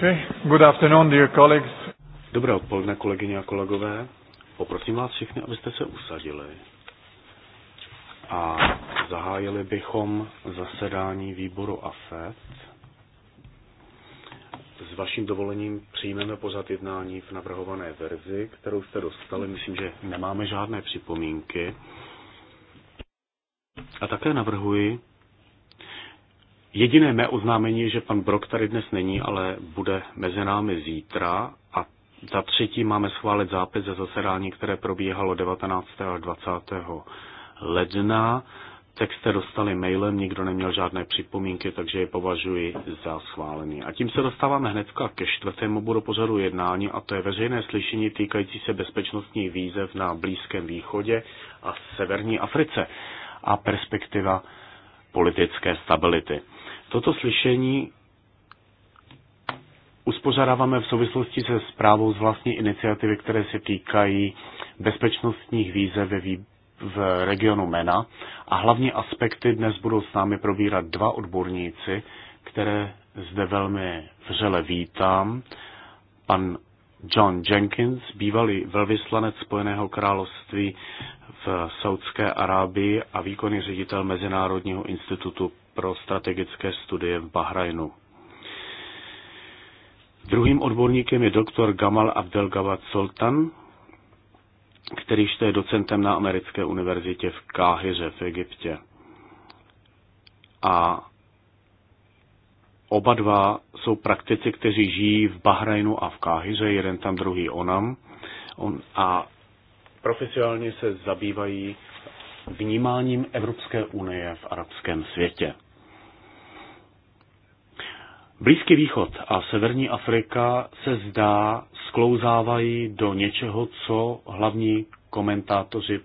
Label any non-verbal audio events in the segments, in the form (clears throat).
Okay. Good afternoon, dear colleagues. Dobré odpoledne, kolegyně a kolegové. Poprosím vás všechny, abyste se usadili. A zahájili bychom zasedání výboru AFET. S vaším dovolením přijmeme pořad jednání v navrhované verzi, kterou jste dostali. Myslím, že nemáme žádné připomínky. A také navrhuji, Jediné mé oznámení je, že pan Brok tady dnes není, ale bude mezi námi zítra a za třetí máme schválit zápis ze zasedání, které probíhalo 19. a 20. ledna. Text jste dostali mailem, nikdo neměl žádné připomínky, takže je považuji za schválený. A tím se dostáváme hned ke čtvrtému bodu pořadu jednání, a to je veřejné slyšení týkající se bezpečnostních výzev na Blízkém východě a Severní Africe a perspektiva politické stability. Toto slyšení uspořádáváme v souvislosti se zprávou z vlastní iniciativy, které se týkají bezpečnostních výzev ve vý... v regionu MENA a hlavní aspekty dnes budou s námi probírat dva odborníci, které zde velmi vřele vítám. Pan John Jenkins, bývalý velvyslanec Spojeného království v Saudské Arábii a výkonný ředitel Mezinárodního institutu pro strategické studie v Bahrajnu. Druhým odborníkem je doktor Gamal Abdelgawad Sultan, který je docentem na americké univerzitě v Káhyře v Egyptě. A oba dva jsou praktici, kteří žijí v Bahrajnu a v Káhyře, jeden tam, druhý onam. On, a profesionálně se zabývají vnímáním Evropské unie v arabském světě. Blízký východ a severní Afrika se zdá sklouzávají do něčeho, co hlavní komentátoři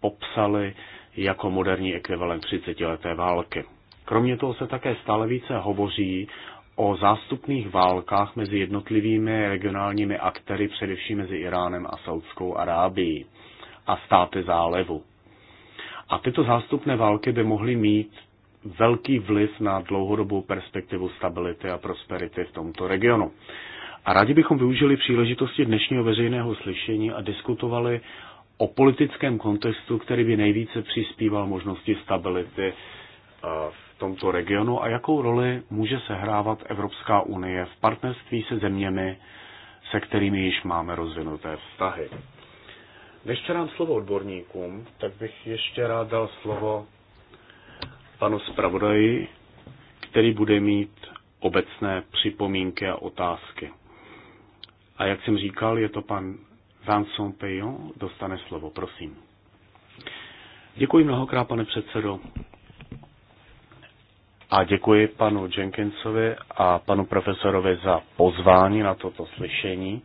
popsali jako moderní ekvivalent 30-leté války. Kromě toho se také stále více hovoří o zástupných válkách mezi jednotlivými regionálními aktéry, především mezi Iránem a Saudskou Arábií a státy zálevu. A tyto zástupné války by mohly mít velký vliv na dlouhodobou perspektivu stability a prosperity v tomto regionu. A rádi bychom využili příležitosti dnešního veřejného slyšení a diskutovali o politickém kontextu, který by nejvíce přispíval možnosti stability eh, v tomto regionu a jakou roli může sehrávat Evropská unie v partnerství se zeměmi, se kterými již máme rozvinuté vztahy. Než předám slovo odborníkům, tak bych ještě rád dal slovo panu zpravodaji, který bude mít obecné připomínky a otázky. A jak jsem říkal, je to pan Vincent Peyon, dostane slovo, prosím. Děkuji mnohokrát, pane předsedo. A děkuji panu Jenkinsovi a panu profesorovi za pozvání na toto slyšení.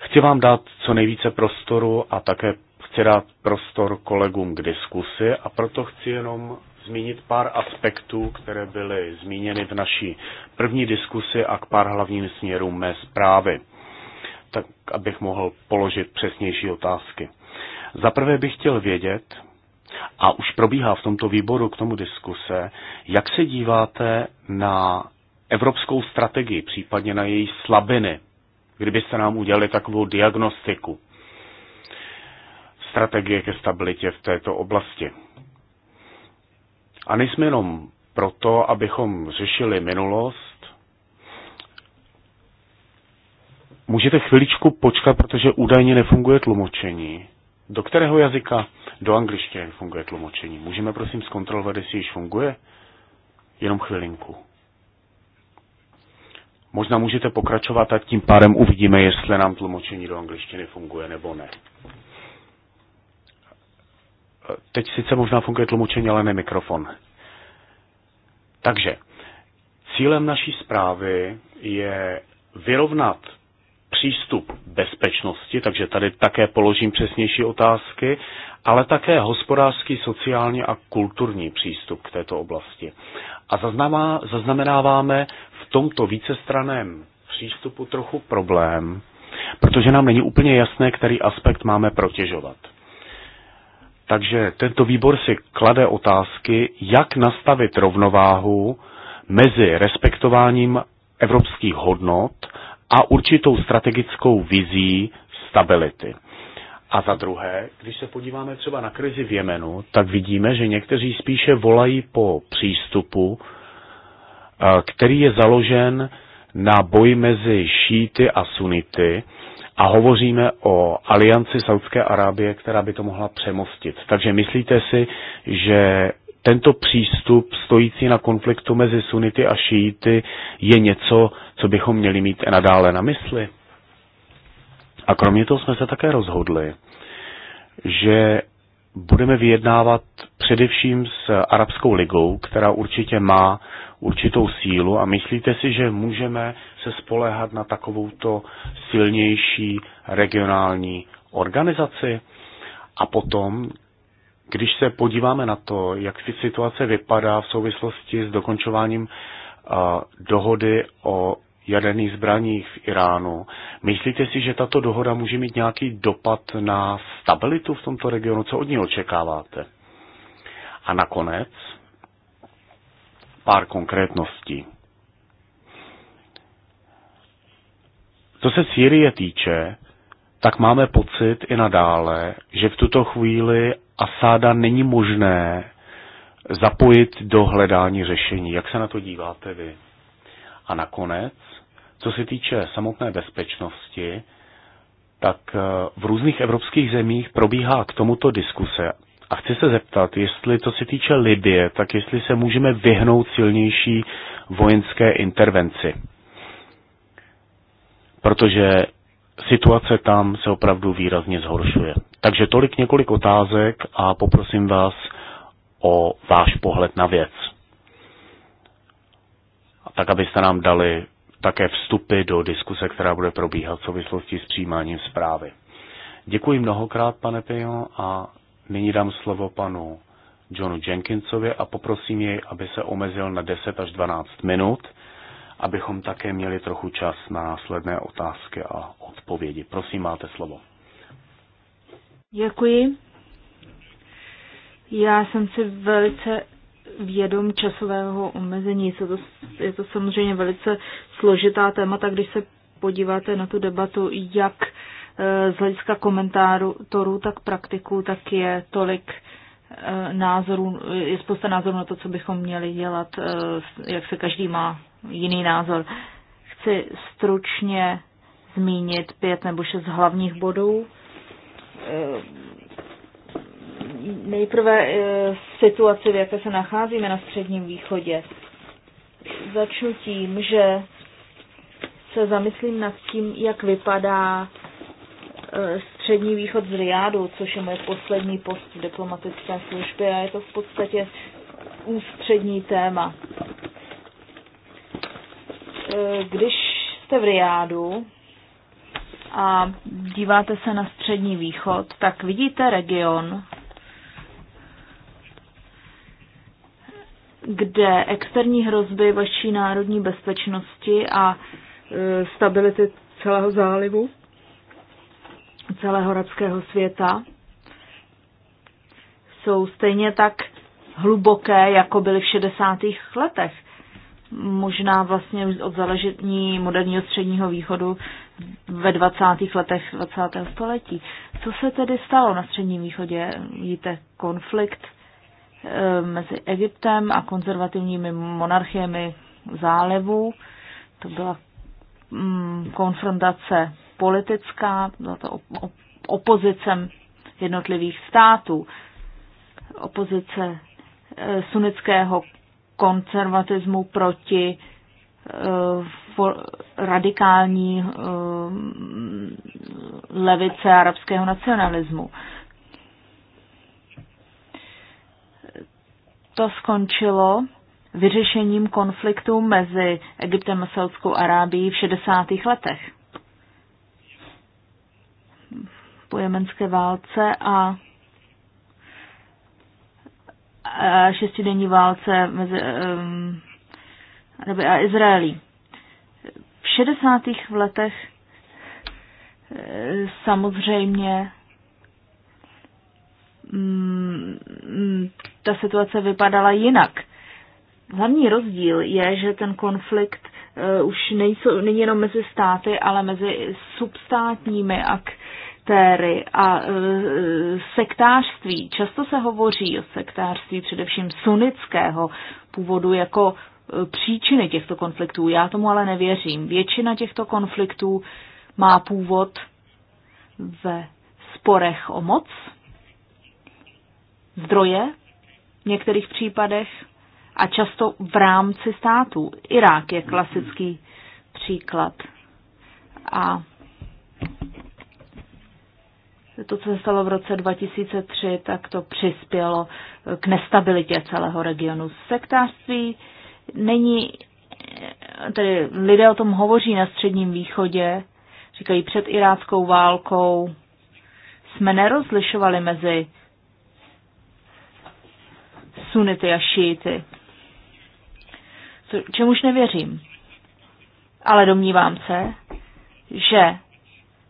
Chci vám dát co nejvíce prostoru a také chci dát prostor kolegům k diskusi a proto chci jenom zmínit pár aspektů, které byly zmíněny v naší první diskusi a k pár hlavním směrům mé zprávy, tak abych mohl položit přesnější otázky. Za prvé bych chtěl vědět, a už probíhá v tomto výboru k tomu diskuse, jak se díváte na evropskou strategii, případně na její slabiny kdybyste nám udělali takovou diagnostiku strategie ke stabilitě v této oblasti. A nejsme jenom proto, abychom řešili minulost. Můžete chviličku počkat, protože údajně nefunguje tlumočení. Do kterého jazyka? Do angličtiny funguje tlumočení. Můžeme prosím zkontrolovat, jestli již funguje? Jenom chvilinku. Možná můžete pokračovat a tím pádem uvidíme, jestli nám tlumočení do angličtiny funguje nebo ne. Teď sice možná funguje tlumočení, ale ne mikrofon. Takže cílem naší zprávy je vyrovnat přístup bezpečnosti, takže tady také položím přesnější otázky, ale také hospodářský, sociální a kulturní přístup k této oblasti. A zaznamenáváme tomto vícestraném přístupu trochu problém, protože nám není úplně jasné, který aspekt máme protěžovat. Takže tento výbor si klade otázky, jak nastavit rovnováhu mezi respektováním evropských hodnot a určitou strategickou vizí stability. A za druhé, když se podíváme třeba na krizi v Jemenu, tak vidíme, že někteří spíše volají po přístupu, který je založen na boji mezi šíty a sunity a hovoříme o alianci Saudské Arábie, která by to mohla přemostit. Takže myslíte si, že tento přístup stojící na konfliktu mezi sunity a šíity je něco, co bychom měli mít nadále na mysli? A kromě toho jsme se také rozhodli, že budeme vyjednávat především s Arabskou ligou, která určitě má určitou sílu a myslíte si, že můžeme se spolehat na takovouto silnější regionální organizaci? A potom, když se podíváme na to, jak si situace vypadá v souvislosti s dokončováním eh, dohody o jaderných zbraních v Iránu. Myslíte si, že tato dohoda může mít nějaký dopad na stabilitu v tomto regionu? Co od ní očekáváte? A nakonec pár konkrétností. Co se Sýrie týče, tak máme pocit i nadále, že v tuto chvíli Asáda není možné zapojit do hledání řešení. Jak se na to díváte vy? A nakonec co se týče samotné bezpečnosti, tak eh, v různých evropských zemích probíhá k tomuto diskuse. A chci se zeptat, jestli to se týče Libie, tak jestli se můžeme vyhnout silnější vojenské intervenci. Protože situace tam se opravdu výrazně zhoršuje. Takže tolik několik otázek a poprosím vás o váš pohled na věc. A tak, abyste nám dali také vstupy do diskuse, která bude probíhat v souvislosti s přijímáním zprávy. Děkuji mnohokrát, pane Pion, a nyní dám slovo panu Johnu Jenkinsovi a poprosím jej, aby se omezil na 10 až 12 minut, abychom také měli trochu čas na následné otázky a odpovědi. Prosím, máte slovo. Děkuji. Já jsem si velice vědom časového omezení. Je to, je to samozřejmě velice složitá témata, když se podíváte na tu debatu, jak e, z hlediska komentátorů, tak praktiků, tak je tolik e, názorů, je spousta názorů na to, co bychom měli dělat, e, jak se každý má jiný názor. Chci stručně zmínit pět nebo šest hlavních bodů Nejprve v eh, situaci, v jaké se nacházíme na Středním východě. Začnu tím, že se zamyslím nad tím, jak vypadá eh, Střední východ z Riádu, což je moje poslední post v diplomatické službě a je to v podstatě ústřední téma. Eh, když jste v Riádu a díváte se na Střední východ, tak vidíte region, kde externí hrozby vaší národní bezpečnosti a e, stability celého zálivu, celého arabského světa jsou stejně tak hluboké, jako byly v 60. letech. Možná vlastně od založení moderního středního východu ve 20. letech 20. století. Co se tedy stalo na středním východě? Víte, konflikt Eh, mezi Egyptem a konzervativními monarchiemi zálevu. To byla mm, konfrontace politická, byla to opozicem jednotlivých států, opozice eh, sunnického konzervatismu proti eh, radikální levice arabského nacionalismu. to skončilo vyřešením konfliktu mezi Egyptem a Saudskou Arábií v 60. letech. Po jemenské válce a šestidenní válce mezi um, Araby a Izraelí. V 60. letech eh, samozřejmě Mm, ta situace vypadala jinak. Hlavní rozdíl je, že ten konflikt eh, už nejsou, není jenom mezi státy, ale mezi substátními aktéry a eh, sektářství. Často se hovoří o sektářství především sunnického původu jako eh, příčiny těchto konfliktů. Já tomu ale nevěřím. Většina těchto konfliktů má původ ve sporech o moc, zdroje v některých případech a často v rámci států. Irák je klasický příklad. A to, co se stalo v roce 2003, tak to přispělo k nestabilitě celého regionu. Sektářství není, tedy lidé o tom hovoří na Středním východě, říkají před iráckou válkou, jsme nerozlišovali mezi sunity a šíty. Čemuž nevěřím. Ale domnívám se, že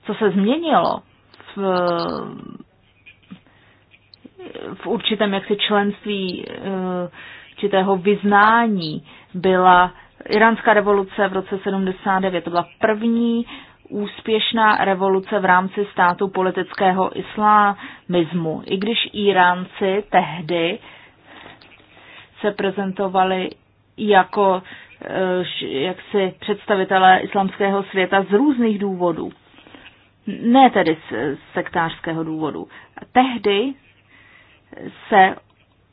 co se změnilo v, v určitém jaksi členství eh, určitého vyznání byla iránská revoluce v roce 79. To byla první úspěšná revoluce v rámci státu politického islámismu. I když Iránci tehdy se prezentovali jako eh, jaksi představitelé islamského světa z různých důvodů. Ne tedy z sektářského důvodu. Tehdy se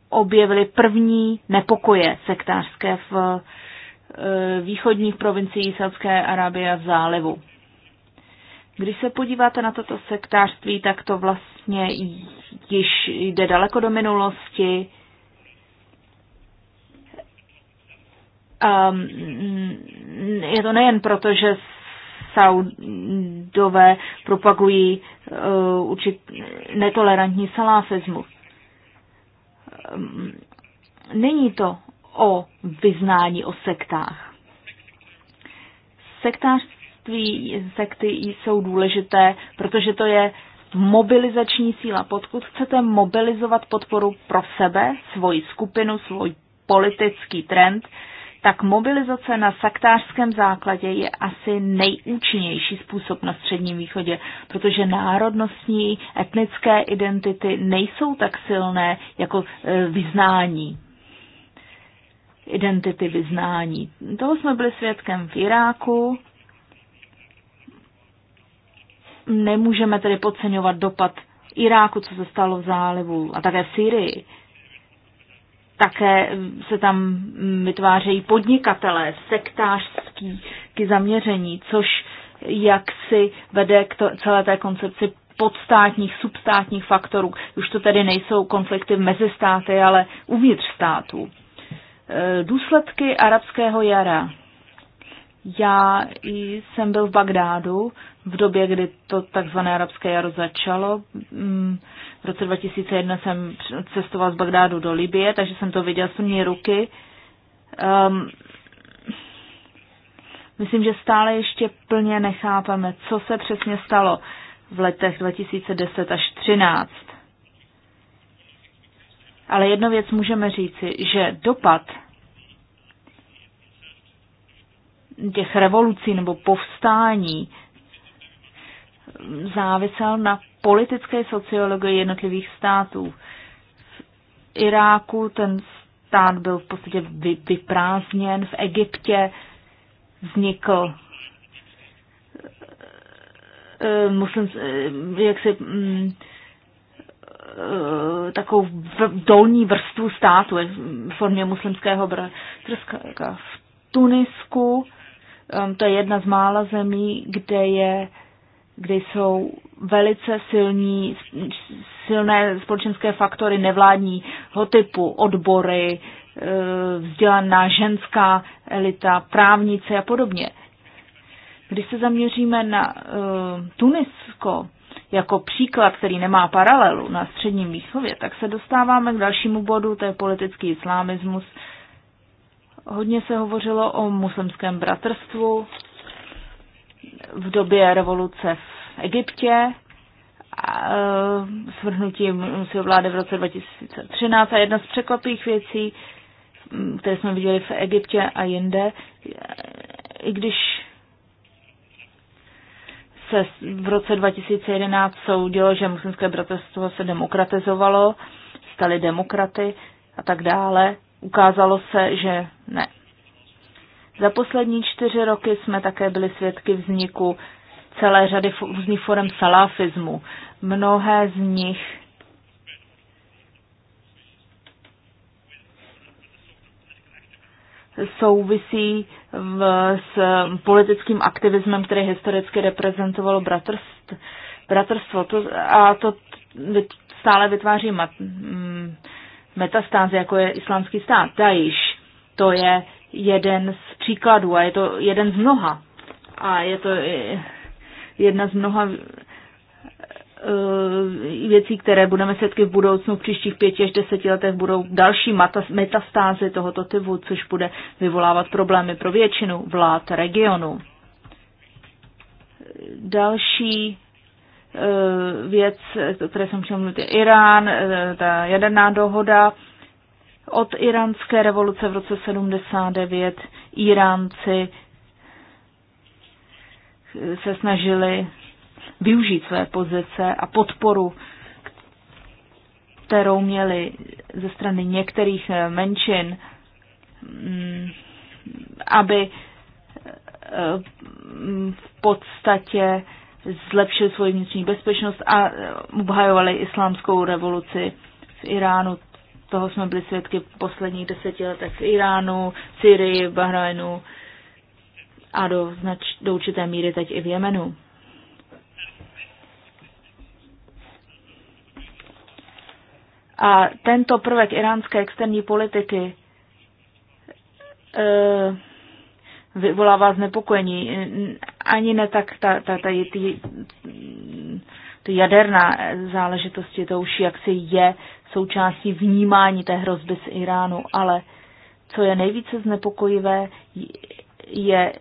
objevily první nepokoje sektářské v eh, východních provinciích Saudské Arábie a v zálivu. Když se podíváte na toto sektářství, tak to vlastně již jde daleko do minulosti. Um, je to nejen proto, že Saudové propagují uh, určit netolerantní salásezmu. Um, není to o vyznání o sektách. Sektářství, sekty jsou důležité, protože to je mobilizační síla. Podkud chcete mobilizovat podporu pro sebe, svoji skupinu, svůj politický trend, uh, tak mobilizace na saktářském základě je asi nejúčinnější způsob na Středním východě, protože národnostní, etnické identity nejsou tak silné jako e, vyznání. Identity vyznání. Toho jsme byli svědkem v Iráku. Nemůžeme tedy podceňovat dopad Iráku, co se stalo v zálivu, a také v Syrii také se tam vytvářejí podnikatelé, sektářský zaměření, což jak si vede k to, celé té koncepci podstátních, substátních faktorů. Už to tedy nejsou konflikty mezi státy, ale uvnitř států. E, důsledky arabského jara. Já jsem byl v Bagdádu v době, kdy to takzvané arabské jaro začalo. Mm, v roce 2001 jsem cestoval z Bagdádu do Libie, takže jsem to viděl z první ruky. Um, myslím, že stále ještě plně nechápeme, co se přesně stalo v letech 2010 až 2013. Ale jednu věc můžeme říci, že dopad těch revolucí nebo povstání závisel na politické sociologie jednotlivých států. V Iráku ten stát byl v podstatě vyprázdněn, v Egyptě vznikl eh, muslim, eh, jak se mm, eh, takovou dolní vrstvu státu v formě muslimského bratrska. V Tunisku, to je jedna z mála zemí, kde je kde jsou velice silní, silné společenské faktory nevládního typu, odbory, e, vzdělaná ženská elita, právnice a podobně. Když se zaměříme na e, Tunisko jako příklad, který nemá paralelu na středním východě, tak se dostáváme k dalšímu bodu, to je politický islámismus. Hodně se hovořilo o muslimském bratrstvu, v době revoluce v Egyptě, eh, svrhnutím svého vlády v roce 2013 a jedna z překvapivých věcí, mm, které jsme viděli v Egyptě a jinde, i když se v roce 2011 soudilo, že muslimské bratrstvo se demokratizovalo, stali demokraty a tak dále, ukázalo se, že ne, za poslední čtyři roky jsme také byli svědky vzniku celé řady různých forem salafismu. Mnohé z nich souvisí v, s politickým aktivismem, který historicky reprezentovalo bratrst, bratrstvo. To, a to stále vytváří mat, metastázy, jako je islámský stát. Dajiš, to je jeden z příkladů a je to jeden z mnoha. A je to eh, jedna z mnoha eh, věcí, které budeme setky v budoucnu, v příštích pěti až deseti letech budou další metastázy tohoto typu, což bude vyvolávat problémy pro většinu vlád regionu. Další eh, věc, o které jsem chtěl mluvit, je Irán, ta jaderná dohoda, od iránské revoluce v roce 79 Iránci se snažili využít své pozice a podporu, kterou měli ze strany některých eh, menšin, mm, aby eh, v podstatě zlepšili svoji vnitřní bezpečnost a eh, obhajovali islámskou revoluci v Iránu toho jsme byli svědky v posledních deseti letech v Iránu, Syrii, Bahrajnu a do, znač, do určité míry teď i v Jemenu. A tento prvek iránské externí politiky e, vyvolává znepokojení. Ani ne tak ta, ta, ta, ta, ta jaderná záležitosti, to už jaksi je součástí vnímání té hrozby z Iránu, ale co je nejvíce znepokojivé, je,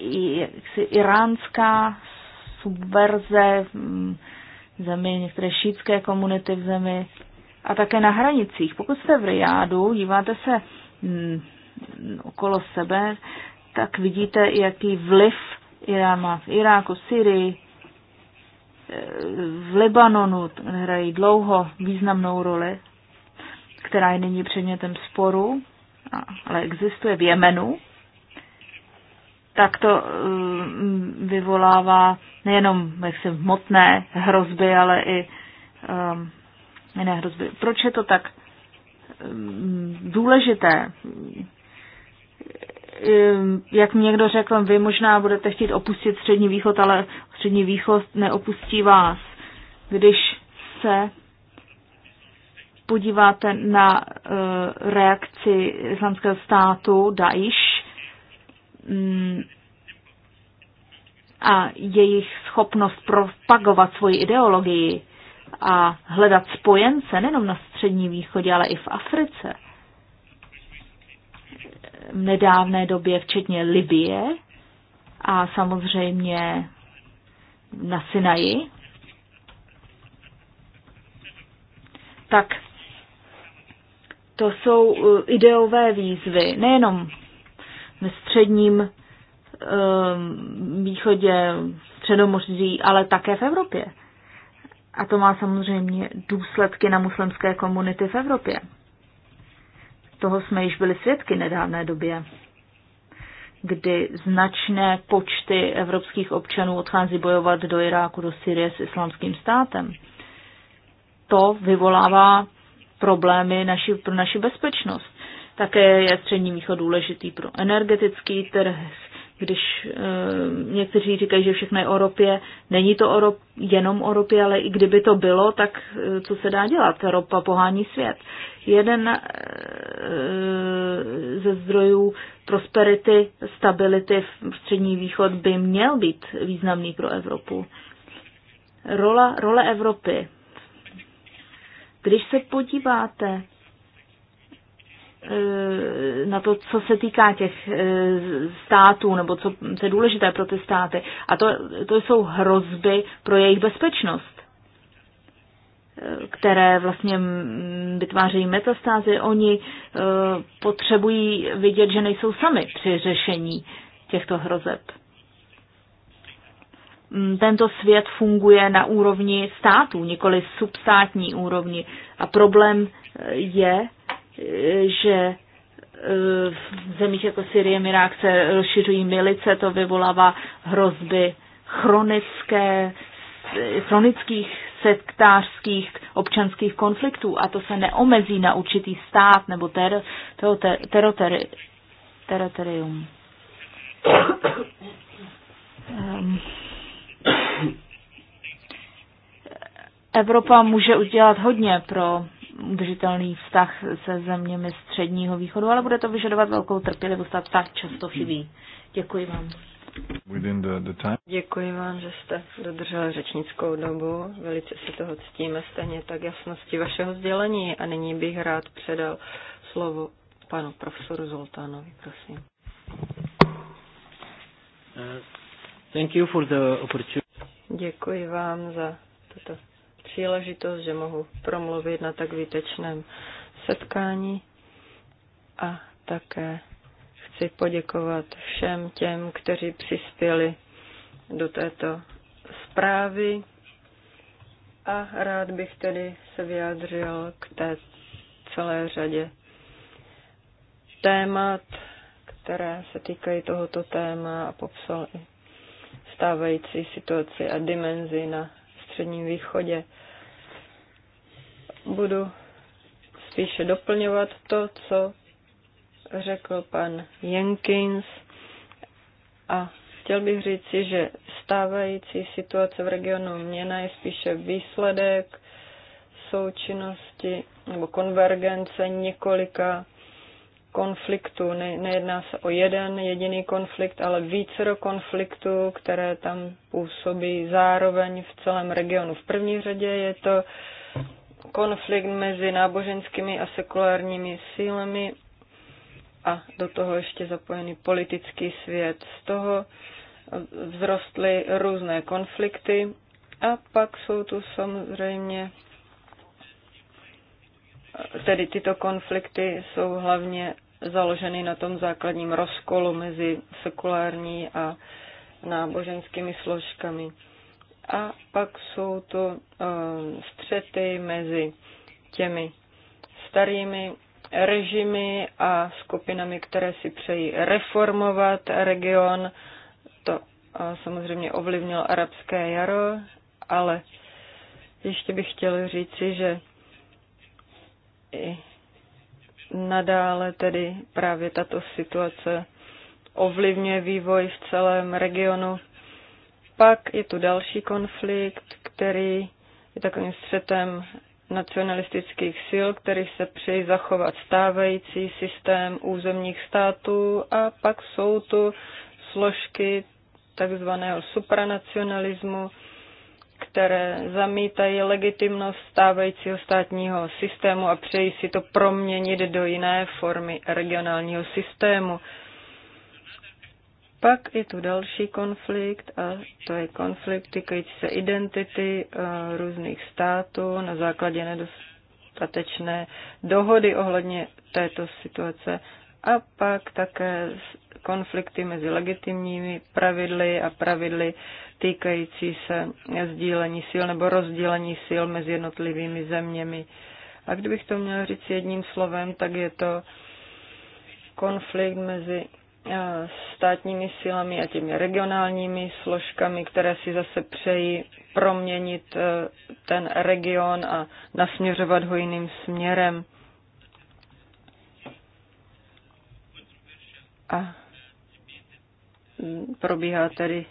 jaksi iránská subverze mm, v zemi, některé šítské komunity v zemi a také na hranicích. Pokud jste v Riádu, díváte se mm, okolo sebe, tak vidíte, jaký vliv Irán má v Iráku, Syrii, v Libanonu hrají dlouho významnou roli, která je nyní předmětem sporu, ale existuje v Jemenu, tak to mm, vyvolává nejenom jaksi hmotné hrozby, ale i um, jiné hrozby. Proč je to tak mm, důležité? Ehm, jak mi někdo řekl, vy možná budete chtít opustit Střední východ, ale Střední východ neopustí vás. Když se podíváte na eh, reakci islamského státu Daesh mm, a jejich schopnost propagovat svoji ideologii a hledat spojence nejenom na střední východě, ale i v Africe – nedávné době, včetně Libie a samozřejmě na Sinaji, tak to jsou uh, ideové výzvy, nejenom ve středním um, východě, středomoří, ale také v Evropě. A to má samozřejmě důsledky na muslimské komunity v Evropě. Toho jsme již byli svědky nedávné době, kdy značné počty evropských občanů odchází bojovat do Iráku, do Syrie s islámským státem. To vyvolává problémy naši, pro naši bezpečnost. Také je Střední východ důležitý pro energetický trh, když e, někteří říkají, že všechno je o ropě, není to o rop, jenom o ropě, ale i kdyby to bylo, tak e, co se dá dělat? Ropa pohání svět. Jeden e, ze zdrojů prosperity, stability v střední východ by měl být významný pro Evropu. Rola, role Evropy. Když se podíváte na to, co se týká těch eh, států nebo co je důležité pro ty státy. A to, to jsou hrozby pro jejich bezpečnost, eh, které vlastně vytvářejí metastázy. Oni eh, potřebují vidět, že nejsou sami při řešení těchto hrozeb. Mm, tento svět funguje na úrovni států, nikoli substátní úrovni. A problém je, že e, v zemích jako Syrie, Irák se rozšiřují milice, to vyvolává hrozby chronické, chronických sektářských občanských konfliktů a to se neomezí na určitý stát nebo ter, ter, ter, ter, ter, teritorium. Ehm. Evropa může udělat hodně pro udržitelný vztah se zeměmi středního východu, ale bude to vyžadovat velkou trpělivost a tak často chybí. Děkuji vám. Děkuji vám, že jste dodržel řečnickou dobu. Velice si toho ctíme stejně tak jasnosti vašeho sdělení a nyní bych rád předal slovo panu profesoru Zoltánovi, prosím. Uh, thank you for the opportunity. Děkuji vám za tuto příležitost, že mohu promluvit na tak výtečném setkání a také chci poděkovat všem těm, kteří přispěli do této zprávy a rád bych tedy se vyjádřil k té celé řadě témat, které se týkají tohoto téma a popsal i stávající situaci a dimenzi na Středním východě budu spíše doplňovat to, co řekl pan Jenkins. A chtěl bych říci, že stávající situace v regionu měna je spíše výsledek součinnosti nebo konvergence několika konfliktů. Ne, nejedná se o jeden jediný konflikt, ale více konfliktů, které tam působí zároveň v celém regionu. V první řadě je to uh, konflikt mezi náboženskými a sekulárními sílami a do toho ještě zapojený politický svět. Z toho vzrostly různé konflikty a pak jsou tu samozřejmě tedy tyto konflikty jsou hlavně založeny na tom základním rozkolu mezi sekulární a náboženskými složkami a pak jsou to eh, střety mezi těmi starými režimy a skupinami, které si přejí reformovat region. To eh, samozřejmě ovlivnilo arabské jaro, ale ještě bych chtěl říci, že i nadále tedy právě tato situace ovlivňuje vývoj v celém regionu pak je tu další konflikt, který je takovým střetem nacionalistických sil, který se přejí zachovat stávající systém územních států a pak jsou tu složky takzvaného supranacionalismu, které zamítají legitimnost stávajícího státního systému a přejí si to proměnit do jiné formy regionálního systému. Pak je tu další konflikt a to je konflikt týkající se identity eh, různých států na základě nedostatečné dohody ohledně této situace a pak také konflikty mezi legitimními pravidly a pravidly týkající se sdílení sil nebo rozdělení sil mezi jednotlivými zeměmi. A kdybych to měl říct jedním slovem, tak je to konflikt mezi Eh, státními silami a těmi regionálními složkami, které si zase přejí proměnit eh, ten region a nasměřovat ho jiným směrem. A probíhá tedy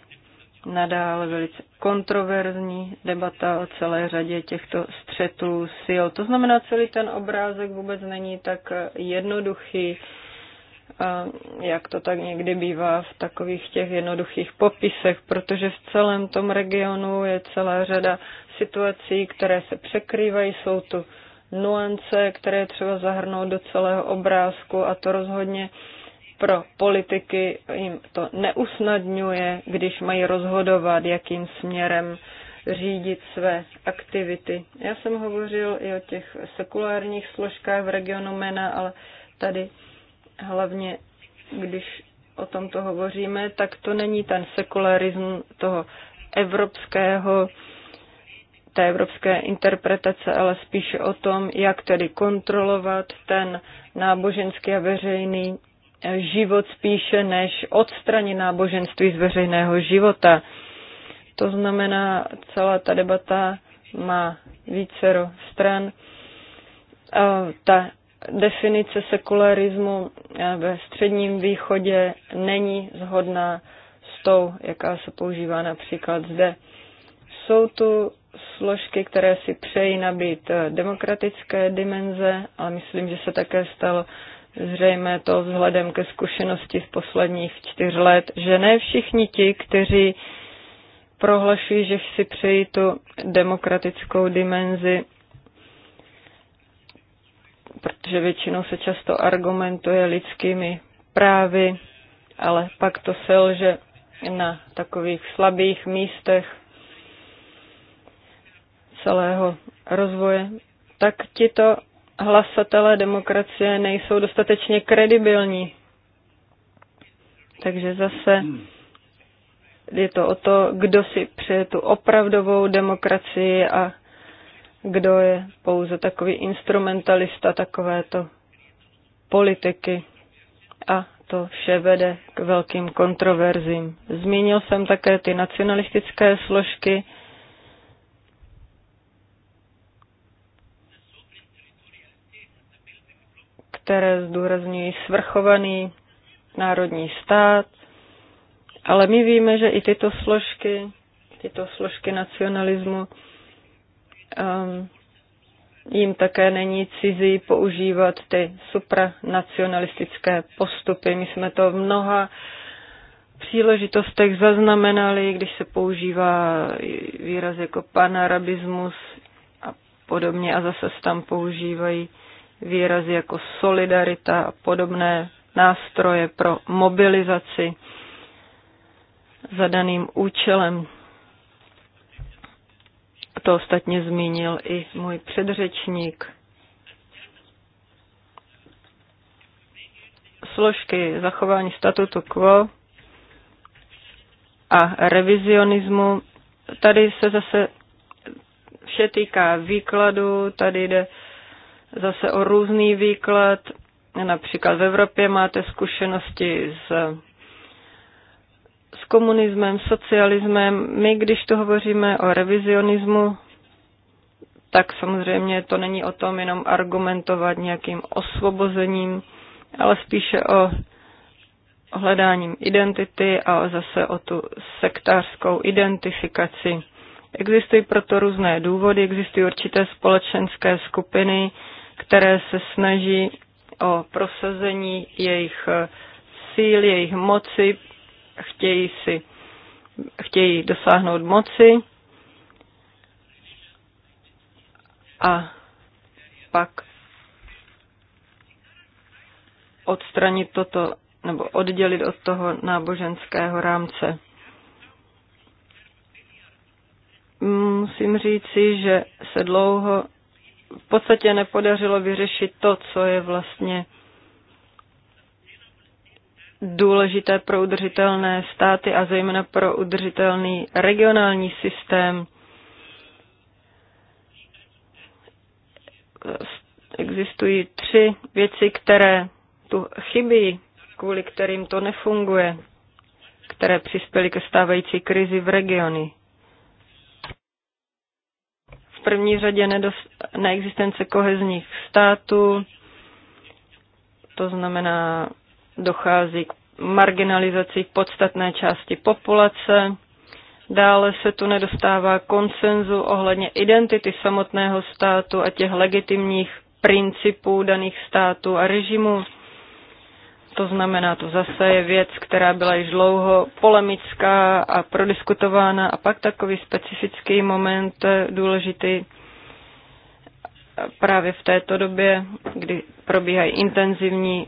nadále velice kontroverzní debata o celé řadě těchto střetů sil. To znamená, celý ten obrázek vůbec není tak eh, jednoduchý a jak to tak někdy bývá v takových těch jednoduchých popisech, protože v celém tom regionu je celá řada situací, které se překrývají, jsou tu nuance, které třeba zahrnout do celého obrázku a to rozhodně pro politiky jim to neusnadňuje, když mají rozhodovat, jakým směrem řídit své aktivity. Já jsem hovořil i o těch sekulárních složkách v regionu MENA, ale tady hlavně když o tomto hovoříme, tak to není ten sekularism toho evropského, té evropské interpretace, ale spíše o tom, jak tedy kontrolovat ten náboženský a veřejný eh, život spíše než odstranit náboženství z veřejného života. To znamená, celá ta debata má vícero stran. Eh, ta definice sekularismu eh, ve středním východě není zhodná s tou, jaká se používá například zde. Jsou tu složky, které si přejí nabít eh, demokratické dimenze, ale myslím, že se také stalo zřejmé to vzhledem ke zkušenosti z posledních čtyř let, že ne všichni ti, kteří prohlašují, že si přejí tu demokratickou dimenzi, protože většinou se často argumentuje lidskými právy, ale pak to selže na takových slabých místech celého rozvoje, tak tito hlasatelé demokracie nejsou dostatečně kredibilní. Takže zase je to o to, kdo si přeje tu opravdovou demokracii a kdo je pouze takový instrumentalista takovéto politiky a to vše vede k velkým kontroverzím. Zmínil jsem také ty nacionalistické složky, které zdůrazňují svrchovaný národní stát, ale my víme, že i tyto složky, tyto složky nacionalismu Ehm, jim také není cizí používat ty supranacionalistické postupy. My jsme to v mnoha příležitostech zaznamenali, když se používá výraz jako panarabismus a podobně a zase se tam používají výrazy jako solidarita a podobné nástroje pro mobilizaci za daným účelem. To ostatně zmínil i můj předřečník. Složky zachování statutu quo a revizionismu. Tady se zase vše týká výkladu, tady jde zase o různý výklad. Například v Evropě máte zkušenosti s komunismem, socialismem. My, když tu hovoříme o revizionismu, tak samozřejmě to není o tom jenom argumentovat nějakým osvobozením, ale spíše o hledáním identity a zase o tu sektářskou identifikaci. Existují proto různé důvody, existují určité společenské skupiny, které se snaží o prosazení jejich síl, jejich moci, chtějí si chtějí dosáhnout moci a pak odstranit toto nebo oddělit od toho náboženského rámce. Musím říci, že se dlouho v podstatě nepodařilo vyřešit to, co je vlastně důležité pro udržitelné státy a zejména pro udržitelný regionální systém. Existují tři věci, které tu chybí, kvůli kterým to nefunguje, které přispěly ke stávající krizi v regiony. V první řadě nedost- neexistence kohezních států, to znamená dochází k marginalizaci podstatné části populace. Dále se tu nedostává konsenzu ohledně identity samotného státu a těch legitimních principů daných států a režimů. To znamená, to zase je věc, která byla již dlouho polemická a prodiskutována a pak takový specifický moment eh, důležitý eh, právě v této době, kdy probíhají intenzivní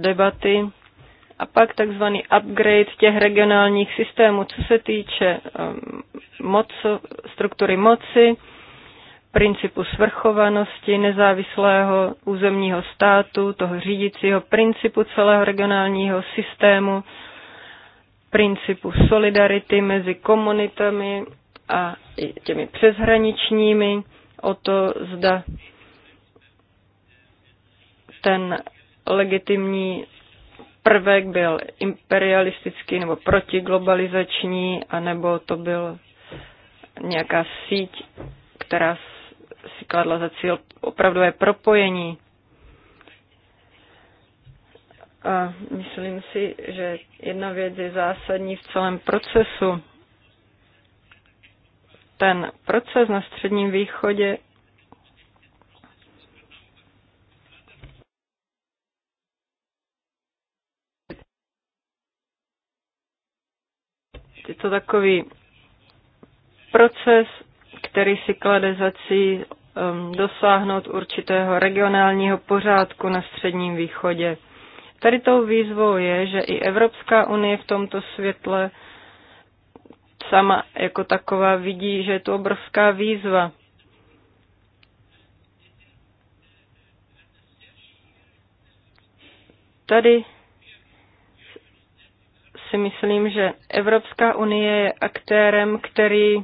debaty a pak takzvaný upgrade těch regionálních systémů, co se týče um, moc, struktury moci, principu svrchovanosti nezávislého územního státu, toho řídícího principu celého regionálního systému, principu solidarity mezi komunitami a těmi přeshraničními, o to zda ten legitimní prvek byl imperialistický nebo protiglobalizační, anebo to byl nějaká síť, která si kladla za cíl opravdové propojení. A myslím si, že jedna věc je zásadní v celém procesu. Ten proces na Středním východě Je to takový proces, který si klade za cíl um, dosáhnout určitého regionálního pořádku na Středním východě. Tady tou výzvou je, že i Evropská unie v tomto světle sama jako taková vidí, že je to obrovská výzva. Tady si myslím, že Evropská unie je aktérem, který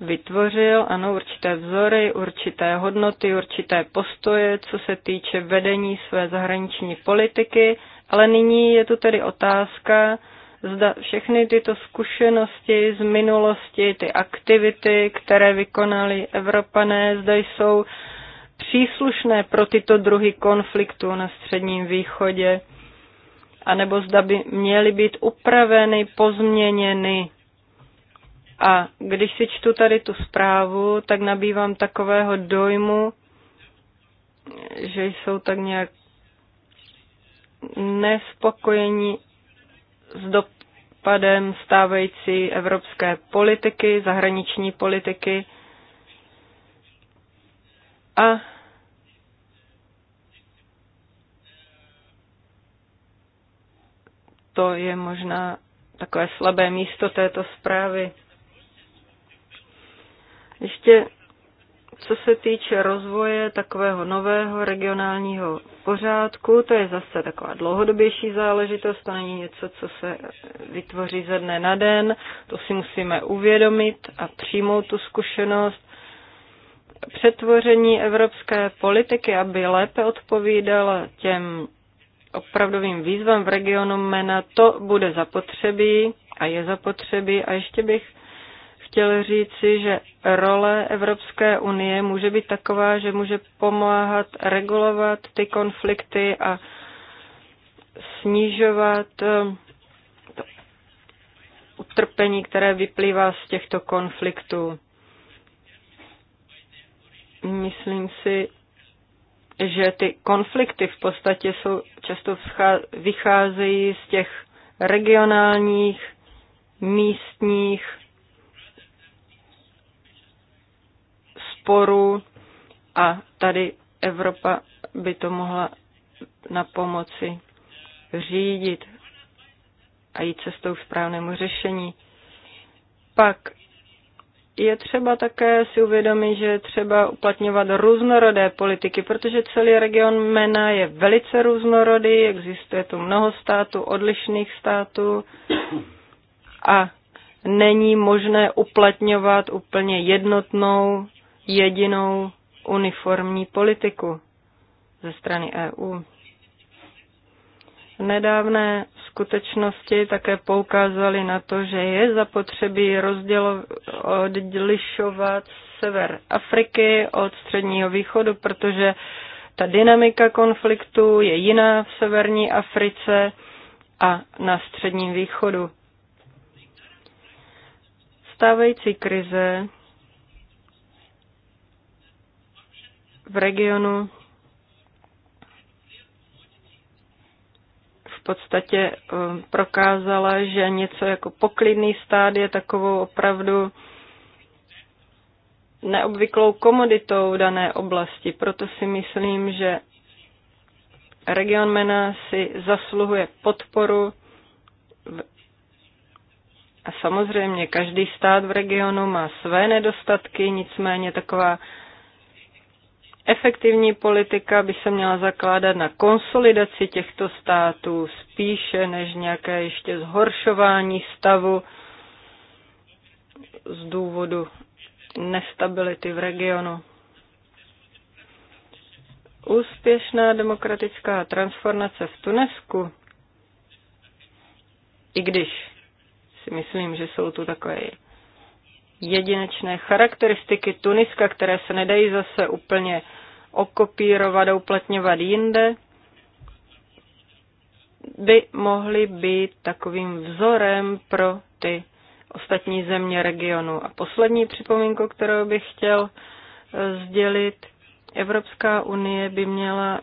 vytvořil, ano, určité vzory, určité hodnoty, určité postoje, co se týče vedení své zahraniční politiky, ale nyní je tu tedy otázka, zda všechny tyto zkušenosti z minulosti, ty aktivity, které vykonali Evropané, zda jsou příslušné pro tyto druhy konfliktu na Středním východě anebo zda by měly být upraveny, pozměněny. A když si čtu tady tu zprávu, tak nabývám takového dojmu, že jsou tak nějak nespokojení s dopadem stávající evropské politiky, zahraniční politiky a to je možná takové slabé místo této zprávy. Ještě co se týče rozvoje takového nového regionálního pořádku, to je zase taková dlouhodobější záležitost, to není něco, co se vytvoří ze dne na den, to si musíme uvědomit a přijmout tu zkušenost. Přetvoření evropské politiky, aby lépe odpovídala těm opravdovým výzvám v regionu MENA, to bude zapotřebí a je zapotřebí. A ještě bych chtěl říci, že role Evropské unie může být taková, že může pomáhat regulovat ty konflikty a snižovat eh, to utrpení, které vyplývá z těchto konfliktů. Myslím si, že ty konflikty v podstatě jsou, často vycházejí z těch regionálních, místních sporů a tady Evropa by to mohla na pomoci řídit a jít cestou k správnému řešení. Pak je třeba také si uvědomit, že je třeba uplatňovat různorodé politiky, protože celý region MENA je velice různorodý, existuje tu mnoho států, odlišných států a není možné uplatňovat úplně jednotnou, jedinou uniformní politiku ze strany EU. Nedávné skutečnosti také poukázaly na to, že je zapotřebí rozdělo, odlišovat sever Afriky od středního východu, protože ta dynamika konfliktu je jiná v severní Africe a na středním východu. Stávající krize v regionu podstatě eh, prokázala, že něco jako poklidný stát je takovou opravdu neobvyklou komoditou dané oblasti. Proto si myslím, že region MENA si zasluhuje podporu a samozřejmě každý stát v regionu má své nedostatky, nicméně taková Efektivní politika by se měla zakládat na konsolidaci těchto států spíše než nějaké ještě zhoršování stavu z důvodu nestability v regionu. Úspěšná demokratická transformace v Tunesku, i když si myslím, že jsou tu takové jedinečné charakteristiky Tuniska, které se nedají zase úplně okopírovat a uplatňovat jinde, by mohly být takovým vzorem pro ty ostatní země regionu. A poslední připomínku, kterou bych chtěl eh, sdělit, Evropská unie by měla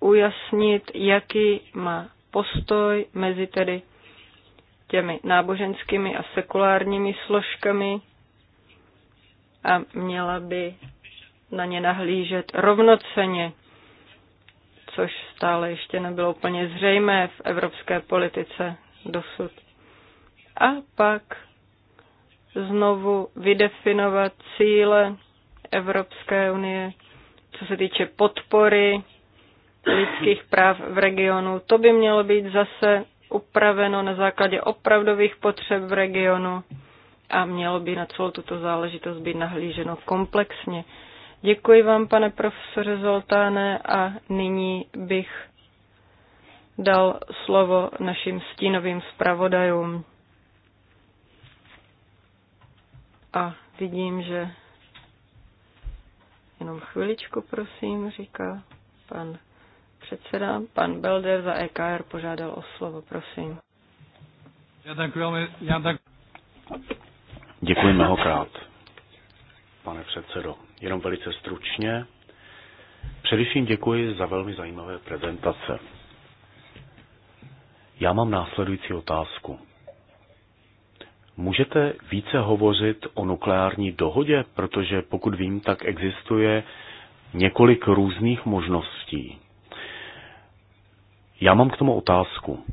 ujasnit, jaký má postoj mezi tedy těmi náboženskými a sekulárními složkami a měla by na ně nahlížet rovnoceně, což stále ještě nebylo úplně zřejmé v evropské politice dosud. A pak znovu vydefinovat cíle Evropské unie, co se týče podpory lidských práv v regionu. To by mělo být zase upraveno na základě opravdových potřeb v regionu a mělo by na celou tuto záležitost být nahlíženo komplexně. Děkuji vám, pane profesore Zoltáne, a nyní bych dal slovo našim stínovým zpravodajům. A vidím, že jenom chviličku, prosím, říká pan předseda. Pan Belder za EKR požádal o slovo, prosím. Já tak velmi, já tak... Děkuji mnohokrát, pane předsedo jenom velice stručně. Především děkuji za velmi zajímavé prezentace. Já mám následující otázku. Můžete více hovořit o nukleární dohodě, protože pokud vím, tak existuje několik různých možností. Já mám k tomu otázku.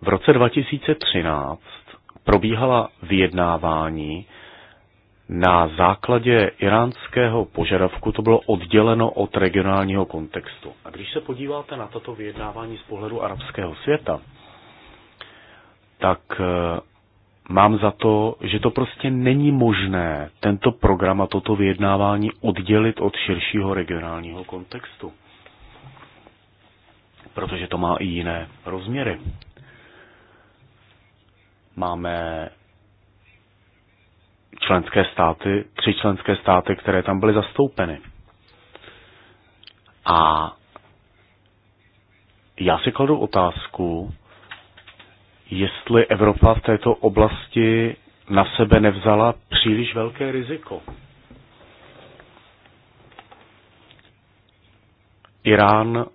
V roce 2013 probíhala vyjednávání na základě iránského požadavku to bylo odděleno od regionálního kontextu. A když se podíváte na tato vyjednávání z pohledu arabského světa, tak eh, mám za to, že to prostě není možné tento program a toto vyjednávání oddělit od širšího regionálního kontextu. Protože to má i jiné rozměry. Máme členské státy, tři členské státy, které tam byly zastoupeny. A já si kladu otázku, jestli Evropa v této oblasti na sebe nevzala příliš velké riziko. Irán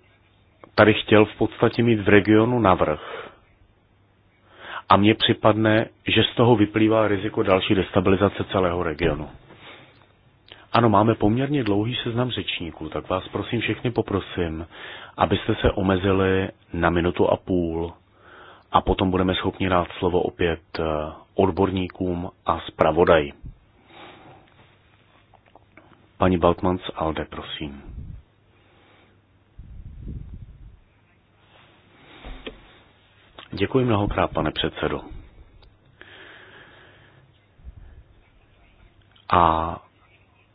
tady chtěl v podstatě mít v regionu navrh a mně připadne, že z toho vyplývá riziko další destabilizace celého regionu. Ano, máme poměrně dlouhý seznam řečníků, tak vás prosím všechny poprosím, abyste se omezili na minutu a půl a potom budeme schopni dát slovo opět eh, odborníkům a zpravodaj. Paní Baltmans Alde, prosím. Děkuji mnohokrát, pane předsedo. A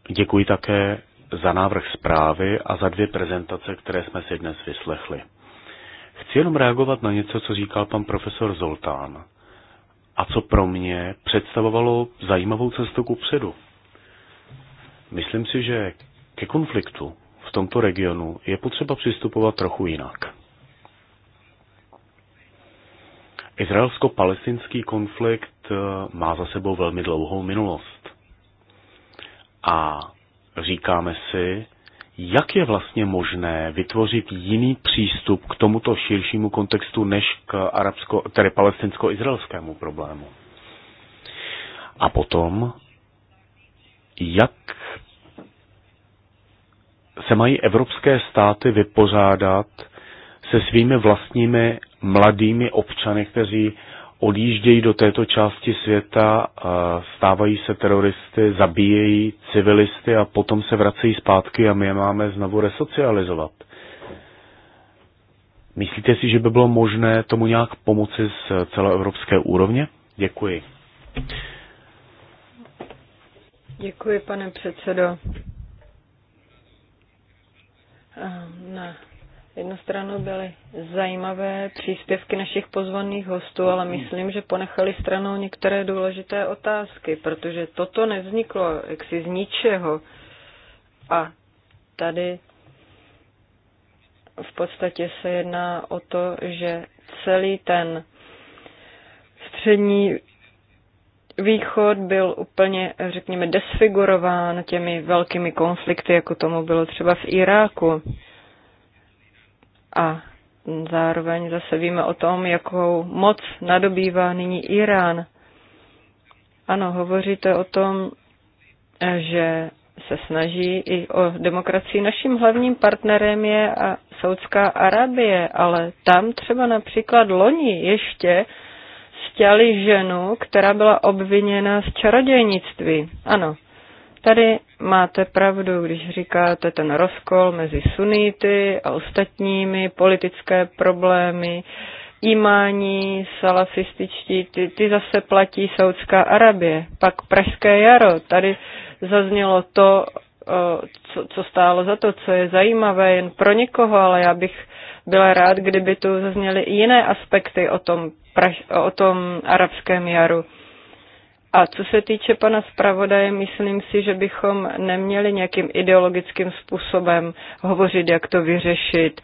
děkuji také za návrh zprávy a za dvě prezentace, které jsme si dnes vyslechli. Chci jenom reagovat na něco, co říkal pan profesor Zoltán a co pro mě představovalo zajímavou cestu ku předu. Myslím si, že ke konfliktu v tomto regionu je potřeba přistupovat trochu jinak. Izraelsko-palestinský konflikt eh, má za sebou velmi dlouhou minulost. A říkáme si, jak je vlastně možné vytvořit jiný přístup k tomuto širšímu kontextu než k arabsko, tedy palestinsko-izraelskému problému. A potom, jak se mají evropské státy vypořádat se svými vlastními mladými občany, kteří odjíždějí do této části světa, stávají se teroristy, zabíjejí civilisty a potom se vracejí zpátky a my je máme znovu resocializovat. Myslíte si, že by bylo možné tomu nějak pomoci z celoevropské úrovně? Děkuji. Děkuji, pane předsedo. Ehm, na jednu stranu byly zajímavé příspěvky našich pozvaných hostů, ale myslím, že ponechali stranou některé důležité otázky, protože toto nevzniklo jaksi z ničeho. A tady v podstatě se jedná o to, že celý ten střední východ byl úplně, řekněme, desfigurován těmi velkými konflikty, jako tomu bylo třeba v Iráku. A zároveň zase víme o tom, jakou moc nadobývá nyní Irán. Ano, hovoříte o tom, že se snaží i o demokracii. Naším hlavním partnerem je a Saudská Arabie, ale tam třeba například loni ještě stěli ženu, která byla obviněna z čarodějnictví. Ano, Tady máte pravdu, když říkáte ten rozkol mezi sunity a ostatními, politické problémy, imání, salafističtí, ty, ty zase platí Saudská Arabie. Pak Pražské jaro, tady zaznělo to, co, co stálo za to, co je zajímavé jen pro někoho, ale já bych byla rád, kdyby tu zazněly jiné aspekty o tom, praž, o tom arabském jaru. A co se týče pana zpravodaje, myslím si, že bychom neměli nějakým ideologickým způsobem hovořit, jak to vyřešit.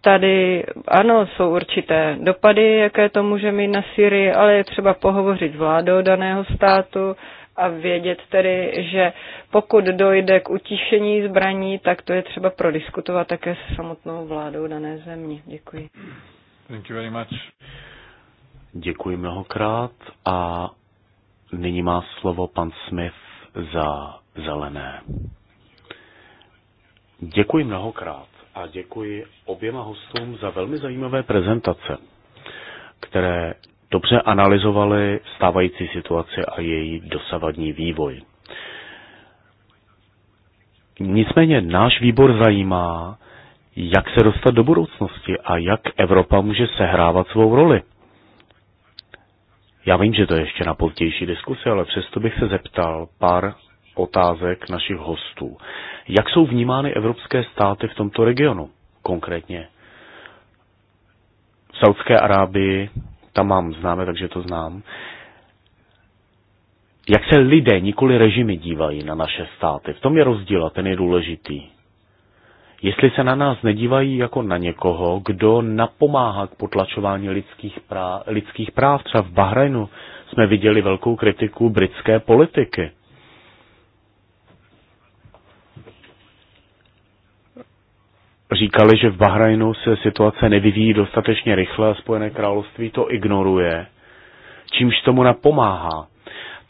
Tady ano, jsou určité dopady, jaké to může mít na Syrii, ale je třeba pohovořit s vládou daného státu a vědět tedy, že pokud dojde k utišení zbraní, tak to je třeba prodiskutovat také s samotnou vládou dané země. Děkuji. Thank you very much. Děkuji mnohokrát a Nyní má slovo pan Smith za zelené. Děkuji mnohokrát a děkuji oběma hostům za velmi zajímavé prezentace, které dobře analyzovaly stávající situaci a její dosavadní vývoj. Nicméně náš výbor zajímá, jak se dostat do budoucnosti a jak Evropa může sehrávat svou roli. Já vím, že to je ještě na pozdější diskusi, ale přesto bych se zeptal pár otázek našich hostů. Jak jsou vnímány evropské státy v tomto regionu konkrétně? V Saudské Arábii, tam mám známe, takže to znám. Jak se lidé, nikoli režimy dívají na naše státy? V tom je rozdíl a ten je důležitý jestli se na nás nedívají jako na někoho, kdo napomáhá k potlačování lidských práv, lidských práv. Třeba v Bahrajnu jsme viděli velkou kritiku britské politiky. Říkali, že v Bahrajnu se situace nevyvíjí dostatečně rychle a Spojené království to ignoruje, čímž tomu napomáhá.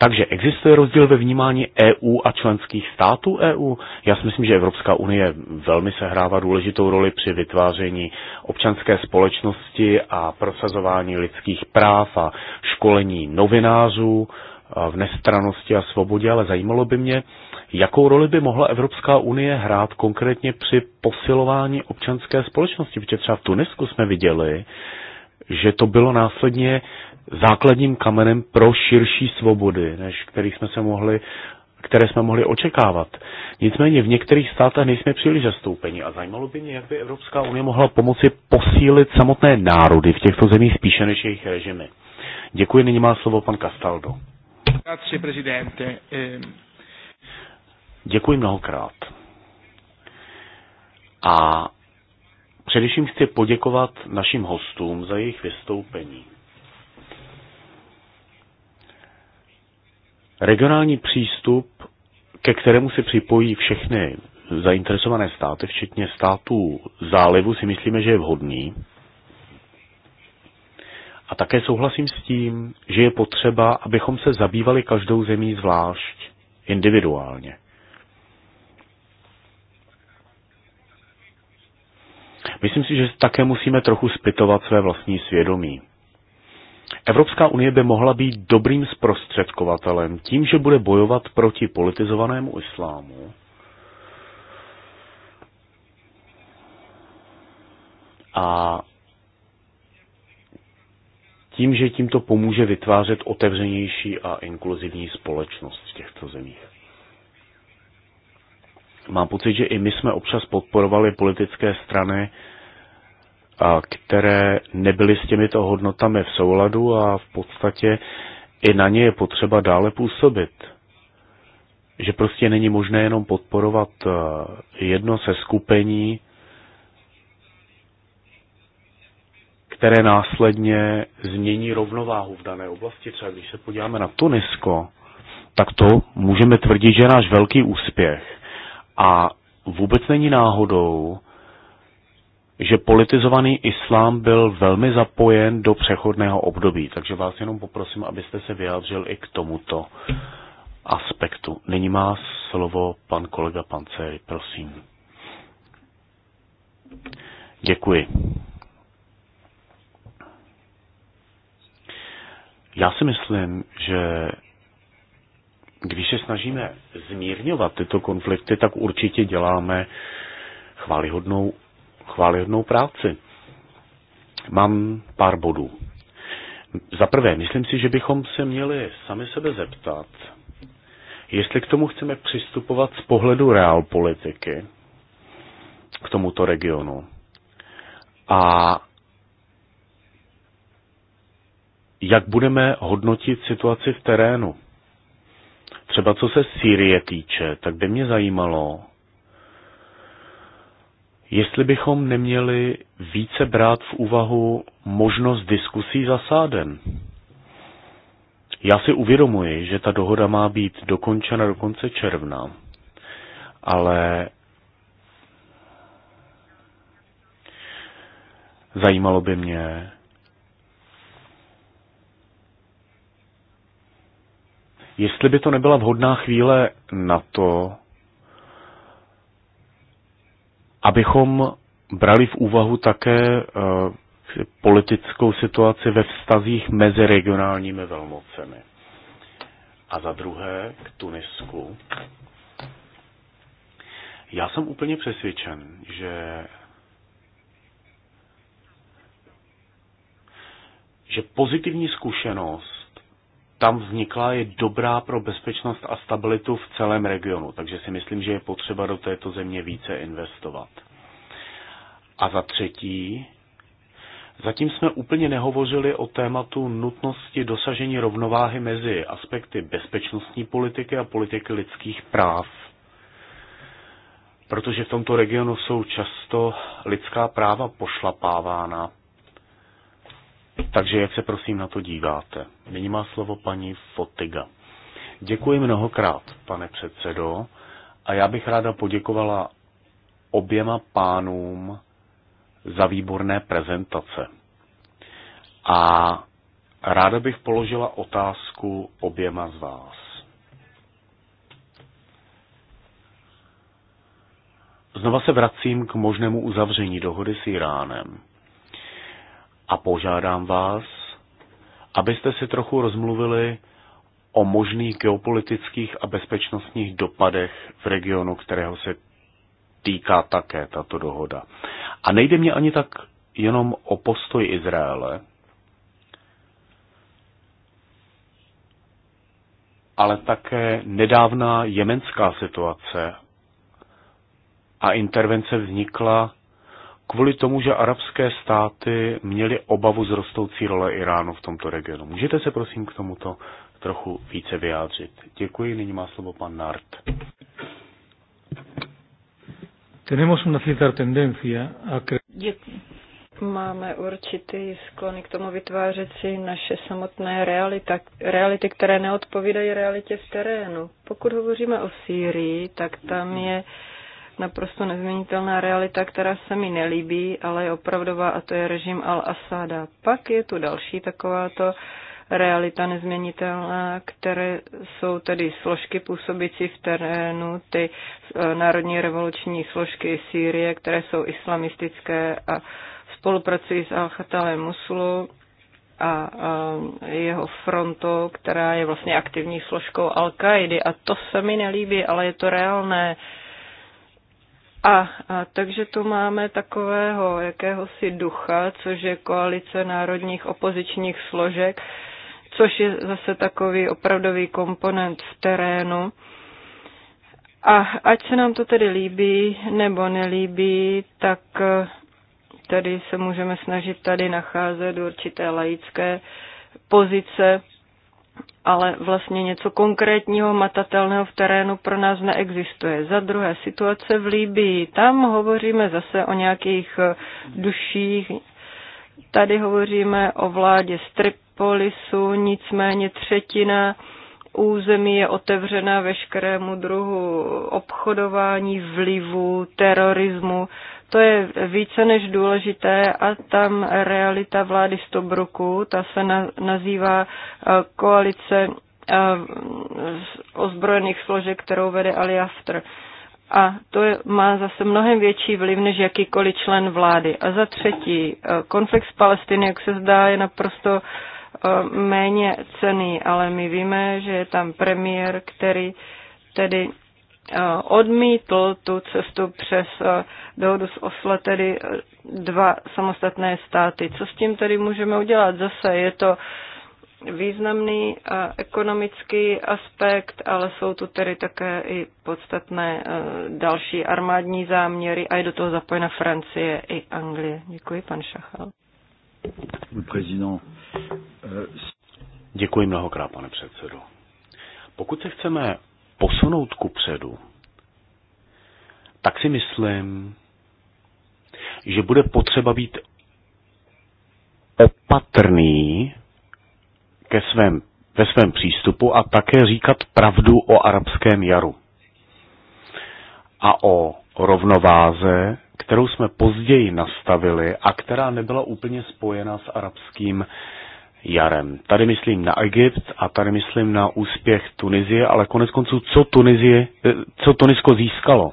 Takže existuje rozdíl ve vnímání EU a členských států EU? Já si myslím, že Evropská unie velmi sehrává důležitou roli při vytváření občanské společnosti a prosazování lidských práv a školení novinářů eh, v nestranosti a svobodě, ale zajímalo by mě, jakou roli by mohla Evropská unie hrát konkrétně při posilování občanské společnosti, protože třeba v Tunisku jsme viděli, že to bylo následně základním kamenem pro širší svobody, než který jsme se mohli které jsme mohli očekávat. Nicméně v některých státech nejsme příliš zastoupeni a zajímalo by mě, jak by Evropská unie mohla pomoci posílit samotné národy v těchto zemích spíše než jejich režimy. Děkuji, nyní má slovo pan Castaldo. Ehm. Děkuji mnohokrát. A především chci poděkovat našim hostům za jejich vystoupení. Regionální přístup, ke kterému se připojí všechny zainteresované státy, včetně států zálivu, si myslíme, že je vhodný. A také souhlasím s tím, že je potřeba, abychom se zabývali každou zemí zvlášť, individuálně. Myslím si, že také musíme trochu zpytovat své vlastní svědomí. Evropská unie by mohla být dobrým zprostředkovatelem tím, že bude bojovat proti politizovanému islámu a tím, že tímto pomůže vytvářet otevřenější a inkluzivní společnost v těchto zemích. Mám pocit, že i my jsme občas podporovali politické strany, které nebyly s těmito hodnotami v souladu a v podstatě i na ně je potřeba dále působit. Že prostě není možné jenom podporovat eh, jedno se skupení, které následně změní rovnováhu v dané oblasti. Třeba když se podíváme na Tunisko, tak to můžeme tvrdit, že je náš velký úspěch. A vůbec není náhodou, že politizovaný islám byl velmi zapojen do přechodného období, takže vás jenom poprosím, abyste se vyjádřil i k tomuto aspektu. Nyní má slovo pan kolega Pancery, prosím. Děkuji. Já si myslím, že když se snažíme zmírňovat tyto konflikty, tak určitě děláme chválihodnou chválihodnou práci. Mám pár bodů. Za prvé, myslím si, že bychom se měli sami sebe zeptat, jestli k tomu chceme přistupovat z pohledu realpolitiky, k tomuto regionu. A jak budeme hodnotit situaci v terénu. Třeba co se Sýrie týče, tak by mě zajímalo, jestli bychom neměli více brát v úvahu možnost diskusí za sádem. Já si uvědomuji, že ta dohoda má být dokončena do konce června, ale zajímalo by mě, jestli by to nebyla vhodná chvíle na to, abychom brali v úvahu také eh, politickou situaci ve vztazích mezi regionálními velmocemi. A za druhé k Tunisku. Já jsem úplně přesvědčen, že že pozitivní zkušenost tam vznikla, je dobrá pro bezpečnost a stabilitu v celém regionu. Takže si myslím, že je potřeba do této země více investovat. A za třetí, zatím jsme úplně nehovořili o tématu nutnosti dosažení rovnováhy mezi aspekty bezpečnostní politiky a politiky lidských práv. Protože v tomto regionu jsou často lidská práva pošlapávána takže jak se prosím na to díváte? Nyní má slovo paní Fotiga. Děkuji mnohokrát, pane předsedo, a já bych ráda poděkovala oběma pánům za výborné prezentace. A ráda bych položila otázku oběma z vás. Znova se vracím k možnému uzavření dohody s Iránem a požádám vás, abyste si trochu rozmluvili o možných geopolitických a bezpečnostních dopadech v regionu, kterého se týká také tato dohoda. A nejde mě ani tak jenom o postoj Izraele, ale také nedávná jemenská situace a intervence vznikla kvůli tomu, že arabské státy měly obavu z rostoucí role Iránu v tomto regionu. Můžete se prosím k tomuto trochu více vyjádřit? Děkuji, nyní má slovo pan Nart. Děkuji. Máme určitý sklon k tomu vytvářet si naše samotné realita, reality, které neodpovídají realitě v terénu. Pokud hovoříme o Sýrii, tak tam je uh, naprosto nezměnitelná realita, která se mi nelíbí, ale je opravdová a to je režim Al-Asada. Pak je tu další takováto realita nezměnitelná, které jsou tedy složky působící v terénu, ty e, národní revoluční složky Sýrie, které jsou islamistické a spolupracují s Al-Khatalem Musulu a, a jeho frontou, která je vlastně aktivní složkou Al-Kaidy. A to se mi nelíbí, ale je to reálné. A, a takže tu máme takového jakéhosi ducha, což je koalice národních opozičních složek, což je zase takový opravdový komponent v terénu. A ať se nám to tedy líbí nebo nelíbí, tak e, tady se můžeme snažit tady nacházet určité laické pozice ale vlastně něco konkrétního, matatelného v terénu pro nás neexistuje. Za druhé, situace v Líbii. Tam hovoříme zase o nějakých eh, duších. Tady hovoříme o vládě Stripolisu, nicméně třetina území je otevřena veškerému druhu obchodování, vlivu, terorismu to je více než důležité a tam realita vlády Tobruku, ta se na, nazývá eh, koalice eh, ozbrojených složek, kterou vede Ali Aftr. A to má zase mnohem větší vliv než jakýkoliv člen vlády. A za třetí, eh, konflikt s Palestiny, jak se zdá, je naprosto méně cený, ale my víme, že je tam premiér, který tedy Eh, odmítl tu cestu přes eh, dohodu s Osla, tedy eh, dva samostatné státy. Co s tím tedy můžeme udělat? Zase je to významný ekonomický aspekt, ale jsou tu tedy také i podstatné další armádní záměry a je do toho zapojena Francie i Anglie. Děkuji, pan Šachal. Děkuji mnohokrát, pane předsedo. Pokud se chceme posunout ku předu, tak si myslím, že bude potřeba být opatrný ke svém, ve svém přístupu a také říkat pravdu o arabském jaru a o rovnováze, kterou jsme později nastavili a která nebyla úplně spojena s arabským jarem. Tady myslím na Egypt a tady myslím na úspěch Tunizie, ale konec konců, co, Tunizie, eh, co Tunisko získalo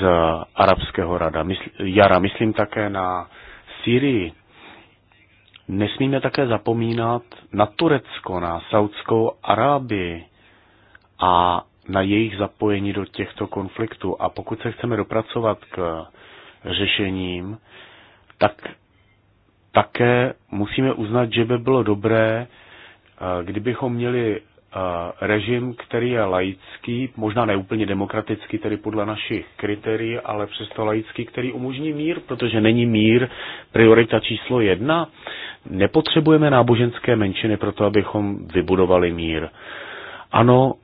z Arabského rada, mysl, jara. Myslím také na Syrii. Nesmíme také zapomínat na Turecko, na Saudskou Arábii a na jejich zapojení do těchto konfliktů. A pokud se chceme dopracovat k řešením, tak také musíme uznat, že by bylo dobré, eh, kdybychom měli eh, režim, který je laický, možná neúplně demokratický, tedy podle našich kritérií, ale přesto laický, který umožní mír, protože není mír priorita číslo jedna. Nepotřebujeme náboženské menšiny pro to, abychom vybudovali mír. Ano,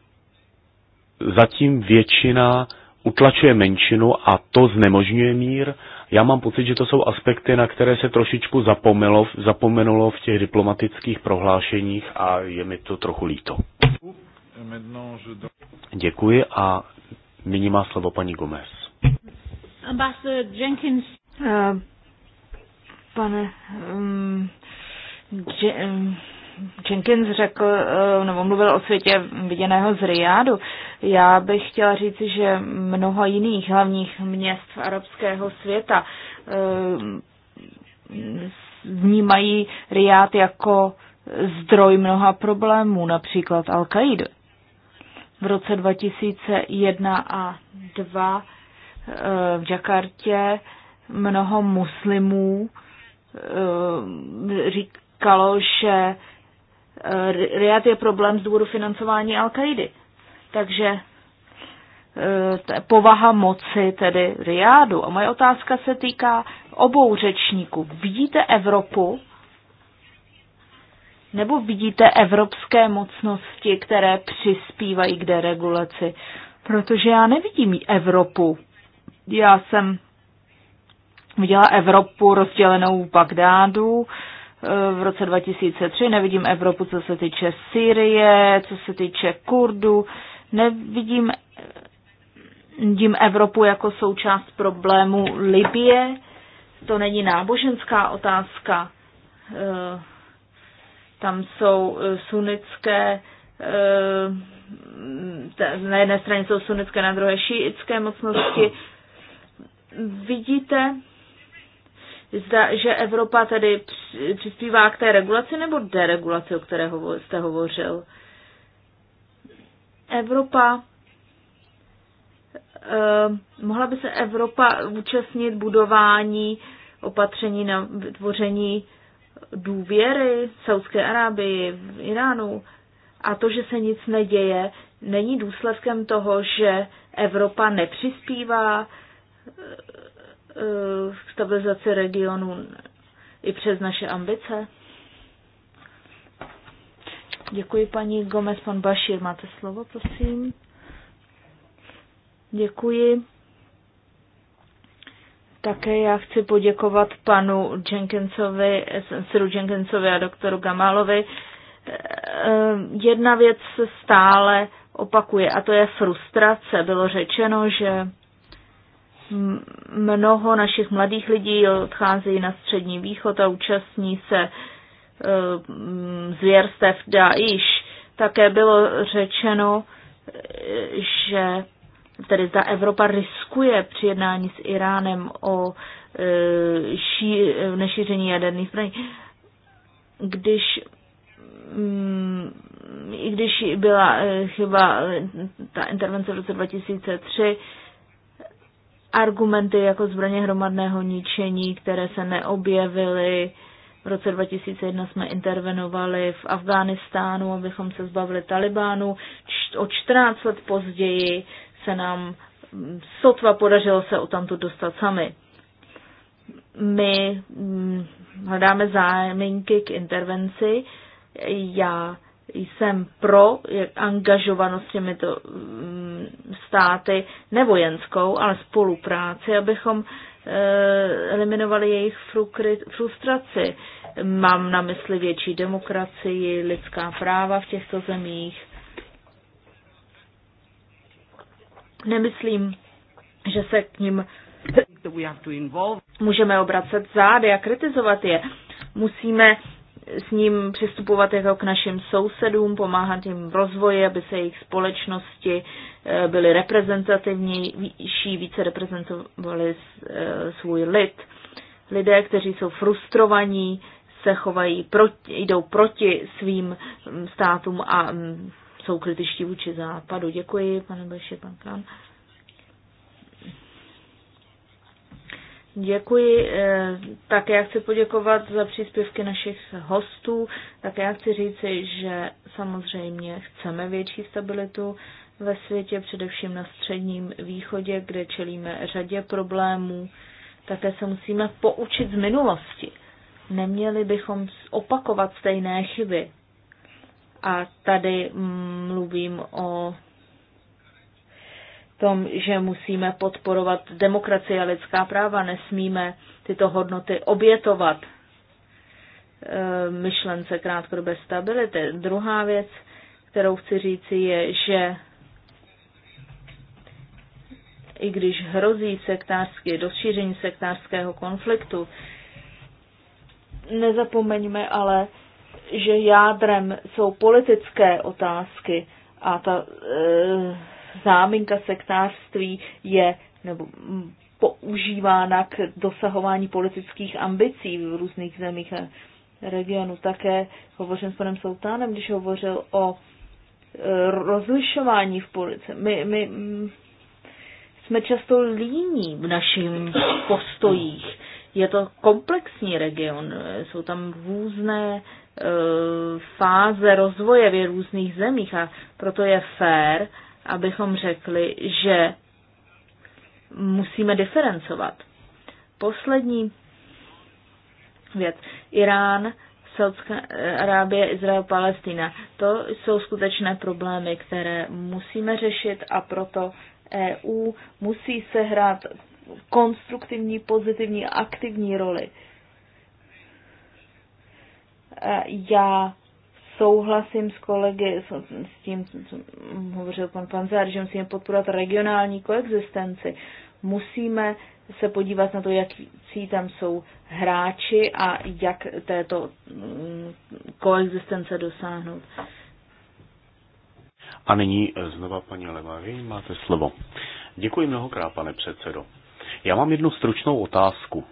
zatím většina utlačuje menšinu a to znemožňuje mír, já mám pocit, že to jsou aspekty, na které se trošičku zapomnělo, zapomenulo v těch diplomatických prohlášeních a je mi to trochu líto. Děkuji a nyní má slovo paní Gomez. Ambassador Jenkins. Uh, pane um, mm, Je- um, mm, Jenkins řekl, eh, nebo mluvil o světě viděného z Riádu. Já bych chtěla říci, že mnoho jiných hlavních měst arabského světa eh, vnímají Riád jako zdroj mnoha problémů, například al qaida V roce 2001 a 2 eh, v Jakartě mnoho muslimů říkalo, že Eh, Riad je problém z důvodu financování al qaidy Takže eh, povaha moci, tedy Riádu. A moje otázka se týká obou řečníků. Vidíte Evropu nebo vidíte evropské mocnosti, které přispívají k deregulaci? Protože já nevidím Evropu. Já jsem viděla Evropu rozdělenou v Bagdádu, v roce 2003, nevidím Evropu, co se týče Syrie, co se týče Kurdu. nevidím vidím Evropu jako součást problému Libie. To není náboženská otázka. Eh, tam jsou eh, sunické. Eh, na jedné straně jsou sunické, na druhé šiitské mocnosti. Vidíte, Zda, že Evropa tedy přispívá k té regulaci nebo deregulaci, o které hovo, jste hovořil. Evropa, eh, mohla by se Evropa účastnit budování opatření na vytvoření důvěry v Saudské Arábii, v Iránu. A to, že se nic neděje, není důsledkem toho, že Evropa nepřispívá stabilizaci regionu i přes naše ambice? Děkuji paní Gomez, pan Bašir, máte slovo, prosím. Děkuji. Také já chci poděkovat panu Jenkinsovi, Siru Jenkinsovi a doktoru Gamálovi. Eh, jedna věc se stále opakuje a to je frustrace. Bylo řečeno, že Mnoho našich mladých lidí odcházejí na střední východ a účastní se e, zvěrstev Daish. Také bylo řečeno, e, že tedy ta Evropa riskuje při jednání s Iránem o e, ší, nešíření jaderných zbraní. Když i když byla chyba ta intervence v roce 2003, argumenty jako zbraně hromadného ničení, které se neobjevily. V roce 2001 jsme intervenovali v Afghánistánu, abychom se zbavili Talibánu. O 14 let později se nám mm, sotva podařilo se o tamto dostat sami. My mm, hledáme záminky k intervenci. Já jsem pro angažovanost těmito mm, státy, nevojenskou, ale spolupráci, abychom eh, eliminovali jejich frustraci. Mám na mysli větší demokracii, lidská práva v těchto zemích. Nemyslím, že se k ním můžeme obracet zády a kritizovat je. Musíme s ním přistupovat jako k našim sousedům, pomáhat jim v rozvoji, aby se jejich společnosti eh, byly reprezentativnější, více reprezentovali eh, svůj lid. Lidé, kteří jsou frustrovaní, se chovají, proti, jdou proti svým hm, státům a hm, jsou kritičtí vůči západu. Děkuji, pane Beši, pan Kran. Děkuji. Eh, také já chci poděkovat za příspěvky našich hostů. Také já chci říci, že samozřejmě chceme větší stabilitu ve světě, především na středním východě, kde čelíme řadě problémů. Také se musíme poučit z minulosti. Neměli bychom opakovat stejné chyby. A tady mm, mluvím o tom, že musíme podporovat demokracii a lidská práva, nesmíme tyto hodnoty obětovat e, myšlence krátkodobé stability. Druhá věc, kterou chci říci, je, že i když hrozí sektářské, rozšíření sektářského konfliktu, nezapomeňme ale, že jádrem jsou politické otázky a ta e, záminka sektářství je nebo používána k dosahování politických ambicí v různých zemích a regionu. Také hovořím s panem Sultánem, když hovořil o e, rozlišování v politice. My, my mm, jsme často líní v našich postojích. Je to komplexní region, jsou tam různé e, fáze rozvoje v různých zemích a proto je fér abychom řekli, že musíme diferencovat. Poslední věc. Irán, Saudská Arábie, Izrael, Palestina. To jsou skutečné problémy, které musíme řešit a proto EU musí sehrát konstruktivní, pozitivní aktivní roli. E, já souhlasím s kolegy, s tím, co hovořil pan Panzár, že musíme podporovat regionální koexistenci. Musíme se podívat na to, jaký tam jsou hráči a jak této mm, koexistence dosáhnout. A nyní znova paní Levary, máte slovo. Děkuji mnohokrát, pane předsedo. Já mám jednu stručnou otázku.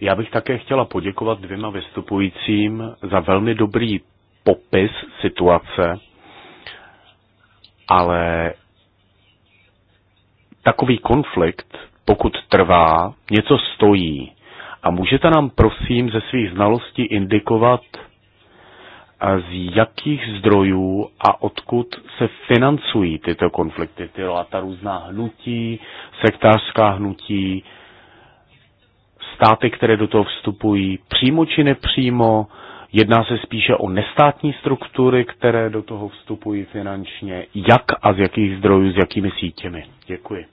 Já bych také chtěla poděkovat dvěma vystupujícím za velmi dobrý popis situace, ale takový konflikt, pokud trvá, něco stojí. A můžete nám prosím ze svých znalostí indikovat, z jakých zdrojů a odkud se financují tyto konflikty, tyto ta různá hnutí, sektářská hnutí, státy, které do toho vstupují přímo či nepřímo. Jedná se spíše o nestátní struktury, které do toho vstupují finančně. Jak a z jakých zdrojů, s jakými sítěmi? Děkuji.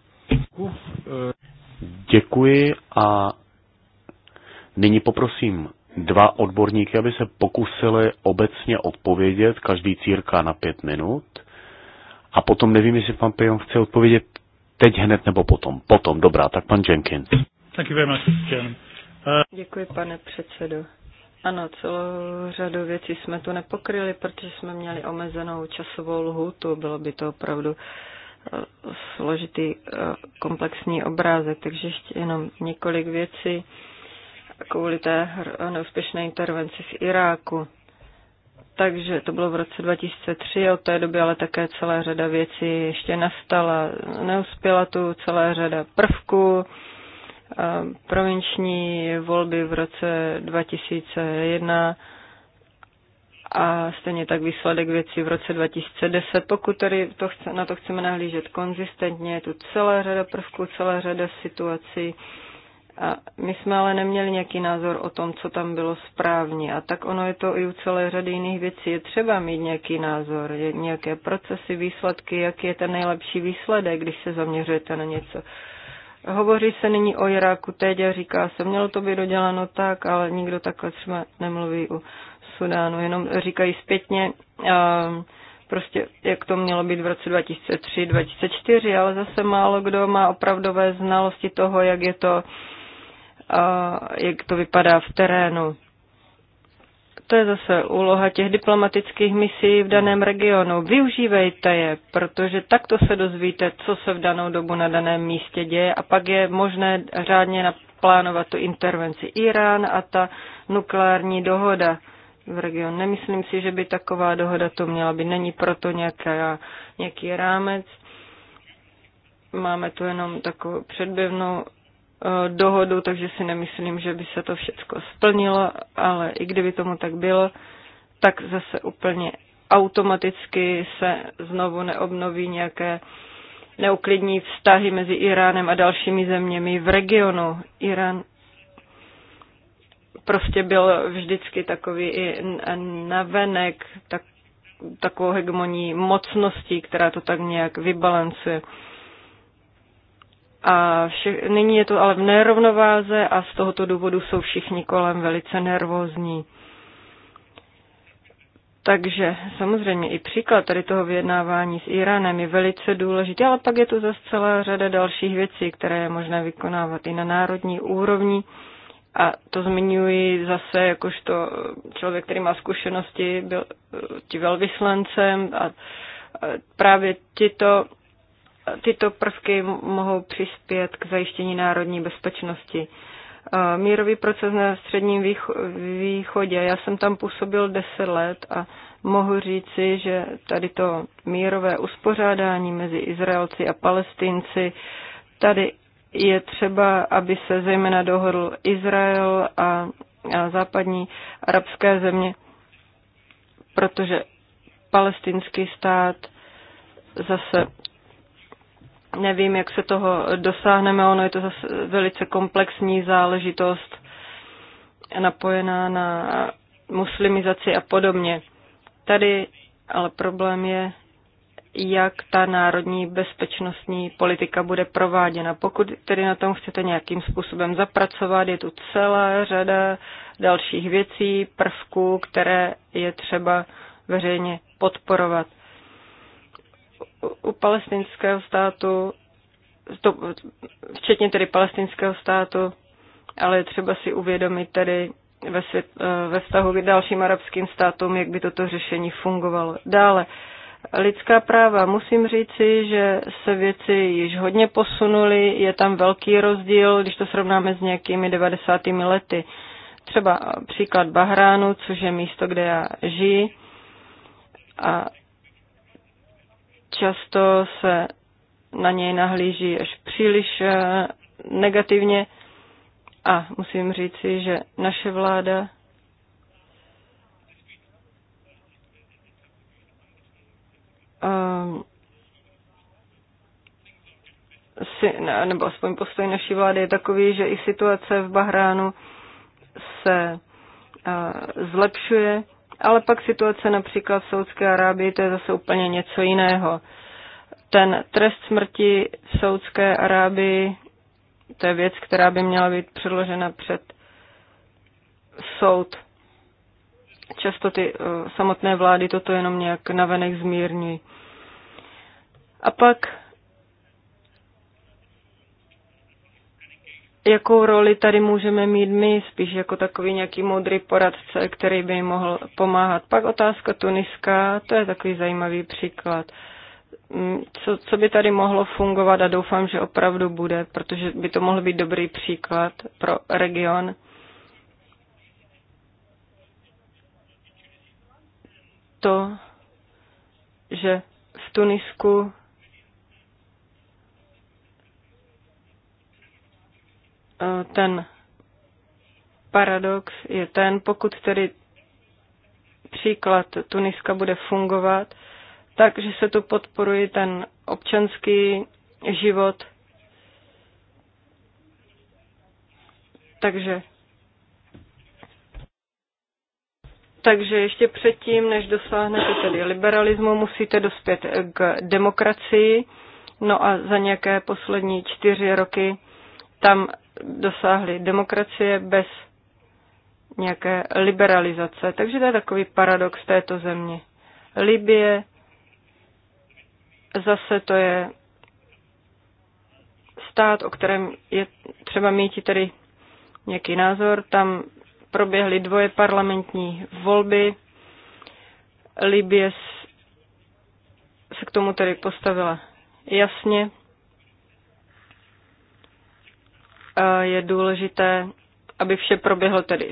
Děkuji a nyní poprosím dva odborníky, aby se pokusili obecně odpovědět, každý círka na pět minut. A potom nevím, jestli pan Pion chce odpovědět teď hned nebo potom. Potom, dobrá, tak pan Jenkins. Thank you very much, Děkuji, pane předsedo. Ano, celou řadu věcí jsme tu nepokryli, protože jsme měli omezenou časovou lhutu. Bylo by to opravdu eh, složitý eh, komplexní obrázek, takže ještě jenom několik věcí kvůli té neúspěšné intervenci v Iráku. Takže to bylo v roce 2003, od té doby ale také celá řada věcí ještě nastala. Neuspěla tu celá řada prvků, provinční volby v roce 2001 a stejně tak výsledek věcí v roce 2010. Pokud tedy to chce, na to chceme nahlížet konzistentně, je tu celá řada prvků, celá řada situací. A my jsme ale neměli nějaký názor o tom, co tam bylo správně. A tak ono je to i u celé řady jiných věcí. Je třeba mít nějaký názor, nějaké procesy, výsledky, jaký je ten nejlepší výsledek, když se zaměřujete na něco. Hovoří se nyní o Iráku teď a říká se, mělo to být doděláno tak, ale nikdo takhle třeba nemluví u Sudánu, jenom říkají zpětně, ehm, prostě jak to mělo být v roce 2003, 2004, ale zase málo kdo má opravdové znalosti toho, jak je to, jak to vypadá v terénu. To je zase úloha těch diplomatických misí v daném regionu. Využívejte je, protože takto se dozvíte, co se v danou dobu na daném místě děje a pak je možné řádně naplánovat tu intervenci Irán a ta nukleární dohoda v regionu. Nemyslím si, že by taková dohoda to měla být. Není proto nějaká, nějaký rámec. Máme tu jenom takovou předběvnou Eh, dohodu, takže si nemyslím, že by se to všechno splnilo, ale i kdyby tomu tak bylo, tak zase úplně automaticky se znovu neobnoví nějaké neuklidní vztahy mezi Iránem a dalšími zeměmi v regionu. Irán prostě byl vždycky takový i navenek, tak, takovou hegemonii mocností, která to tak nějak vybalancuje. A vše, nyní je to ale v nerovnováze a z tohoto důvodu jsou všichni kolem velice nervózní. Takže samozřejmě i příklad tady toho vyjednávání s Iránem je velice důležitý, ale pak je tu zase celá řada dalších věcí, které je možné vykonávat i na národní úrovni. A to zmiňuji zase jakožto člověk, který má zkušenosti, byl ti velvyslancem a právě tito tyto prvky mohou přispět k zajištění národní bezpečnosti. Eh, mírový proces na středním východě, já jsem tam působil 10 let a mohu říci, že tady to mírové uspořádání mezi Izraelci a Palestinci, tady je třeba, aby se zejména dohodl Izrael a, a západní arabské země, protože palestinský stát zase Nevím, jak se toho dosáhneme, ono je to zase velice komplexní záležitost napojená na muslimizaci a podobně. Tady ale problém je, jak ta národní bezpečnostní politika bude prováděna. Pokud tedy na tom chcete nějakým způsobem zapracovat, je tu celá řada dalších věcí, prvků, které je třeba veřejně podporovat u palestinského státu, to, včetně tedy palestinského státu, ale třeba si uvědomit tedy ve, svět, eh, ve vztahu k dalším arabským státům, jak by toto řešení fungovalo. Dále, lidská práva. Musím říci, že se věci již hodně posunuly, je tam velký rozdíl, když to srovnáme s nějakými 90. lety. Třeba příklad Bahránu, což je místo, kde já žiji. A Často se na něj nahlíží až příliš eh, negativně a musím říci, že naše vláda eh, si, nebo aspoň postoj naší vlády je takový, že i situace v Bahránu se uh, zlepšuje. Ale pak situace například v Saudské Arábii, to je zase úplně něco jiného. Ten trest smrti v Saudské Arábii, to je věc, která by měla být předložena před soud. Často ty eh, samotné vlády toto jenom nějak navenek zmírňují. A pak jakou roli tady můžeme mít my, spíš jako takový nějaký moudrý poradce, který by jim mohl pomáhat. Pak otázka Tuniska, to je takový zajímavý příklad. Mm, co, co by tady mohlo fungovat a doufám, že opravdu bude, protože by to mohl být dobrý příklad pro region. To, že v Tunisku ten paradox je ten, pokud tedy příklad Tuniska bude fungovat, takže se tu podporuje ten občanský život. Takže Takže ještě předtím, než dosáhnete tedy liberalismu, musíte dospět k demokracii. No a za nějaké poslední čtyři roky tam dosáhli demokracie bez nějaké liberalizace. Takže to je takový paradox této země. Libie, zase to je stát, o kterém je třeba mít tedy nějaký názor. Tam proběhly dvoje parlamentní volby. Libie se k tomu tedy postavila jasně. Je důležité, aby vše proběhlo tedy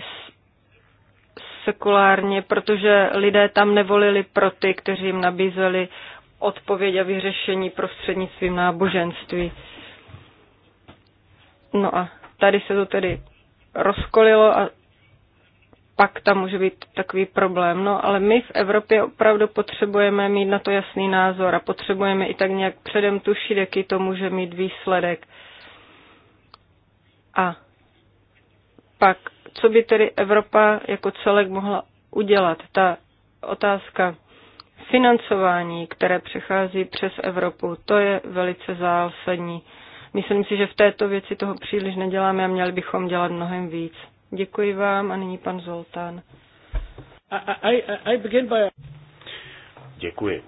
sekulárně, protože lidé tam nevolili pro ty, kteří jim nabízeli odpověď a vyřešení prostřednictvím náboženství. No a tady se to tedy rozkolilo a pak tam může být takový problém. No ale my v Evropě opravdu potřebujeme mít na to jasný názor a potřebujeme i tak nějak předem tušit, jaký to může mít výsledek. A pak, co by tedy Evropa jako celek mohla udělat? Ta otázka financování, které přechází přes Evropu, to je velice zásadní. Myslím si, že v této věci toho příliš neděláme a měli bychom dělat mnohem víc. Děkuji vám a nyní pan Zoltán. I, I, I begin by... Děkuji.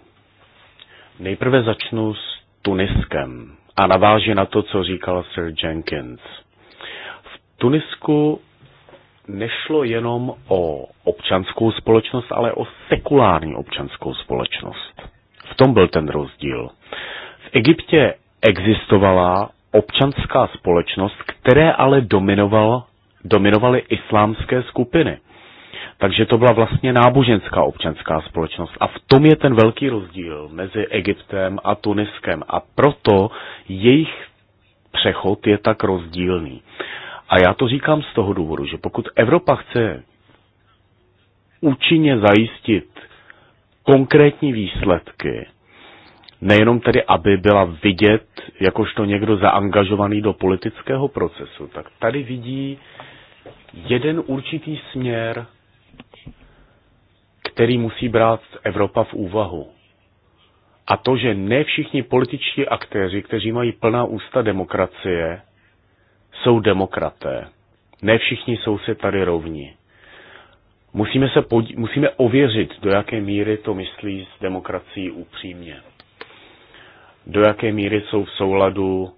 Nejprve začnu s Tuniskem a naváži na to, co říkal Sir Jenkins. Tunisku nešlo jenom o občanskou společnost, ale o sekulární občanskou společnost. V tom byl ten rozdíl. V Egyptě existovala občanská společnost, které ale dominoval, dominovaly islámské skupiny. Takže to byla vlastně náboženská občanská společnost. A v tom je ten velký rozdíl mezi Egyptem a Tuniskem. A proto jejich přechod je tak rozdílný. A já to říkám z toho důvodu, že pokud Evropa chce účinně zajistit konkrétní výsledky, nejenom tedy, aby byla vidět jakožto někdo zaangažovaný do politického procesu, tak tady vidí jeden určitý směr, který musí brát Evropa v úvahu. A to, že ne všichni političtí aktéři, kteří mají plná ústa demokracie, jsou demokraté. Ne všichni jsou si tady rovni. Musíme, se podí- musíme ověřit, do jaké míry to myslí s demokracií upřímně. Do jaké míry jsou v souladu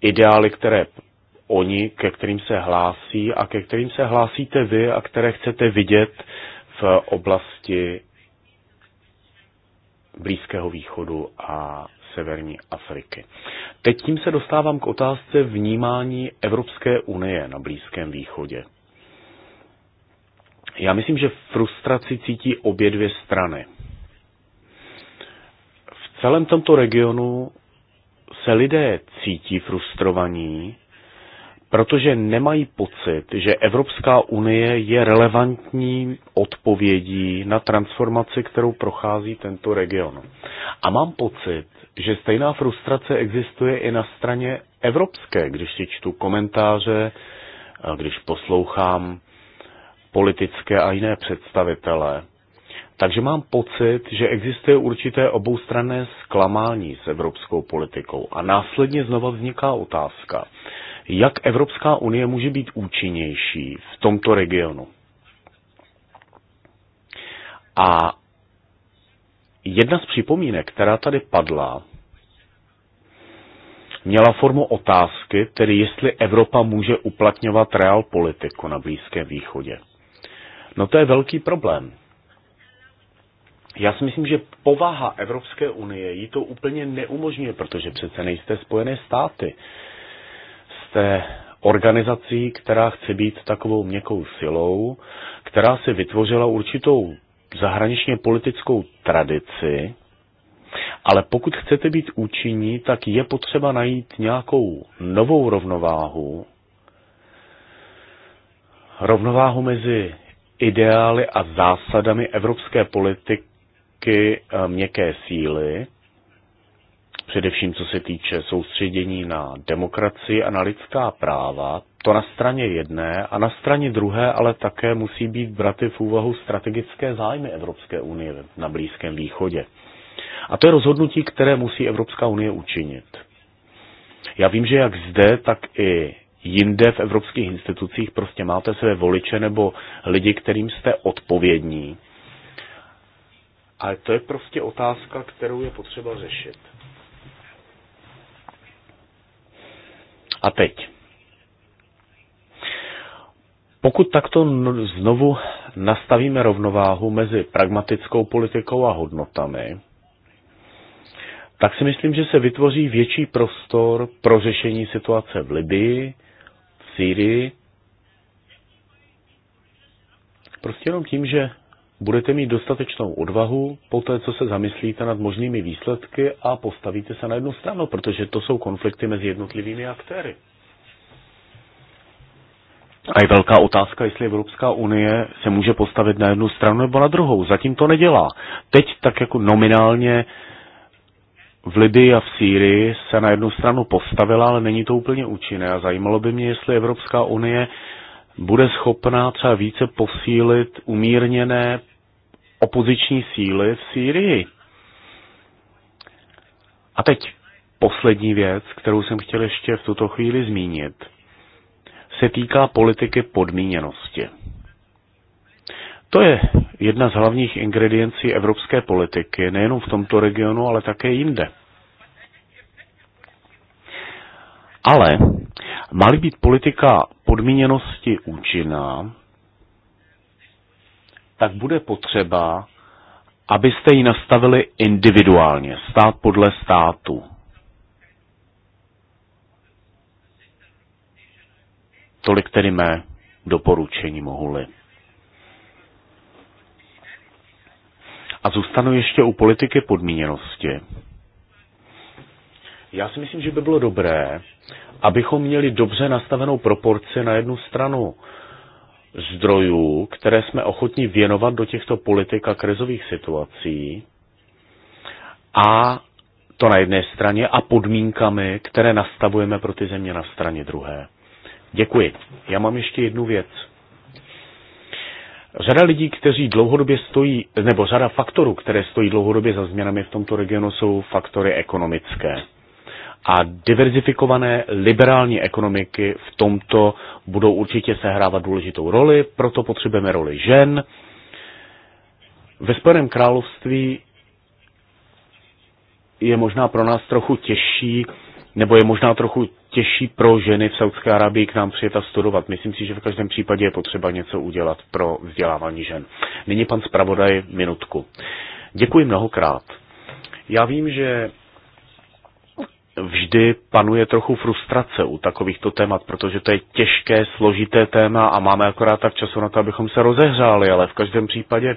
ideály, které oni, ke kterým se hlásí a ke kterým se hlásíte vy a které chcete vidět v oblasti Blízkého východu a severní Afriky. Teď tím se dostávám k otázce vnímání Evropské unie na Blízkém východě. Já myslím, že frustraci cítí obě dvě strany. V celém tomto regionu se lidé cítí frustrovaní, protože nemají pocit, že Evropská unie je relevantní odpovědí na transformaci, kterou prochází tento region. A mám pocit, že stejná frustrace existuje i na straně evropské, když si čtu komentáře, když poslouchám politické a jiné představitele. Takže mám pocit, že existuje určité oboustranné zklamání s evropskou politikou. A následně znova vzniká otázka, jak Evropská unie může být účinnější v tomto regionu. A Jedna z připomínek, která tady padla, měla formu otázky, tedy jestli Evropa může uplatňovat real politiku na Blízkém východě. No to je velký problém. Já si myslím, že povaha Evropské unie jí to úplně neumožňuje, protože přece nejste Spojené státy. Jste organizací, která chce být takovou měkkou silou, která si vytvořila určitou zahraničně politickou tradici, ale pokud chcete být účinní, tak je potřeba najít nějakou novou rovnováhu, rovnováhu mezi ideály a zásadami evropské politiky eh, měkké síly především co se týče soustředění na demokracii a na lidská práva, to na straně jedné a na straně druhé ale také musí být braty v úvahu strategické zájmy Evropské unie na Blízkém východě. A to je rozhodnutí, které musí Evropská unie učinit. Já vím, že jak zde, tak i jinde v evropských institucích prostě máte své voliče nebo lidi, kterým jste odpovědní. Ale to je prostě otázka, kterou je potřeba řešit. A teď. Pokud takto znovu nastavíme rovnováhu mezi pragmatickou politikou a hodnotami, tak si myslím, že se vytvoří větší prostor pro řešení situace v Libii, v Sýrii. Prostě jenom tím, že budete mít dostatečnou odvahu po té, co se zamyslíte nad možnými výsledky a postavíte se na jednu stranu, protože to jsou konflikty mezi jednotlivými aktéry. A je velká otázka, jestli Evropská unie se může postavit na jednu stranu nebo na druhou. Zatím to nedělá. Teď tak jako nominálně v Libii a v Sýrii se na jednu stranu postavila, ale není to úplně účinné. A zajímalo by mě, jestli Evropská unie bude schopná třeba více posílit umírněné opoziční síly v Sýrii. A teď poslední věc, kterou jsem chtěl ještě v tuto chvíli zmínit, se týká politiky podmíněnosti. To je jedna z hlavních ingrediencí evropské politiky, nejenom v tomto regionu, ale také jinde. Ale má-li být politika podmíněnosti účinná, tak bude potřeba, abyste ji nastavili individuálně, stát podle státu. Tolik tedy mé doporučení mohu-li. A zůstanu ještě u politiky podmíněnosti. Já si myslím, že by bylo dobré, abychom měli dobře nastavenou proporci na jednu stranu zdrojů, které jsme ochotní věnovat do těchto politik a krizových situací a to na jedné straně a podmínkami, které nastavujeme pro ty země na straně druhé. Děkuji. Já mám ještě jednu věc. Řada lidí, kteří dlouhodobě stojí, nebo řada faktorů, které stojí dlouhodobě za změnami v tomto regionu, jsou faktory ekonomické a diverzifikované liberální ekonomiky v tomto budou určitě sehrávat důležitou roli, proto potřebujeme roli žen. Ve Spojeném království je možná pro nás trochu těžší, nebo je možná trochu těžší pro ženy v Saudské Arabii, k nám přijet a studovat. Myslím si, že v každém případě je potřeba něco udělat pro vzdělávání žen. Nyní pan zpravodaj minutku. Děkuji mnohokrát. Já vím, že vždy panuje trochu frustrace u takovýchto témat, protože to je těžké, složité téma a máme akorát tak času na to, abychom se rozehřáli, ale v každém případě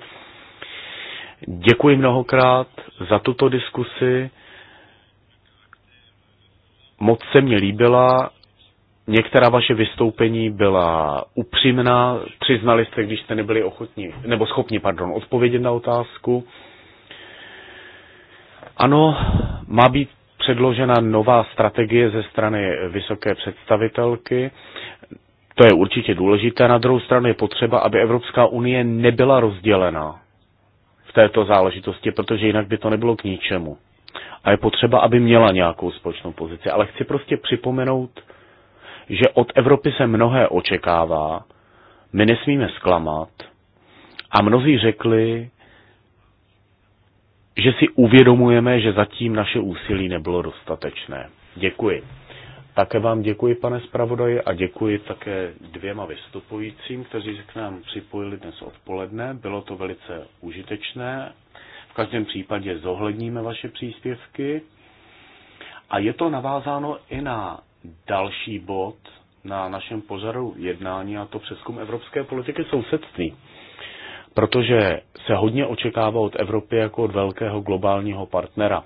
děkuji mnohokrát za tuto diskusi. Moc se mi líbila. Některá vaše vystoupení byla upřímná, přiznali jste, když jste nebyli ochotní, nebo schopni, pardon, odpovědět na otázku. Ano, má být předložena nová strategie ze strany vysoké představitelky. To je určitě důležité. Na druhou stranu je potřeba, aby Evropská unie nebyla rozdělena v této záležitosti, protože jinak by to nebylo k ničemu. A je potřeba, aby měla nějakou společnou pozici. Ale chci prostě připomenout, že od Evropy se mnohé očekává, my nesmíme zklamat. A mnozí řekli, že si uvědomujeme, že zatím naše úsilí nebylo dostatečné. Děkuji. Také vám děkuji, pane zpravodaji, a děkuji také dvěma vystupujícím, kteří se k nám připojili dnes odpoledne. Bylo to velice užitečné. V každém případě zohledníme vaše příspěvky. A je to navázáno i na další bod na našem pořadu jednání, a to přeskum evropské politiky sousedství protože se hodně očekává od Evropy jako od velkého globálního partnera.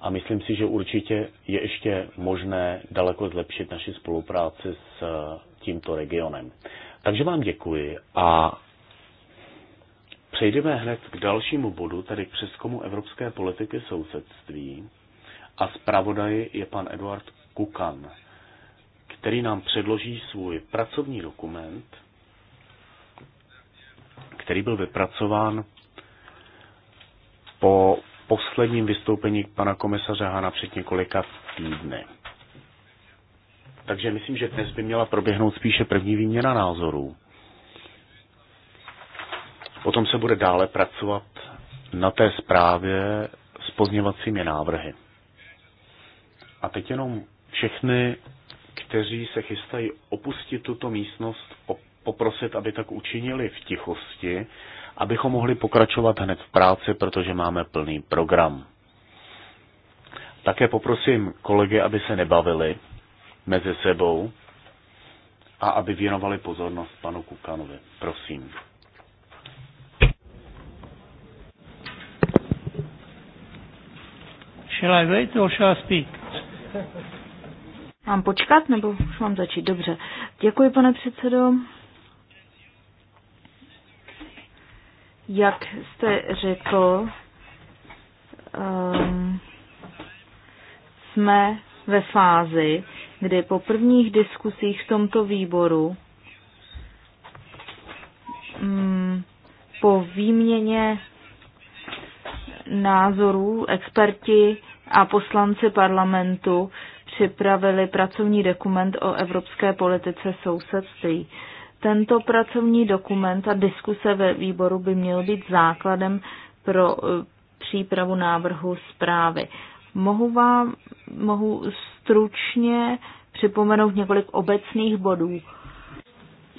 A myslím si, že určitě je ještě možné daleko zlepšit naši spolupráci s eh, tímto regionem. Takže vám děkuji a přejdeme hned k dalšímu bodu, tedy k přeskomu evropské politiky sousedství. A zpravodaj je pan Eduard Kukan, který nám předloží svůj pracovní dokument, který byl vypracován po posledním vystoupení pana komisaře Hana před několika týdny. Takže myslím, že dnes by měla proběhnout spíše první výměna názorů. Potom se bude dále pracovat na té zprávě s pozněvacími návrhy. A teď jenom všechny, kteří se chystají opustit tuto místnost, poprosit, aby tak učinili v tichosti, abychom mohli pokračovat hned v práci, protože máme plný program. Také poprosím kolegy, aby se nebavili mezi sebou a aby věnovali pozornost panu Kukanovi. Prosím. Shall I wait or shall I speak? Mám počkat nebo už mám začít? Dobře. Děkuji, pane předsedo. Jak jste řekl, um, jsme ve fázi, kdy po prvních diskusích v tomto výboru um, po výměně názorů experti a poslanci parlamentu připravili pracovní dokument o evropské politice sousedství. Tento pracovní dokument a diskuse ve výboru by měl být základem pro eh, přípravu návrhu zprávy. Mohu vám mohu stručně připomenout několik obecných bodů.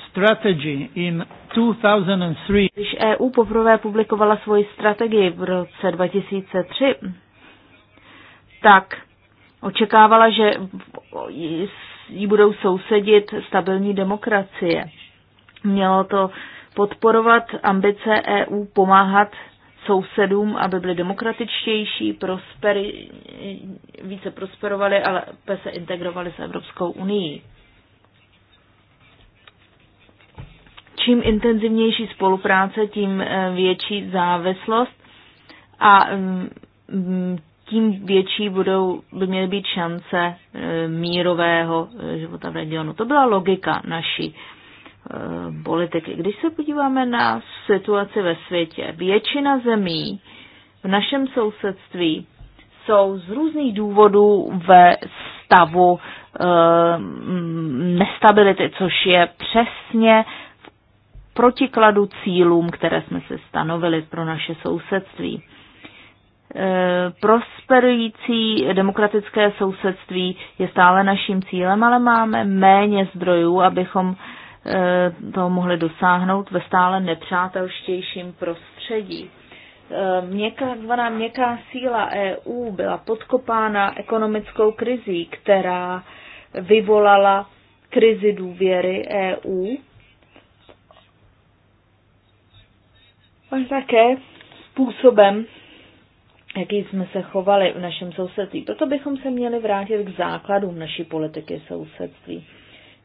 Strategy in 2003. Když EU poprvé publikovala svoji strategii v roce 2003, tak očekávala, že ji budou sousedit stabilní demokracie. Mělo to podporovat ambice EU pomáhat sousedům, aby byli demokratičtější, prosperi, více prosperovali ale lépe se integrovali s Evropskou unii. Čím intenzivnější spolupráce, tím eh, větší závislost a mm, tím větší budou, by měly být šance eh, mírového eh, života v regionu. To byla logika naší Eh, politiky. Když se podíváme na situaci ve světě, většina zemí v našem sousedství jsou z různých důvodů ve stavu e, nestability, což je přesně v protikladu cílům, které jsme se stanovili pro naše sousedství. E, prosperující demokratické sousedství je stále naším cílem, ale máme méně zdrojů, abychom e, E, toho mohli dosáhnout ve stále nepřátelštějším prostředí. E, měkká, zvaná měkká síla EU byla podkopána ekonomickou krizí, která vyvolala krizi důvěry EU. A také způsobem, jaký jsme se chovali v našem sousedství. Proto bychom se měli vrátit k základům naší politiky sousedství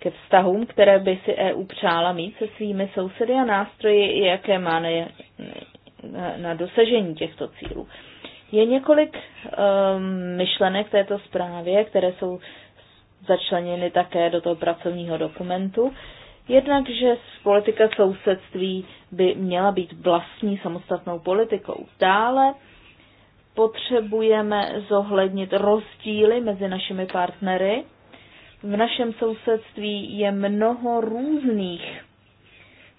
ke vztahům, které by si EU přála mít se svými sousedy a nástroji, jaké má na, na dosažení těchto cílů. Je několik um, myšlenek této zprávě, které jsou začleněny také do toho pracovního dokumentu. Jednak, že politika sousedství by měla být vlastní samostatnou politikou. Dále potřebujeme zohlednit rozdíly mezi našimi partnery v našem sousedství je mnoho různých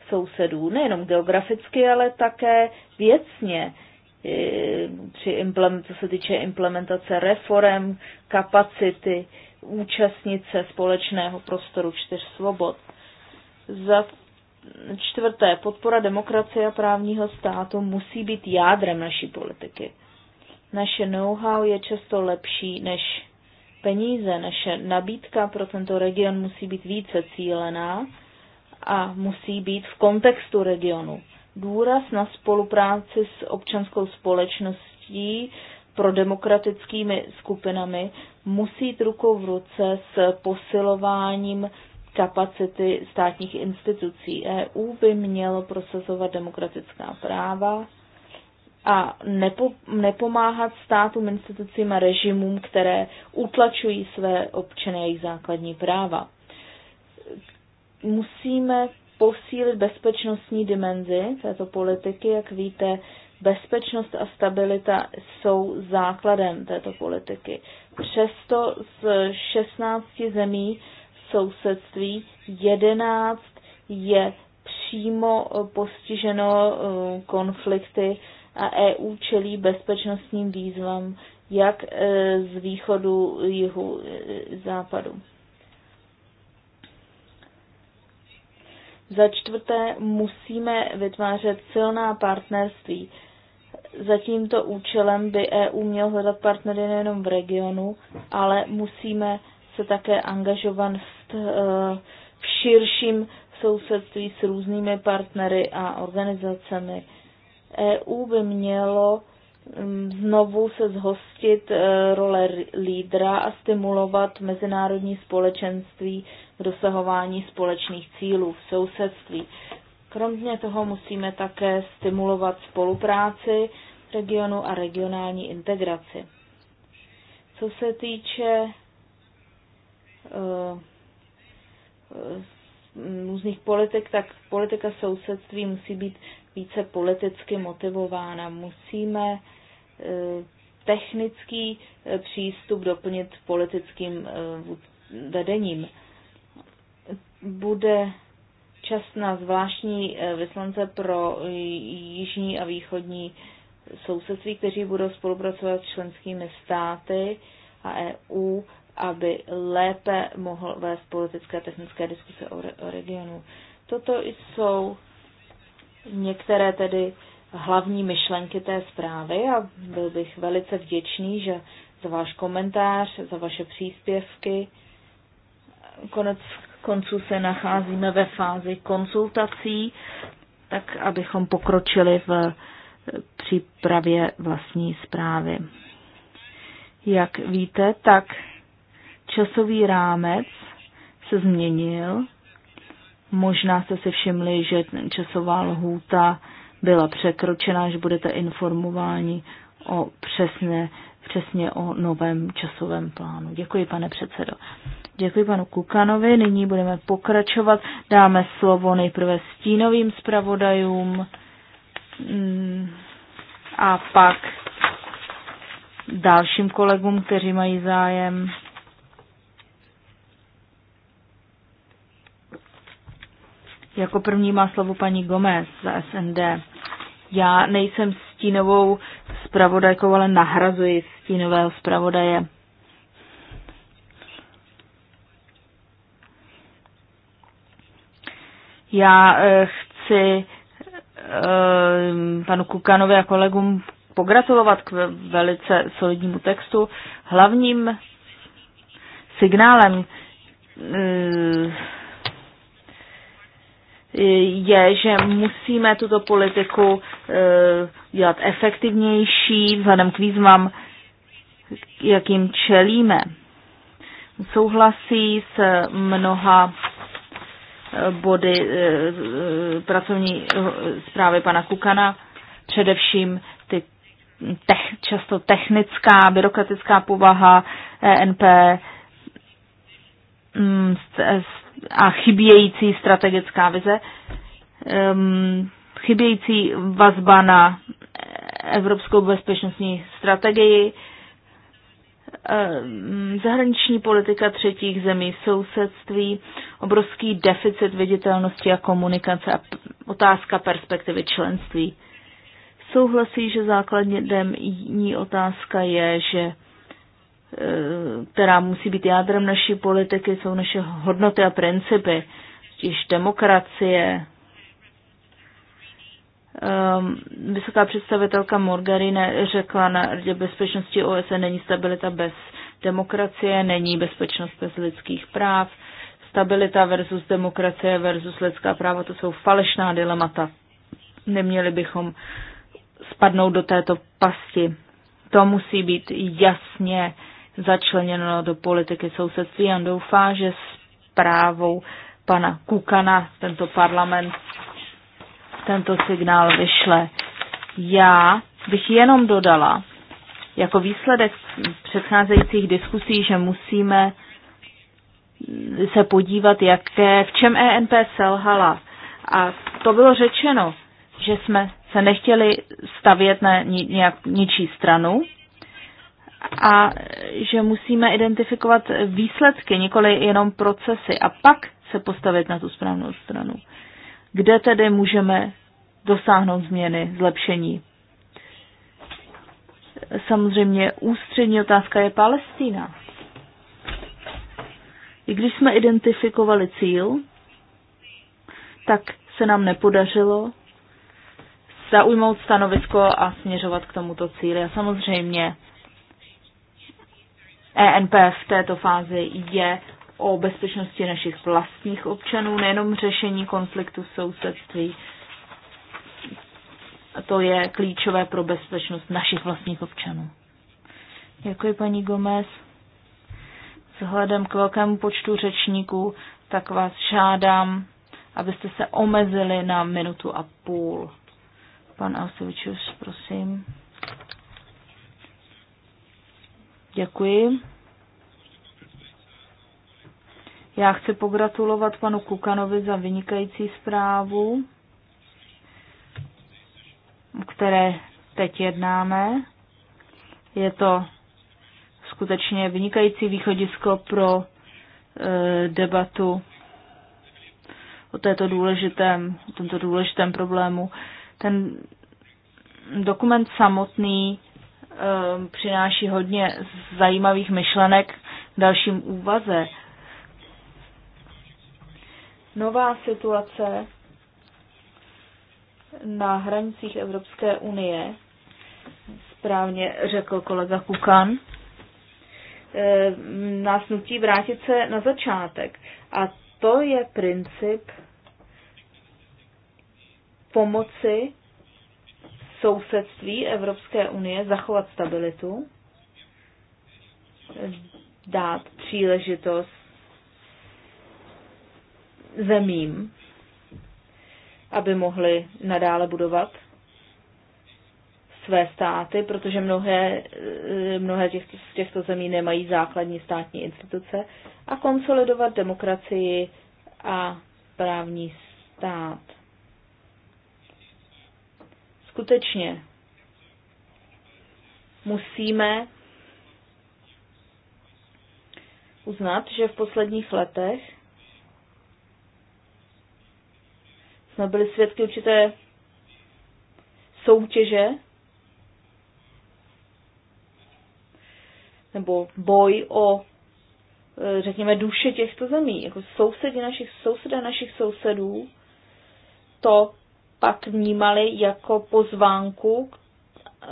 sousedů, nejenom geograficky, ale také věcně, eh, při co se týče implementace reform, kapacity, účastnice společného prostoru čtyř svobod. Za čtvrté, podpora demokracie a právního státu musí být jádrem naší politiky. Naše know-how je často lepší než peníze. Naše nabídka pro tento region musí být více cílená a musí být v kontextu regionu. Důraz na spolupráci s občanskou společností pro demokratickými skupinami musí jít rukou v ruce s posilováním kapacity státních institucí. EU by mělo prosazovat demokratická práva, a nepo, nepomáhat státům, institucím a režimům, které utlačují své občany a jejich základní práva. Musíme posílit bezpečnostní dimenzi této politiky. Jak víte, bezpečnost a stabilita jsou základem této politiky. Přesto z 16 zemí sousedství 11 je přímo postiženo eh, konflikty a EU čelí bezpečnostním výzvám jak e, z východu, jihu, e, západu. Za čtvrté, musíme vytvářet silná partnerství. Za tímto účelem by EU měl hledat partnery nejenom v regionu, ale musíme se také angažovat v e, širším sousedství s různými partnery a organizacemi EU by mělo mm, znovu se zhostit e, role lídra a stimulovat mezinárodní společenství k dosahování společných cílů v sousedství. Kromě toho musíme také stimulovat spolupráci regionu a regionální integraci. Co se týče uh, různých politik, tak politika sousedství musí být více politicky motivována. Musíme e, technický e, přístup doplnit politickým e, vedením. Bude čas na zvláštní vyslance pro jižní a východní sousedství, kteří budou spolupracovat s členskými státy a EU, aby lépe mohl vést politické a technické diskuse o, re- o regionu. Toto jsou některé tedy hlavní myšlenky té zprávy a byl bych velice vděčný, že za váš komentář, za vaše příspěvky. Konec konců se nacházíme ve fázi konsultací, tak abychom pokročili v přípravě vlastní zprávy. Jak víte, tak časový rámec se změnil Možná jste si všimli, že časová lhůta byla překročena, že budete informováni o přesné, přesně o novém časovém plánu. Děkuji, pane předsedo. Děkuji panu Kukanovi. Nyní budeme pokračovat. Dáme slovo nejprve stínovým zpravodajům mm, a pak dalším kolegům, kteří mají zájem. Jako první má slovo paní Gomez za SND. Já nejsem stínovou zpravodajkou, ale nahrazuji stínového zpravodaje. Já eh, chci eh, panu Kukanovi a kolegům pogratulovat k velice solidnímu textu. Hlavním signálem eh, je, že musíme tuto politiku eh, dělat efektivnější vzhledem k výzvám, jakým čelíme. Souhlasí s mnoha eh, body eh, pracovní zprávy pana Kukana, především ty tech, často technická, byrokratická povaha ENP, mm, a chybějící strategická vize, chybějící vazba na evropskou bezpečnostní strategii, zahraniční politika třetích zemí, sousedství, obrovský deficit viditelnosti a komunikace a otázka perspektivy členství. Souhlasí, že základní otázka je, že Eh, která musí být jádrem naší politiky, jsou naše hodnoty a principy, totiž demokracie. Ehm, vysoká představitelka Morgarine řekla na Radě bezpečnosti OSN, není stabilita bez demokracie, není bezpečnost bez lidských práv, stabilita versus demokracie versus lidská práva, to jsou falešná dilemata. Neměli bychom spadnout do této pasti. To musí být jasně uh, začleněno do politiky sousedství On doufá, že s právou pana Kukana tento parlament tento signál vyšle. Já bych jenom dodala, jako výsledek předcházejících diskusí, že musíme se podívat, jaké, v čem ENP selhala. A to bylo řečeno, že jsme se nechtěli stavět na ni, nějak, ničí stranu, a že musíme identifikovat výsledky, nikoli jenom procesy a pak se postavit na tu správnou stranu. Kde tedy můžeme dosáhnout změny, zlepšení? Samozřejmě ústřední otázka je Palestína. I když jsme identifikovali cíl, tak se nám nepodařilo zaujmout stanovisko a směřovat k tomuto cíli. A samozřejmě ENP v této fázi je o bezpečnosti našich vlastních občanů, nejenom řešení konfliktu v sousedství. To je klíčové pro bezpečnost našich vlastních občanů. Děkuji, paní Gomez. Vzhledem k velkému počtu řečníků, tak vás žádám, abyste se omezili na minutu a půl. Pan Ausevičus, prosím. Děkuji. Já chci pogratulovat panu Kukanovi za vynikající zprávu, o které teď jednáme. Je to skutečně vynikající východisko pro e, debatu o této důležitém, o tomto důležitém problému. Ten dokument samotný Um, přináší hodně zajímavých myšlenek k dalším úvaze. Nová situace na hranicích Evropské unie, správně řekl kolega Kukan, um, nás nutí vrátit se na začátek. A to je princip pomoci sousedství Evropské unie, zachovat stabilitu, dát příležitost zemím, aby mohli nadále budovat své státy, protože mnohé, eh, mnohé těch, z těchto zemí nemají základní státní instituce, a konsolidovat demokracii a právní stát skutečně musíme uznat, že v posledních letech jsme byli svědky určité soutěže nebo boj o, eh, řekněme, duše těchto zemí, jako sousedy našich sousedé našich sousedů, to pak vnímali jako pozvánku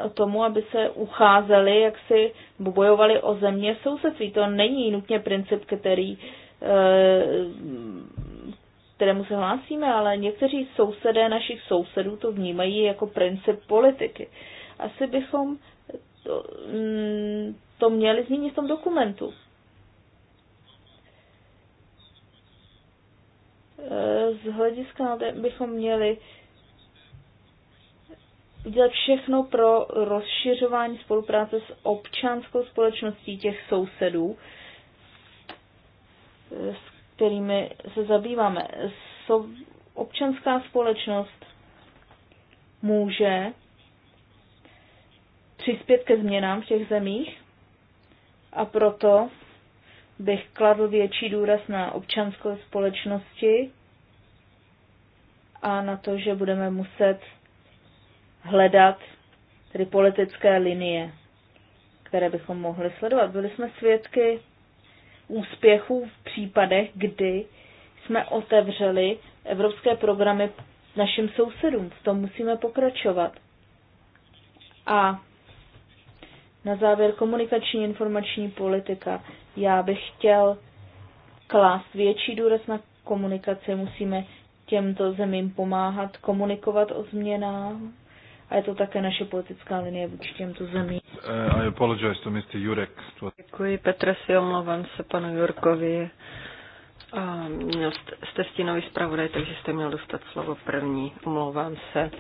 k tomu, aby se ucházeli, jak si bojovali o země v sousedství. To není nutně princip, který, eh, kterému se hlásíme, ale někteří sousedé našich sousedů to vnímají jako princip politiky. Asi bychom to, mm, to měli změnit v tom dokumentu. Eh, z hlediska bychom měli udělat všechno pro rozšiřování spolupráce s občanskou společností těch sousedů, s kterými se zabýváme. So, občanská společnost může přispět ke změnám v těch zemích a proto bych kladl větší důraz na občanskou společnosti a na to, že budeme muset hledat tedy politické linie, které bychom mohli sledovat. Byli jsme svědky úspěchů v případech, kdy jsme otevřeli evropské programy našim sousedům. V tom musíme pokračovat. A na závěr komunikační informační politika. Já bych chtěl klást větší důraz na komunikaci. Musíme těmto zemím pomáhat komunikovat o změnách a je to také naše politická linie vůči těmto zemím. Uh, I apologize to Mr. Jurek. Děkuji, Petre, si omlouvám se panu Jurkovi. A měl jste, jste stínový zpravodaj, takže jste měl dostat slovo první. Omlouvám se.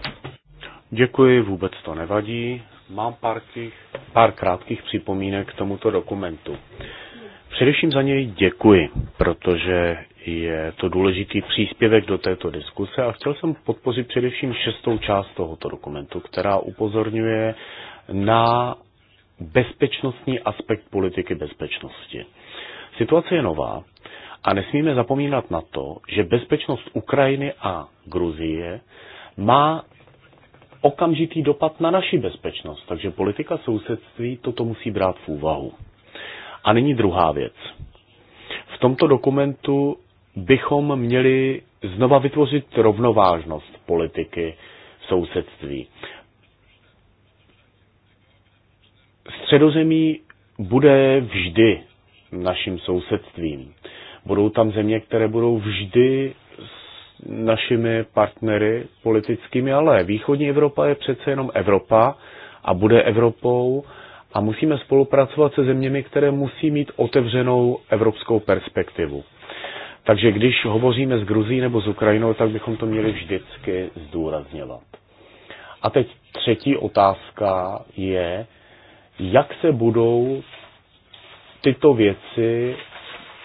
Děkuji, vůbec to nevadí. Mám pár, těch, pár krátkých připomínek k tomuto dokumentu. Především za něj děkuji, protože je to důležitý příspěvek do této diskuse a chtěl jsem podpořit především šestou část tohoto dokumentu, která upozorňuje na bezpečnostní aspekt politiky bezpečnosti. Situace je nová a nesmíme zapomínat na to, že bezpečnost Ukrajiny a Gruzie má okamžitý dopad na naši bezpečnost, takže politika sousedství toto musí brát v úvahu. A nyní druhá věc. V tomto dokumentu bychom měli znova vytvořit rovnovážnost politiky sousedství. Středozemí bude vždy naším sousedstvím. Budou tam země, které budou vždy s našimi partnery politickými, ale východní Evropa je přece jenom Evropa a bude Evropou a musíme spolupracovat se zeměmi, které musí mít otevřenou evropskou perspektivu. Takže když hovoříme s Gruzí nebo s Ukrajinou, tak bychom to měli vždycky zdůrazňovat. A teď třetí otázka je, jak se budou tyto věci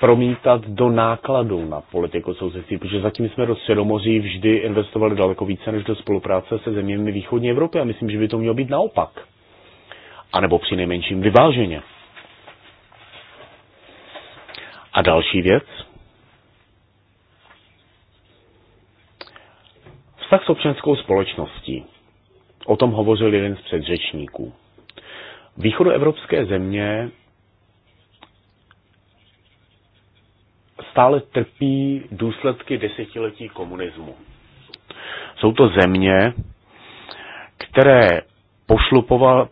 promítat do nákladů na politiku sousedství, protože zatím jsme do Středomoří vždy investovali daleko více než do spolupráce se zeměmi východní Evropy a myslím, že by to mělo být naopak. A nebo při nejmenším vyváženě. A další věc, vztah s občanskou společností. O tom hovořil jeden z předřečníků. Východoevropské země stále trpí důsledky desetiletí komunismu. Jsou to země, které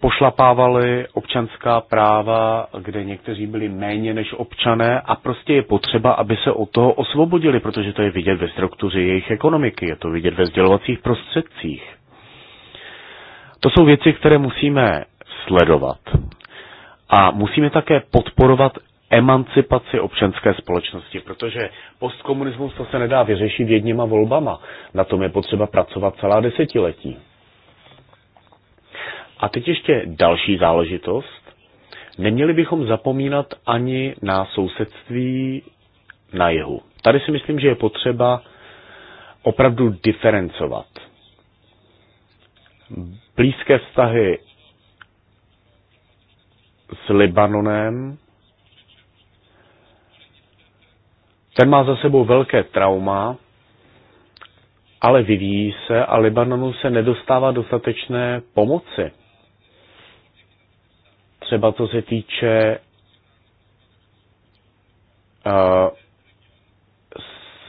pošlapávali občanská práva, kde někteří byli méně než občané a prostě je potřeba, aby se od toho osvobodili, protože to je vidět ve struktuře jejich ekonomiky, je to vidět ve sdělovacích prostředcích. To jsou věci, které musíme sledovat. A musíme také podporovat emancipaci občanské společnosti, protože postkomunismus to se nedá vyřešit jedněma volbama. Na tom je potřeba pracovat celá desetiletí. A teď ještě další záležitost. Neměli bychom zapomínat ani na sousedství na jihu. Tady si myslím, že je potřeba opravdu diferencovat. Blízké vztahy s Libanonem, ten má za sebou velké trauma, ale vyvíjí se a Libanonu se nedostává dostatečné pomoci třeba co se týče eh,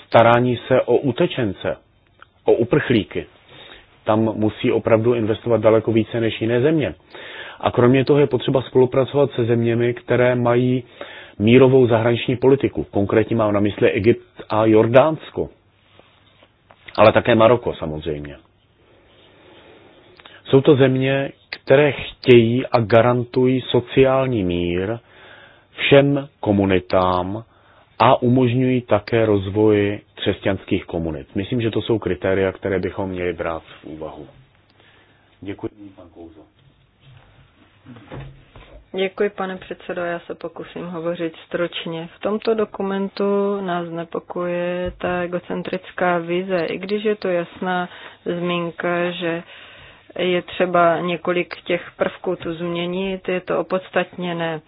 starání se o utečence, o uprchlíky. Tam musí opravdu investovat daleko více než jiné země. A kromě toho je potřeba spolupracovat se zeměmi, které mají mírovou zahraniční politiku. Konkrétně mám na mysli Egypt a Jordánsko. Ale také Maroko samozřejmě. Jsou to země, které chtějí a garantují sociální mír všem komunitám a umožňují také rozvoj křesťanských komunit. Myslím, že to jsou kritéria, které bychom měli brát v úvahu. Děkuji, pan Kouzo. Děkuji, pane předsedo. Já se pokusím hovořit stročně. V tomto dokumentu nás nepokuje ta egocentrická vize, i když je to jasná zmínka, že uh, je třeba několik těch prvků tu změnit, je to opodstatněné.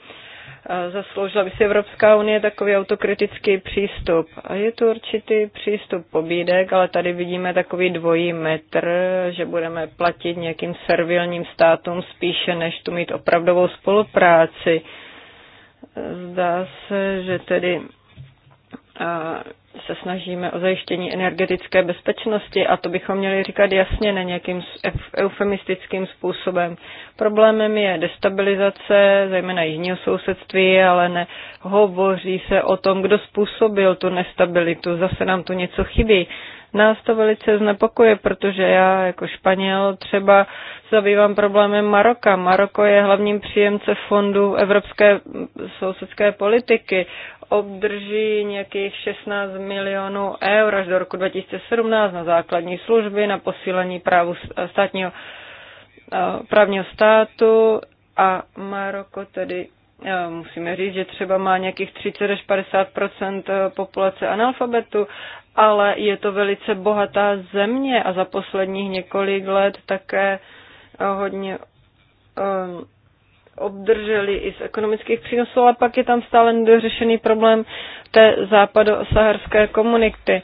Zasloužila by si Evropská unie takový autokritický přístup. A je tu určitý přístup pobídek, ale tady vidíme takový dvojí metr, že budeme platit nějakým servilním státům spíše, než tu mít opravdovou spolupráci. Zdá se, že tedy se snažíme o zajištění energetické bezpečnosti a to bychom měli říkat jasně, ne nějakým eufemistickým způsobem. Problémem je destabilizace, zejména jižního sousedství, ale ne hovoří se o tom, kdo způsobil tu nestabilitu, zase nám tu něco chybí. Nás to velice znepokuje, protože já jako Španěl třeba zabývám problémem Maroka. Maroko je hlavním příjemce fondu Evropské sousedské politiky obdrží nějakých 16 milionů eur až do roku 2017 na základní služby, na posílení právu eh, státního eh, právního státu a Maroko tedy eh, musíme říct, že třeba má nějakých 30 až 50 populace analfabetu, ale je to velice bohatá země a za posledních několik let také hodně obdrželi i z ekonomických přínosů, ale pak je tam stále nedořešený problém té západosaharské komunity.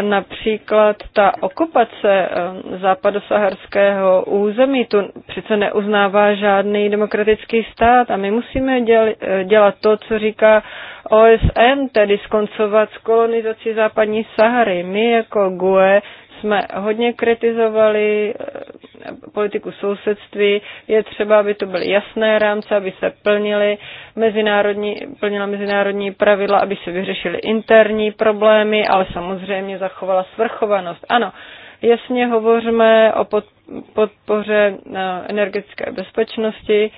Například ta okupace eh, západosaharského území tu přece neuznává žádný demokratický stát a my musíme děl, eh, dělat to, co říká OSN, tedy skoncovat s kolonizací západní Sahary. My jako GUE jsme hodně kritizovali eh, politiku sousedství. Je třeba, aby to byly jasné rámce, aby se plnily mezinárodní, plnila mezinárodní pravidla, aby se vyřešily interní problémy, ale samozřejmě zachovala svrchovanost. Ano, jasně hovoříme o podpoře eh, energetické bezpečnosti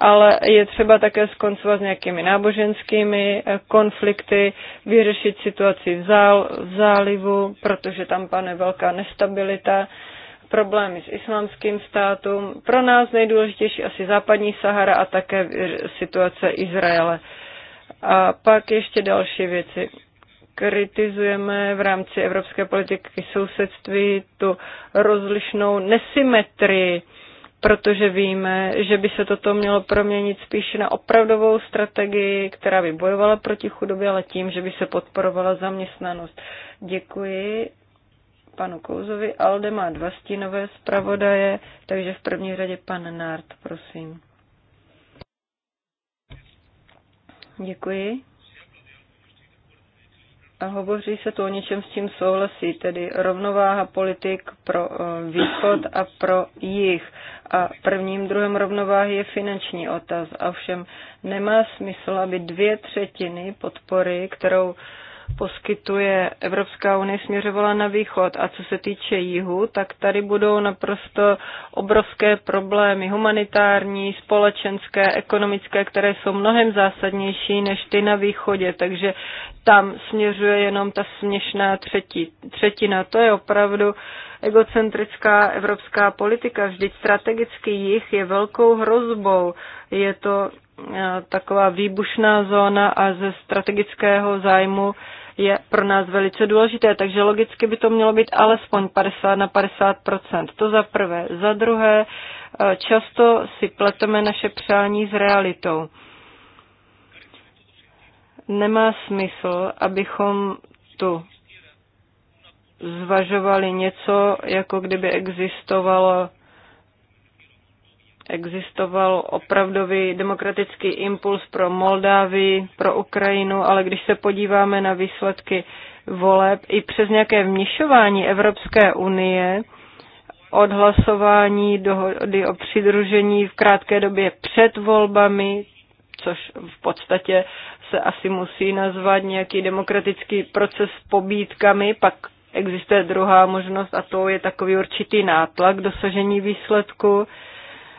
ale je třeba také skoncovat s nějakými náboženskými eh, konflikty, vyřešit situaci v, zál, v zálivu, protože tam panuje velká nestabilita problémy s islámským státům. Pro nás nejdůležitější asi západní Sahara a také eh, situace Izraele. A pak ještě další věci. Kritizujeme v rámci evropské politiky sousedství tu rozlišnou nesymetrii protože víme, že by se toto mělo proměnit spíše na opravdovou strategii, která by bojovala proti chudobě, ale tím, že by se podporovala zaměstnanost. Děkuji panu Kouzovi. Alde má dva stínové zpravodaje, takže v první řadě pan Nart, prosím. Děkuji. Hovoří se tu o něčem, s čím souhlasí, tedy rovnováha politik pro eh, východ a pro jih. A prvním druhem rovnováhy je finanční otaz. A všem nemá smysl, aby dvě třetiny podpory, kterou poskytuje Evropská unie směřovala na východ. A co se týče jihu, tak tady budou naprosto obrovské problémy humanitární, společenské, ekonomické, které jsou mnohem zásadnější než ty na východě. Takže tam směřuje jenom ta směšná třetí, třetina. To je opravdu egocentrická evropská politika. Vždyť strategický jich je velkou hrozbou. Je to eh, taková výbušná zóna a ze strategického zájmu je pro nás velice důležité, takže logicky by to mělo být alespoň 50 na 50 To za prvé. Za druhé, e, často si pleteme naše přání s realitou. Nemá smysl, abychom tu zvažovali něco, jako kdyby existovalo existoval opravdový demokratický impuls pro Moldávii, pro Ukrajinu, ale když se podíváme na výsledky voleb, i přes nějaké vnišování Evropské unie, odhlasování dohody o přidružení v krátké době před volbami, což v podstatě se asi musí nazvat nějaký demokratický proces s pobídkami, pak existuje druhá možnost a to je takový určitý nátlak dosažení výsledku.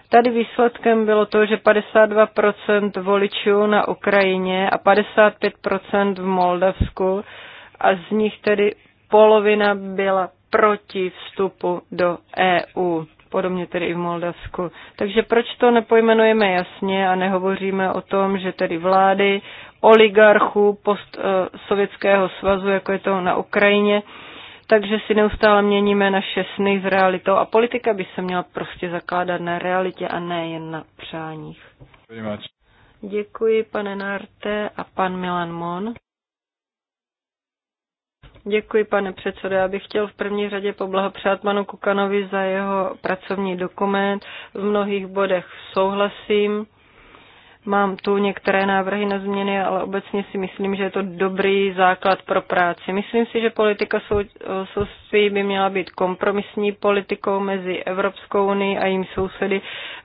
Tady výsledkem bylo to, že 52% voličů na Ukrajině a 55% v Moldavsku a z nich tedy polovina byla proti vstupu do EU, podobně tedy i v Moldavsku. Takže proč to nepojmenujeme jasně a nehovoříme o tom, že tedy vlády oligarchů post, eh, sovětského svazu, jako je to na Ukrajině, takže si neustále měníme naše sny s realitou a politika by se měla prostě zakládat na realitě a ne jen na přáních. Děkuji, pane Narte a pan Milan Mon. Děkuji, pane předsedo. Já bych chtěl v první řadě poblahopřát panu Kukanovi za jeho pracovní dokument. V mnohých bodech souhlasím Mám tu některé návrhy na změny, ale obecně si myslím, že je to dobrý základ pro práci. Myslím si, že politika sousedství by měla být kompromisní politikou mezi Evropskou unii a jejím sousedy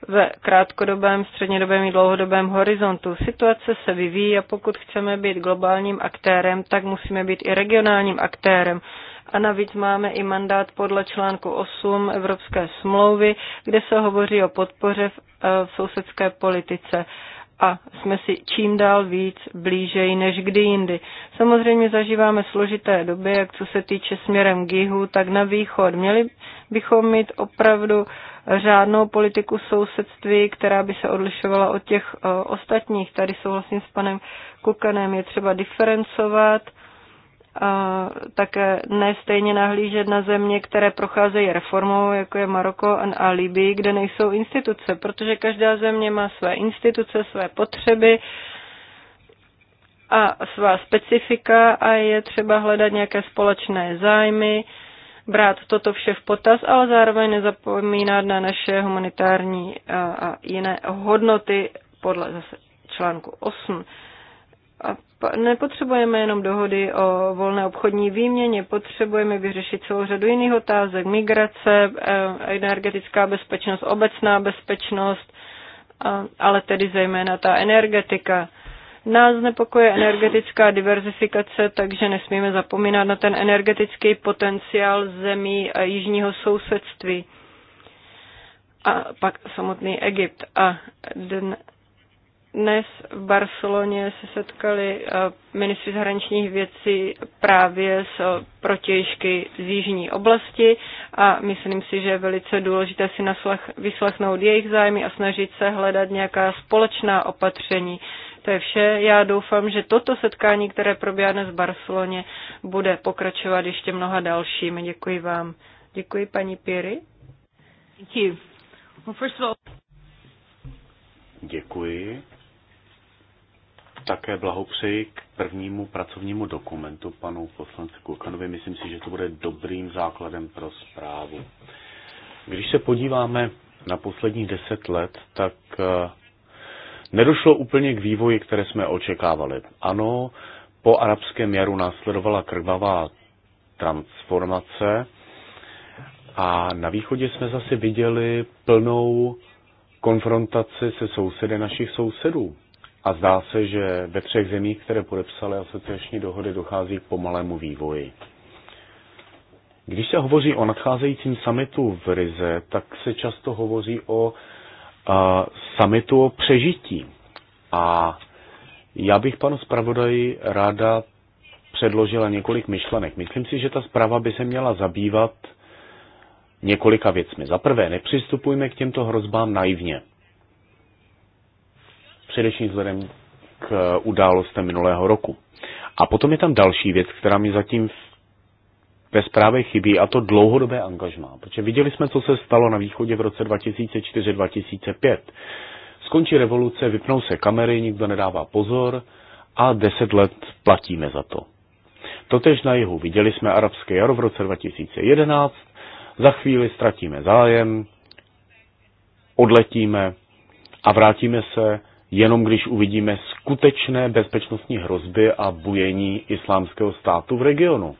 ve krátkodobém, střednědobém i dlouhodobém horizontu. Situace se vyvíjí a pokud chceme být globálním aktérem, tak musíme být i regionálním aktérem a navíc máme i mandát podle článku 8 Evropské smlouvy, kde se hovoří o podpoře v eh, sousedské politice a jsme si čím dál víc blížej než kdy jindy. Samozřejmě zažíváme složité doby, jak co se týče směrem k jihu, tak na východ. Měli bychom mít opravdu řádnou politiku sousedství, která by se odlišovala od těch eh, ostatních. Tady souhlasím s panem Kukanem, je třeba diferencovat také nestejně nahlížet na země, které procházejí reformou, jako je Maroko a Libii, kde nejsou instituce, protože každá země má své instituce, své potřeby a svá specifika a je třeba hledat nějaké společné zájmy, brát toto vše v potaz, ale zároveň nezapomínat na naše humanitární a jiné hodnoty podle zase článku 8. A nepotřebujeme jenom dohody o volné obchodní výměně, potřebujeme vyřešit celou řadu jiných otázek, migrace, eh, energetická bezpečnost, obecná bezpečnost, ale tedy zejména ta energetika. Nás znepokoje energetická diverzifikace, takže nesmíme zapomínat na ten energetický potenciál zemí jižního sousedství a pak samotný Egypt. A dnes v Barceloně se setkali eh, ministři zahraničních věcí právě s eh, protěžky z jižní oblasti a myslím si, že je velice důležité si naslech, vyslechnout jejich zájmy a snažit se hledat nějaká společná opatření. To je vše. Já doufám, že toto setkání, které probíhá dnes v Barceloně, bude pokračovat ještě mnoha dalšími. Děkuji vám. Děkuji, paní Piri. Děkuji. Děkuji také blahopřeji k prvnímu pracovnímu dokumentu panu poslanci Kulkanovi. Myslím si, že to bude dobrým základem pro zprávu. Když se podíváme na posledních deset let, tak eh, nedošlo úplně k vývoji, které jsme očekávali. Ano, po arabském jaru následovala krvavá transformace a na východě jsme zase viděli plnou konfrontaci se sousedy našich sousedů a zdá se, že ve třech zemích, které podepsaly asociační dohody, dochází k pomalému vývoji. Když se hovoří o nadcházejícím summitu v Rize, tak se často hovoří o a, summitu o přežití. A já bych panu zpravodaji ráda předložila několik myšlenek. Myslím si, že ta zpráva by se měla zabývat několika věcmi. Za prvé, nepřistupujme k těmto hrozbám naivně především vzhledem k eh, událostem minulého roku. A potom je tam další věc, která mi zatím ve zprávě chybí, a to dlouhodobé angažmá. Protože viděli jsme, co se stalo na východě v roce 2004-2005. Skončí revoluce, vypnou se kamery, nikdo nedává pozor a deset let platíme za to. Totež na jihu. Viděli jsme arabské jaro v roce 2011, za chvíli ztratíme zájem, odletíme a vrátíme se jenom když uvidíme skutečné bezpečnostní hrozby a bujení islámského státu v regionu.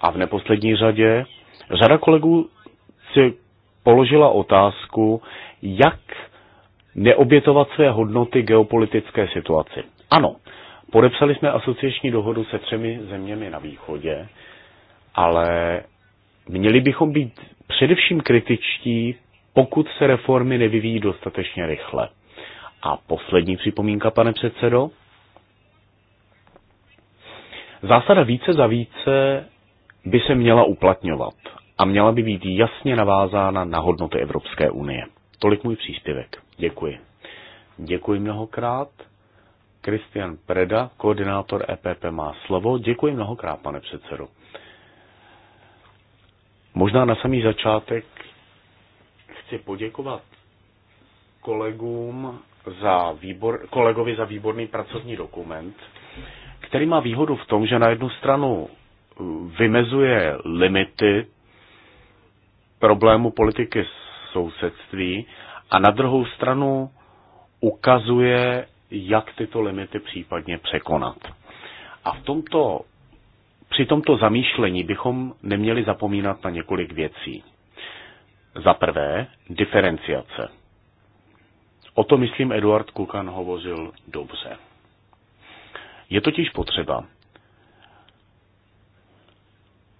A v neposlední řadě řada kolegů si položila otázku, jak neobětovat své hodnoty geopolitické situaci. Ano, podepsali jsme asociační dohodu se třemi zeměmi na východě, ale měli bychom být především kritičtí, pokud se reformy nevyvíjí dostatečně rychle. A poslední připomínka, pane předsedo. Zásada více za více by se měla uplatňovat a měla by být jasně navázána na hodnoty Evropské unie. Tolik můj příspěvek. Děkuji. Děkuji mnohokrát. Kristian Preda, koordinátor EPP, má slovo. Děkuji mnohokrát, pane předsedo. Možná na samý začátek chci poděkovat kolegům za výbor, kolegovi za výborný pracovní dokument, který má výhodu v tom, že na jednu stranu uh, vymezuje limity problému politiky sousedství a na druhou stranu ukazuje, jak tyto limity případně překonat. A v tomto, při tomto zamýšlení bychom neměli zapomínat na několik věcí. Za prvé, diferenciace. O to, myslím, Eduard Kukan hovořil dobře. Je totiž potřeba,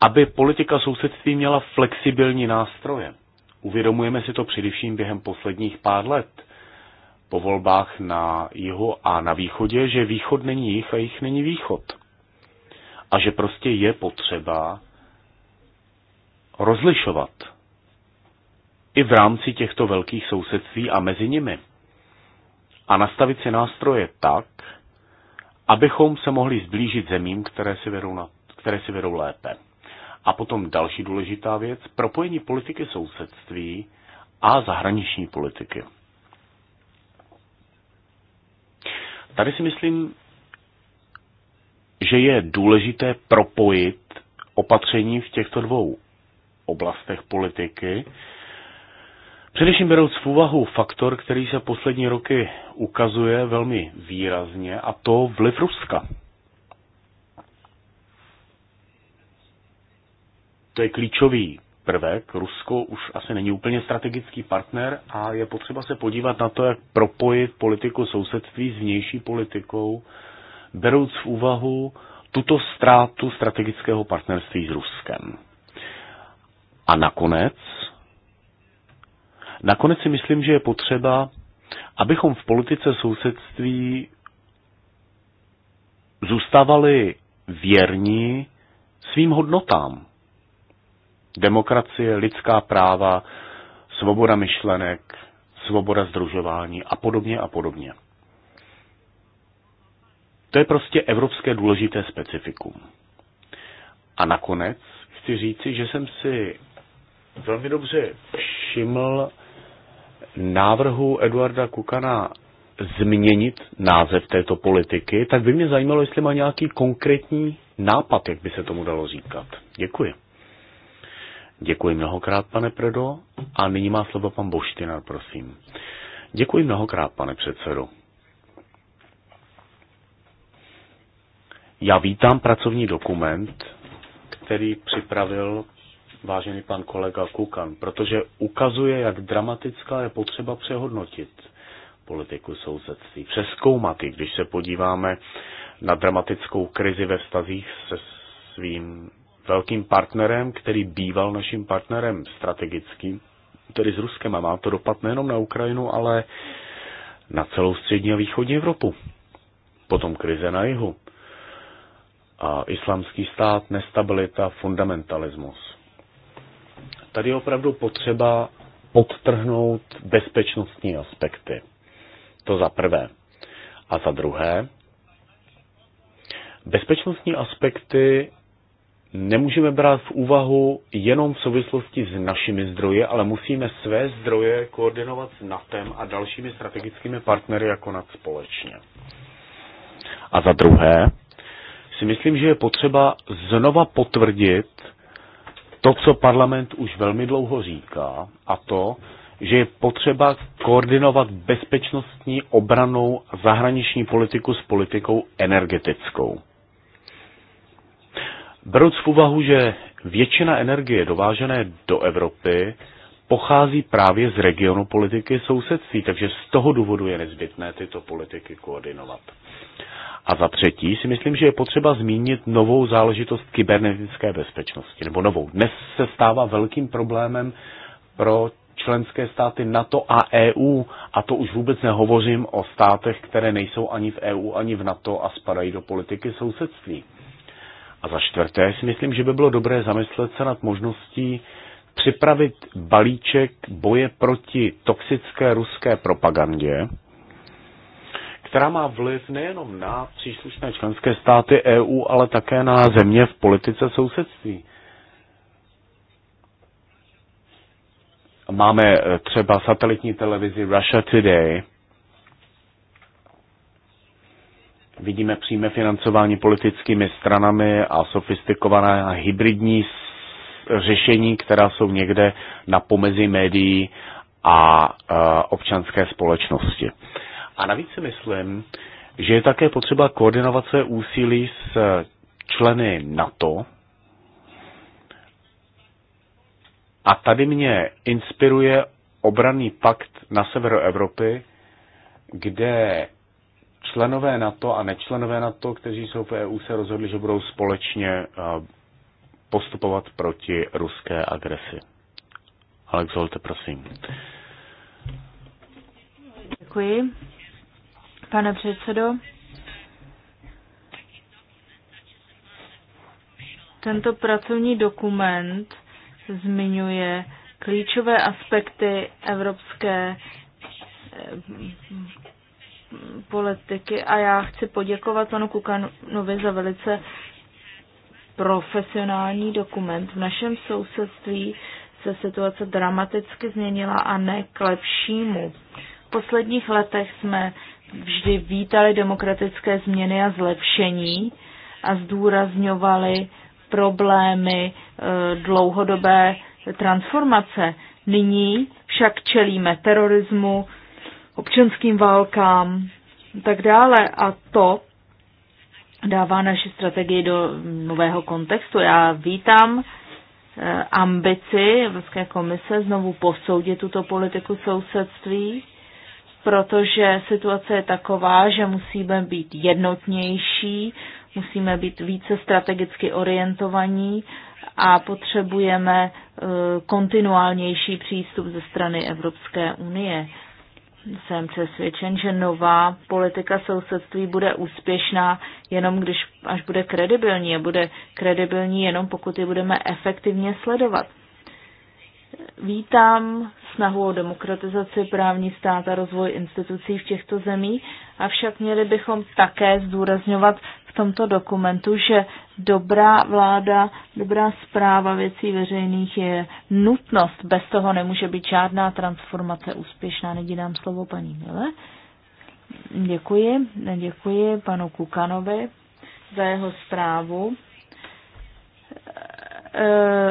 aby politika sousedství měla flexibilní nástroje. Uvědomujeme si to především během posledních pár let po volbách na jihu a na východě, že východ není jich a jich není východ. A že prostě je potřeba rozlišovat i v rámci těchto velkých sousedství a mezi nimi a nastavit si nástroje tak, abychom se mohli zblížit zemím, které si vedou, na, které si vedou lépe. A potom další důležitá věc, propojení politiky sousedství a zahraniční politiky. Tady si myslím, že je důležité propojit opatření v těchto dvou oblastech politiky, Především berou v úvahu faktor, který se poslední roky ukazuje velmi výrazně, a to vliv Ruska. To je klíčový prvek. Rusko už asi není úplně strategický partner a je potřeba se podívat na to, jak propojit politiku sousedství s vnější politikou, berouc v úvahu tuto ztrátu strategického partnerství s Ruskem. A nakonec Nakonec si myslím, že je potřeba, abychom v politice sousedství zůstávali věrní svým hodnotám. Demokracie, lidská práva, svoboda myšlenek, svoboda združování a podobně a podobně. To je prostě evropské důležité specifikum. A nakonec chci říci, že jsem si velmi dobře všiml návrhu Eduarda Kukana změnit název této politiky, tak by mě zajímalo, jestli má nějaký konkrétní nápad, jak by se tomu dalo říkat. Děkuji. Děkuji mnohokrát, pane Predo. A nyní má slovo pan Boštinar, prosím. Děkuji mnohokrát, pane předsedo. Já vítám pracovní dokument, který připravil vážený pan kolega Kukan, protože ukazuje, jak dramatická je potřeba přehodnotit politiku sousedství, přeskoumat ji, když se podíváme na dramatickou krizi ve vztazích se svým velkým partnerem, který býval naším partnerem strategickým, tedy s Ruskem. A má to dopad nejenom na Ukrajinu, ale na celou střední a východní Evropu. Potom krize na jihu. A islamský stát, nestabilita, fundamentalismus. Tady je opravdu potřeba podtrhnout bezpečnostní aspekty. To za prvé. A za druhé, bezpečnostní aspekty nemůžeme brát v úvahu jenom v souvislosti s našimi zdroje, ale musíme své zdroje koordinovat s NATEM a dalšími strategickými partnery jako konat společně. A za druhé, si myslím, že je potřeba znova potvrdit to, co parlament už velmi dlouho říká, a to, že je potřeba koordinovat bezpečnostní, obranou a zahraniční politiku s politikou energetickou. Beruc v úvahu, že většina energie dovážené do Evropy pochází právě z regionu politiky sousedství, takže z toho důvodu je nezbytné tyto politiky koordinovat. A za třetí si myslím, že je potřeba zmínit novou záležitost kybernetické bezpečnosti, nebo novou. Dnes se stává velkým problémem pro členské státy NATO a EU, a to už vůbec nehovořím o státech, které nejsou ani v EU, ani v NATO a spadají do politiky sousedství. A za čtvrté si myslím, že by bylo dobré zamyslet se nad možností připravit balíček boje proti toxické ruské propagandě, která má vliv nejenom na příslušné členské státy EU, ale také na země v politice sousedství. Máme eh, třeba satelitní televizi Russia Today. Vidíme přímé financování politickými stranami a sofistikované a hybridní řešení, která jsou někde na pomezi médií a eh, občanské společnosti. A navíc si myslím, že je také potřeba koordinace úsilí s členy NATO. A tady mě inspiruje obranný pakt na severu Evropy, kde členové NATO a nečlenové NATO, kteří jsou v EU, se rozhodli, že budou společně eh, postupovat proti ruské agresi. Alex Holte, prosím. Děkuji. Pane předsedo, tento pracovní dokument zmiňuje klíčové aspekty evropské eh, politiky a já chci poděkovat panu Kukanovi za velice profesionální dokument. V našem sousedství se situace dramaticky změnila a ne k lepšímu. V posledních letech jsme vždy vítali demokratické změny a zlepšení a zdůrazňovali problémy e, dlouhodobé transformace. Nyní však čelíme terorismu, občanským válkám a tak dále a to dává naši strategii do nového kontextu. Já vítám e, ambici Evropské komise znovu posoudit tuto politiku sousedství protože situace je taková, že musíme být jednotnější, musíme být více strategicky orientovaní a potřebujeme e, kontinuálnější přístup ze strany Evropské unie. Jsem přesvědčen, že nová politika sousedství bude úspěšná jenom když až bude kredibilní a bude kredibilní jenom pokud ji budeme efektivně sledovat. Vítám snahu o demokratizaci, právní stát a rozvoj institucí v těchto zemích, avšak měli bychom také zdůrazňovat v tomto dokumentu, že dobrá vláda, dobrá zpráva věcí veřejných je nutnost. Bez toho nemůže být žádná transformace úspěšná. Nedí nám slovo paní Mile. Děkuji, děkuji panu Kukanovi za jeho zprávu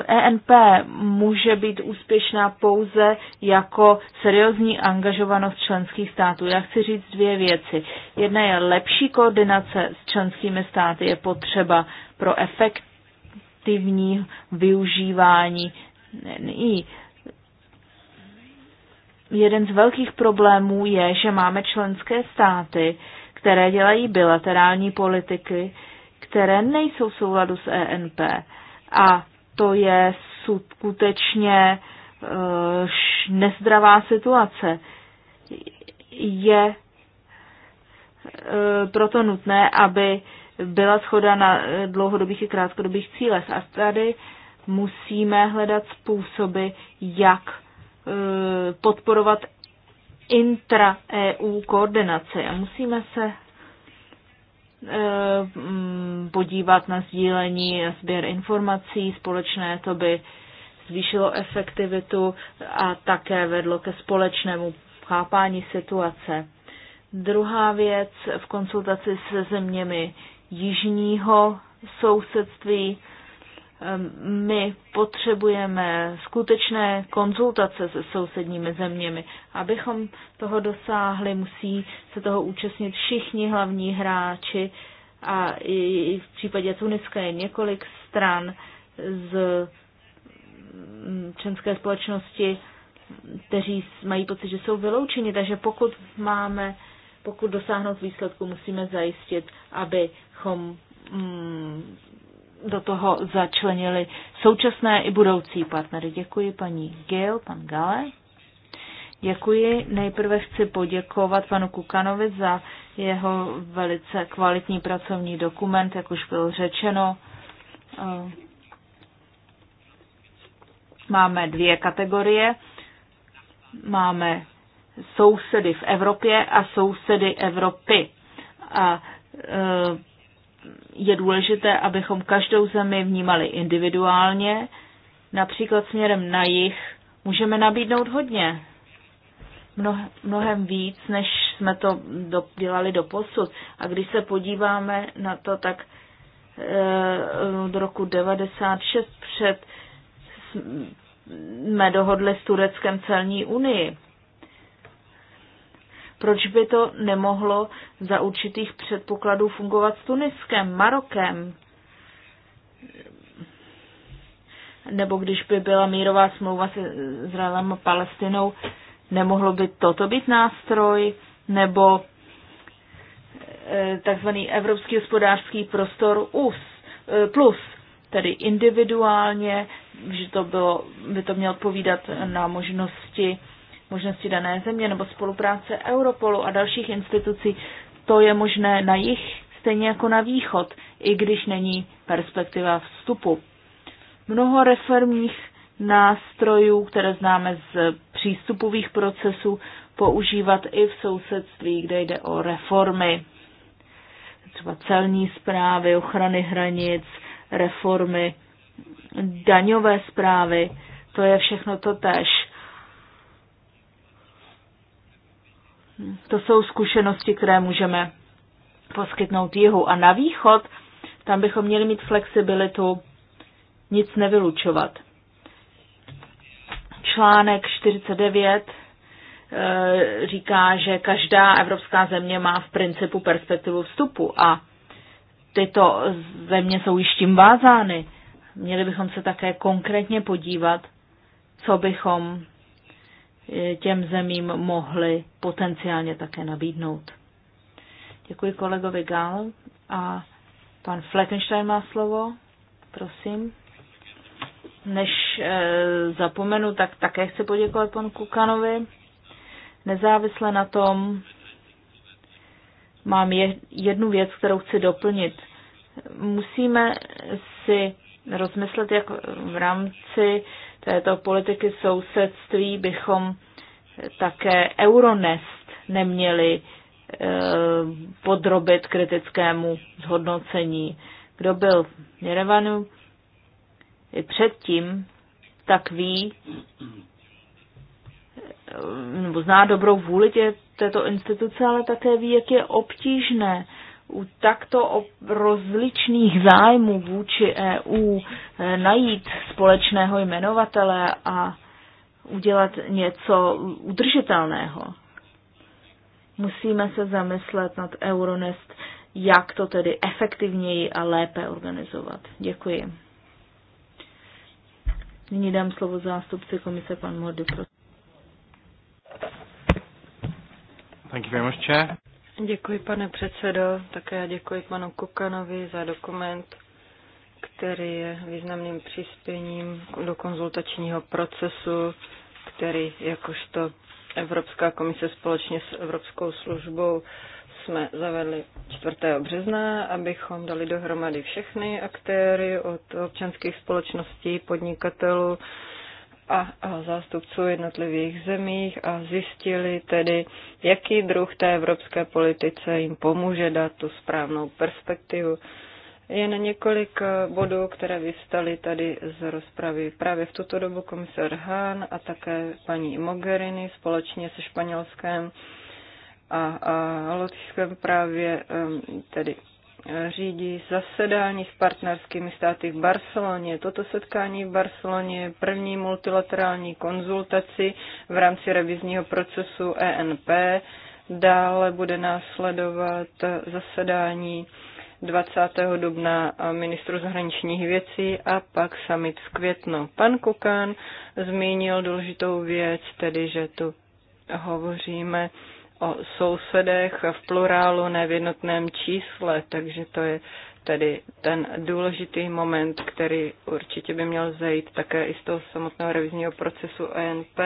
ENP eh, e může být úspěšná pouze jako seriózní angažovanost členských států. Já chci říct dvě věci. Jedna je lepší koordinace s členskými státy je potřeba pro efektivní využívání NI. Jeden z velkých problémů je, že máme členské státy, které dělají bilaterální politiky, které nejsou v souladu s ENP. A to je skutečně eh, nezdravá situace. Je eh, proto nutné, aby byla schoda na dlouhodobých i krátkodobých cílech. A tady musíme hledat způsoby, jak eh, podporovat intra-EU koordinaci. A musíme se Eh, mm, podívat na sdílení a sběr informací společné, to by zvýšilo efektivitu a také vedlo ke společnému chápání situace. Druhá věc v konsultaci se zeměmi jižního sousedství my potřebujeme skutečné konzultace se sousedními zeměmi. Abychom toho dosáhli, musí se toho účastnit všichni hlavní hráči a i v případě Tuniska je několik stran z mm, členské společnosti, kteří mají pocit, že jsou vyloučeni, takže pokud máme, pokud dosáhnout výsledku, musíme zajistit, abychom mm, do toho začlenili současné i budoucí partnery. Děkuji paní Gil, pan Gale. Děkuji. Nejprve chci poděkovat panu Kukanovi za jeho velice kvalitní pracovní dokument, jak už bylo řečeno. Máme dvě kategorie. Máme sousedy v Evropě a sousedy Evropy. A e, je důležité, abychom každou zemi vnímali individuálně. Například směrem na jich můžeme nabídnout hodně, mnohem víc, než jsme to do, dělali do posud. A když se podíváme na to, tak eh, od roku 96 před jsme dohodli s Tureckem celní unii. Proč by to nemohlo za určitých předpokladů fungovat s Tuniskem, Marokem? Nebo když by byla mírová smlouva s Izraelem a Palestinou, nemohlo by toto být nástroj? Nebo e, takzvaný Evropský hospodářský prostor US, e, plus, tedy individuálně, že to bylo, by to mělo odpovídat na možnosti možnosti dané země nebo spolupráce Europolu a dalších institucí, to je možné na jich stejně jako na východ, i když není perspektiva vstupu. Mnoho reformních nástrojů, které známe z přístupových procesů, používat i v sousedství, kde jde o reformy, třeba celní zprávy, ochrany hranic, reformy, daňové zprávy, to je všechno to tež. To jsou zkušenosti, které můžeme poskytnout jihu. A na východ, tam bychom měli mít flexibilitu nic nevylučovat. Článek 49 eh, říká, že každá evropská země má v principu perspektivu vstupu a tyto země jsou již tím vázány. Měli bychom se také konkrétně podívat, co bychom těm zemím mohli potenciálně také nabídnout. Děkuji kolegovi Gál a pan Fleckenstein má slovo, prosím. Než eh, zapomenu, tak také chci poděkovat panu Kukanovi. Nezávisle na tom mám jednu věc, kterou chci doplnit. Musíme si rozmyslet, jak v rámci této politiky sousedství bychom také Euronest neměli eh, podrobit kritickému zhodnocení. Kdo byl v Jerevanu i předtím, tak ví, eh, nebo zná dobrou vůli tě, této instituce, ale také ví, jak je obtížné u takto rozličných zájmů vůči EU eh, najít společného jmenovatele a udělat něco udržitelného. Musíme se zamyslet nad Euronest, jak to tedy efektivněji a lépe organizovat. Děkuji. Nyní dám slovo zástupci komise pan Mordy. Thank you very much, Chair. Děkuji, pane předsedo. Také děkuji panu Kukanovi za dokument, který je významným přispěním do konzultačního procesu, který jakožto Evropská komise společně s Evropskou službou jsme zavedli 4. března, abychom dali dohromady všechny aktéry od občanských společností, podnikatelů, a zástupců jednotlivých zemích a zjistili tedy, jaký druh té evropské politice jim pomůže dát tu správnou perspektivu. Je na několik eh, bodů, které vyvstaly tady z rozpravy. Právě v tuto dobu komisar Hahn a také paní Mogherini společně se Španělskem a, a Lotyšskem právě tedy řídí zasedání s partnerskými státy v Barceloně. Toto setkání v Barceloně je první multilaterální konzultaci v rámci revizního procesu ENP. Dále bude následovat zasedání 20. dubna ministru zahraničních věcí a pak summit v květnu. Pan Kukan zmínil důležitou věc, tedy že tu hovoříme o sousedech v plurálu, ne v jednotném čísle, takže to je tedy ten důležitý moment, který určitě by měl zejít také i z toho samotného revizního procesu ENP.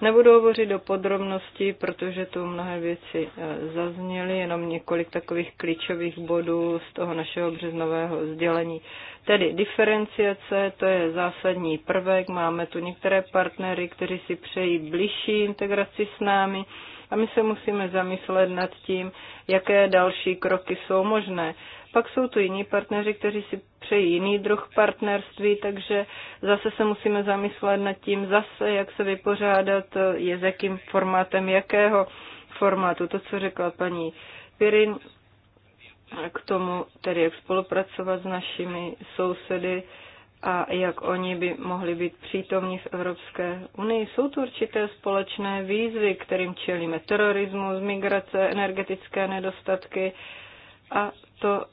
Nebudu hovořit do podrobností, protože tu mnohé věci e, zazněly, jenom několik takových klíčových bodů z toho našeho březnového sdělení. Tedy diferenciace, to je zásadní prvek, máme tu některé partnery, kteří si přejí blížší integraci s námi, a my se musíme zamyslet nad tím, jaké další kroky jsou možné. Pak jsou tu jiní partneři, kteří si přejí jiný druh partnerství, takže zase se musíme zamyslet nad tím zase, jak se vypořádat, eh, je s jakým formátem, jakého formátu. To, co řekla paní Pirin, k tomu, tedy jak spolupracovat s našimi sousedy, a jak oni by mohli být přítomní v Evropské unii. Jsou tu určité společné výzvy, kterým čelíme terorismus, migrace, energetické nedostatky a to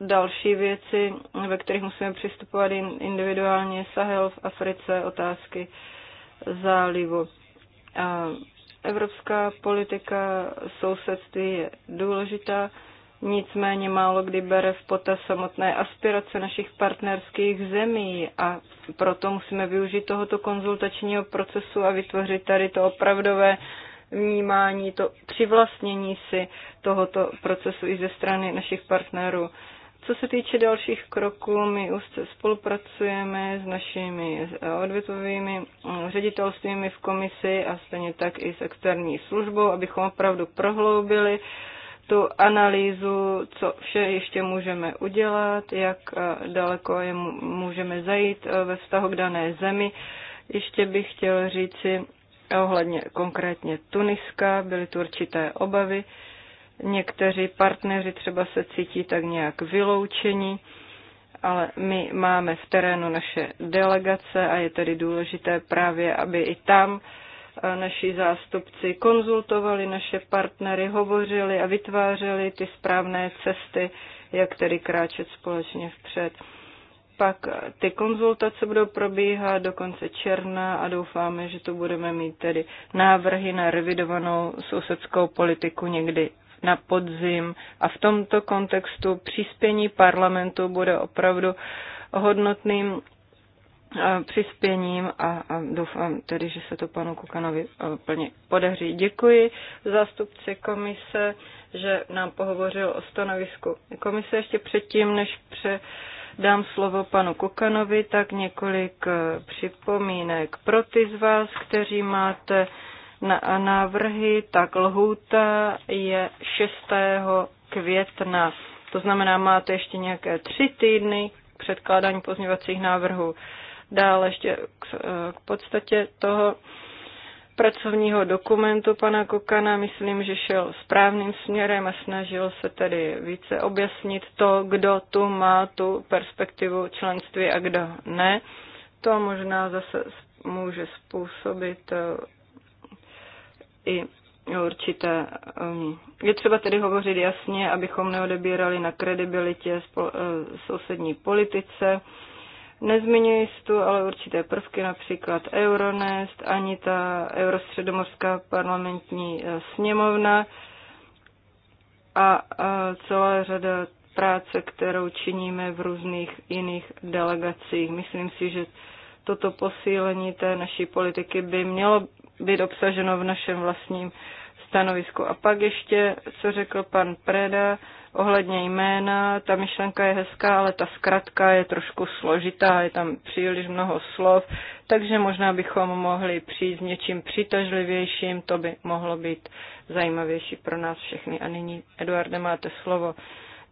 další věci, ve kterých musíme přistupovat individuálně, Sahel v Africe, otázky zálivu. A evropská politika sousedství je důležitá nicméně málo kdy bere v potaz samotné aspirace našich partnerských zemí a proto musíme využít tohoto konzultačního procesu a vytvořit tady to opravdové vnímání, to přivlastnění si tohoto procesu i ze strany našich partnerů. Co se týče dalších kroků, my už spolupracujeme s našimi odvětovými ředitelstvími v komisi a stejně tak i s externí službou, abychom opravdu prohloubili tu analýzu, co vše ještě můžeme udělat, jak eh, daleko je můžeme zajít eh, ve vztahu k dané zemi. Ještě bych chtěl říci eh, ohledně konkrétně Tuniska, byly tu určité obavy. Někteří partneři třeba se cítí tak nějak vyloučení, ale my máme v terénu naše delegace a je tedy důležité právě, aby i tam naši zástupci konzultovali naše partnery, hovořili a vytvářeli ty správné cesty, jak tedy kráčet společně vpřed. Pak ty konzultace budou probíhat do konce června a doufáme, že tu budeme mít tedy návrhy na revidovanou sousedskou politiku někdy na podzim. A v tomto kontextu příspění parlamentu bude opravdu hodnotným přispěním a, a doufám tedy, že se to panu Kukanovi e, plně podaří. Děkuji zástupci komise, že nám pohovořil o stanovisku komise. Ještě předtím, než pře dám slovo panu Kukanovi, tak několik e, připomínek. Pro ty z vás, kteří máte na návrhy, tak lhůta je 6. května. To znamená, máte ještě nějaké tři týdny předkládání pozměňovacích návrhů. Dále ještě k, eh, k podstatě toho pracovního dokumentu pana Kokana, myslím, že šel správným směrem a snažil se tedy více objasnit to, kdo tu má tu perspektivu členství a kdo ne. To možná zase může způsobit eh, i určité. Ehm, je třeba tedy hovořit jasně, abychom neodebírali na kredibilitě eh, sousední politice Nezmiňuji tu ale určité prvky, například Euronest, ani ta Eurostředomorská parlamentní eh, sněmovna a celá řada práce, kterou činíme v různých jiných delegacích. Myslím si, že toto posílení té naší politiky by mělo být obsaženo v našem vlastním stanovisku. A pak ještě, co řekl pan Preda, ohledně jména, ta myšlenka je hezká, ale ta zkratka je trošku složitá, je tam příliš mnoho slov, takže možná bychom mohli přijít s něčím přitažlivějším, to by mohlo být zajímavější pro nás všechny. A nyní, Eduarde, máte slovo.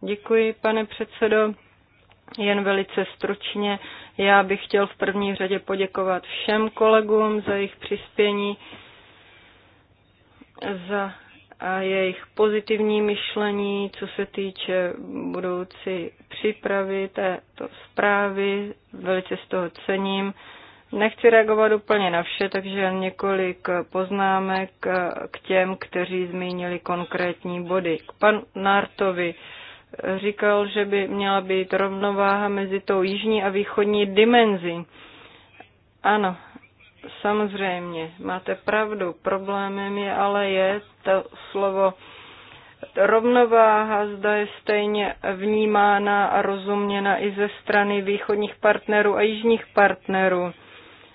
Děkuji, pane předsedo. Jen velice stručně, já bych chtěl v první řadě poděkovat všem kolegům za jejich přispění, za a jejich pozitivní myšlení, co se týče budoucí přípravy této zprávy. Velice z toho cením. Nechci reagovat úplně na vše, takže několik poznámek k těm, kteří zmínili konkrétní body. K panu Nartovi říkal, že by měla být rovnováha mezi tou jižní a východní dimenzí. Ano, Samozřejmě, máte pravdu. Problémem je ale je to slovo rovnováha, zda je stejně vnímána a rozuměna i ze strany východních partnerů a jižních partnerů.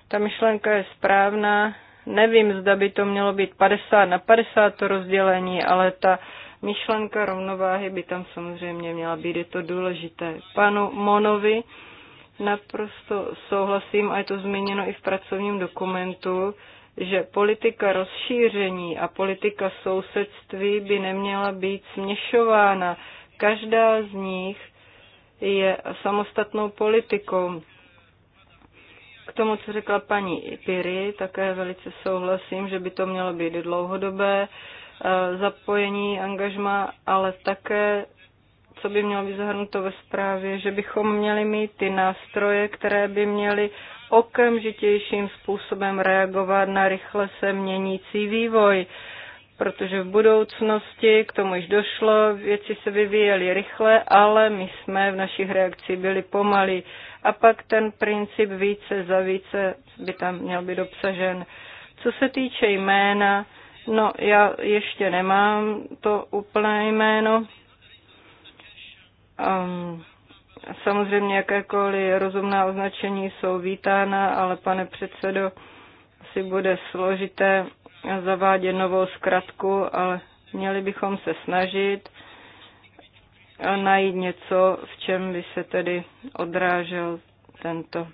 Ta myšlenka je správná. Nevím, zda by to mělo být 50 na 50 to rozdělení, ale ta myšlenka rovnováhy by tam samozřejmě měla být. Je to důležité. Panu Monovi Naprosto souhlasím, a je to zmíněno i v pracovním dokumentu, že politika rozšíření a politika sousedství by neměla být směšována. Každá z nich je samostatnou politikou. K tomu, co řekla paní Piri, také velice souhlasím, že by to mělo být dlouhodobé eh, zapojení, angažma, ale také co by mělo být zahrnuto ve zprávě, že bychom měli mít ty nástroje, které by měly okamžitějším způsobem reagovat na rychle se měnící vývoj protože v budoucnosti k tomu již došlo, věci se vyvíjely rychle, ale my jsme v našich reakcích byli pomalí. A pak ten princip více za více by tam měl být obsažen. Co se týče jména, no já ještě nemám to úplné jméno, Um, samozřejmě jakékoliv rozumná označení jsou vítána, ale pane předsedo, asi bude složité zavádět novou zkratku, ale měli bychom se snažit eh, najít něco, v čem by se tedy odrážel tento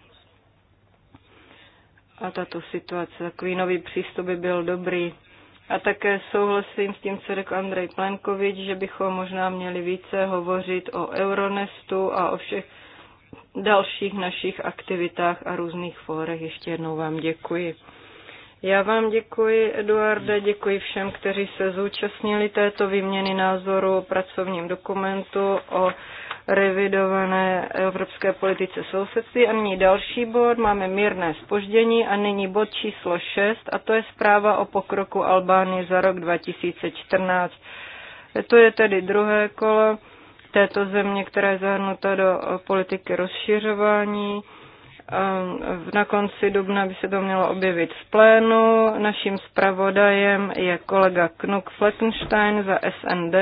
a tato situace. Takový nový přístup by byl dobrý. A také souhlasím s tím, co řekl Andrej Plenkovič, že bychom možná měli více hovořit o Euronestu a o všech dalších našich aktivitách a různých fórech. Ještě jednou vám děkuji. Já vám děkuji, Eduarde, děkuji všem, kteří se zúčastnili této výměny názoru o pracovním dokumentu, o revidované evropské politice sousedství. A nyní další bod, máme mírné spoždění a nyní bod číslo 6 a to je zpráva o pokroku Albánie za rok 2014. To je tedy druhé kolo této země, která je zahrnuta do politiky rozšiřování. Ehm, na konci dubna by se to mělo objevit v plénu. Naším zpravodajem je kolega Knuk Fleckenstein za SND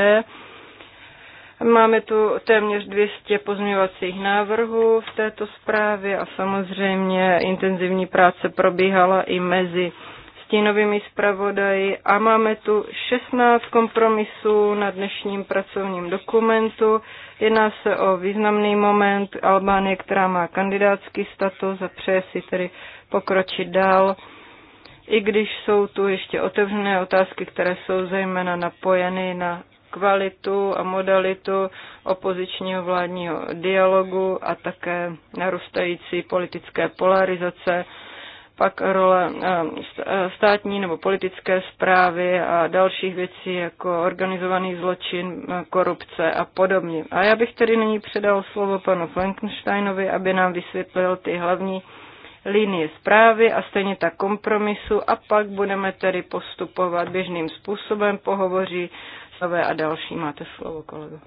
Máme tu téměř 200 pozměvacích návrhů v této zprávě a samozřejmě intenzivní práce probíhala i mezi stínovými zpravodaji a máme tu 16 kompromisů na dnešním pracovním dokumentu. Jedná se o významný moment Albánie, která má kandidátský status a přeje si tedy pokročit dál i když jsou tu ještě otevřené otázky, které jsou zejména napojeny na kvalitu a modalitu opozičního vládního dialogu a také narůstající politické polarizace, pak role eh, eh, státní nebo politické zprávy a dalších věcí jako organizovaný zločin, eh, korupce a podobně. A já bych tedy nyní předal slovo panu Frankensteinovi, aby nám vysvětlil ty hlavní linie zprávy a stejně tak kompromisu a pak budeme tedy postupovat běžným způsobem, pohovoří Václavé a další. Máte slovo, kolego.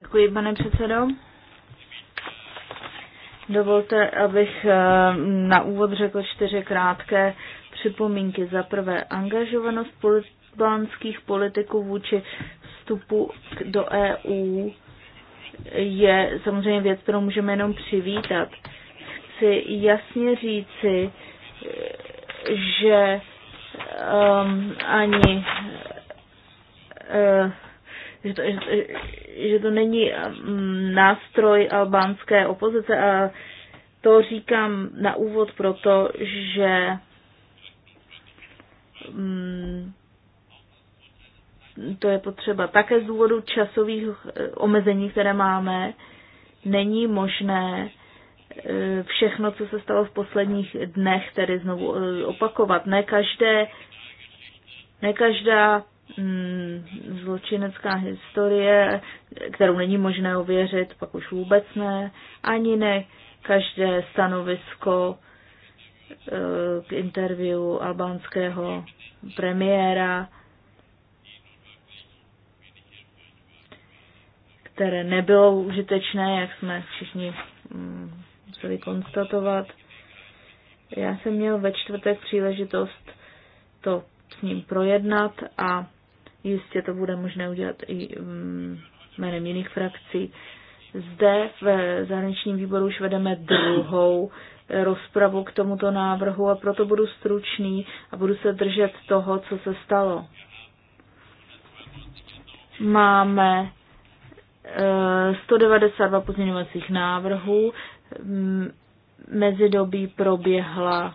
Děkuji, pane předsedo. Dovolte, abych eh, na úvod řekl čtyři krátké připomínky. Za prvé, angažovanost polibánských politiků vůči vstupu do EU je samozřejmě věc, kterou můžeme jenom přivítat. Chci jasně říci, eh, že um, ani uh, že to, že, že to není mm, nástroj albánské opozice a to říkám na úvod proto, že mm, to je potřeba také z důvodu časových eh, omezení, které máme, není možné všechno, co se stalo v posledních dnech, tedy znovu eh, opakovat. Ne každé, ne každá mm, zločinecká historie, kterou není možné ověřit, pak už vůbec ne, ani ne každé stanovisko eh, k interview albánského premiéra, které nebylo užitečné, jak jsme všichni mm, museli konstatovat. Já jsem měl ve čtvrtek příležitost to s ním projednat a jistě to bude možné udělat i mm, jménem jiných frakcí. Zde v zahraničním výboru už vedeme druhou rozpravu k tomuto návrhu a proto budu stručný a budu se držet toho, co se stalo. Máme eh, 192 pozměňovacích návrhů mezidobí proběhla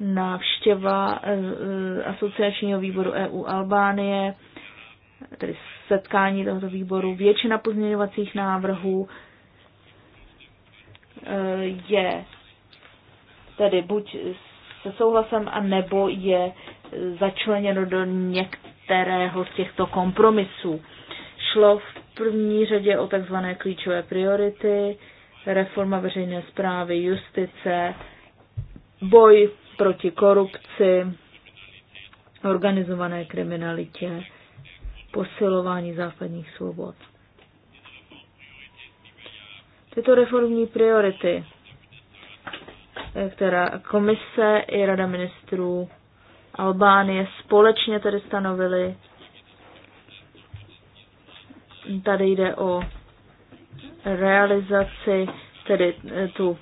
návštěva e, e, asociačního výboru EU Albánie, tedy setkání tohoto výboru. Většina pozměňovacích návrhů e, je tedy buď se souhlasem, a nebo je začleněno do některého z těchto kompromisů. Šlo v první řadě o takzvané klíčové priority, reforma veřejné zprávy, justice, boj proti korupci, organizované kriminalitě, posilování západních svobod. Tyto reformní priority, která komise i Rada ministrů Albánie společně tedy stanovily, tady jde o realizaci, tedy eh, tu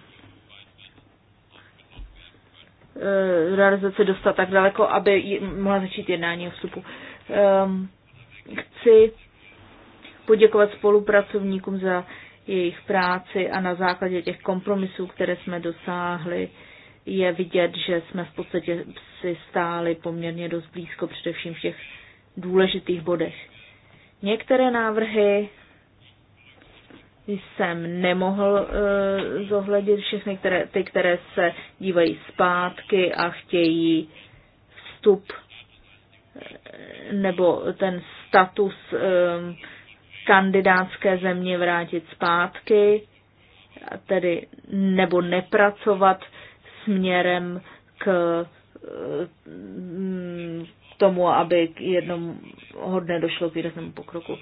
eh, realizaci dostat tak daleko, aby mohla začít jednání o vstupu. Ehm, chci poděkovat spolupracovníkům za jejich práci a na základě těch kompromisů, které jsme dosáhli, je vidět, že jsme v podstatě si stáli poměrně dost blízko, především v těch důležitých bodech. Některé návrhy jsem nemohl uh, zohlednit všechny které, ty, které se dívají zpátky a chtějí vstup eh, nebo ten status um, kandidátské země vrátit zpátky, tedy nebo nepracovat směrem k um, tomu, aby jednom hodně došlo k výraznému pokroku. Uh,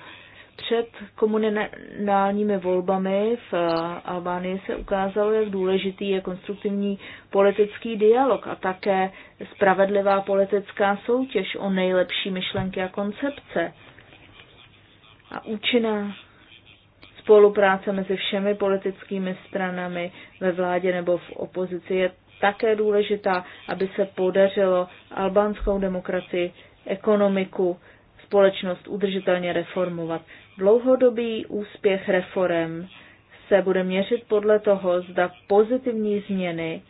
před komunálními volbami v eh, Albánii se ukázalo, jak důležitý je konstruktivní politický dialog a také spravedlivá politická soutěž o nejlepší myšlenky a koncepce a účinná spolupráce mezi všemi politickými stranami ve vládě nebo v opozici je také důležitá, aby se podařilo albánskou demokracii, ekonomiku, společnost udržitelně reformovat. Dlouhodobý úspěch reform se bude měřit podle toho, zda pozitivní změny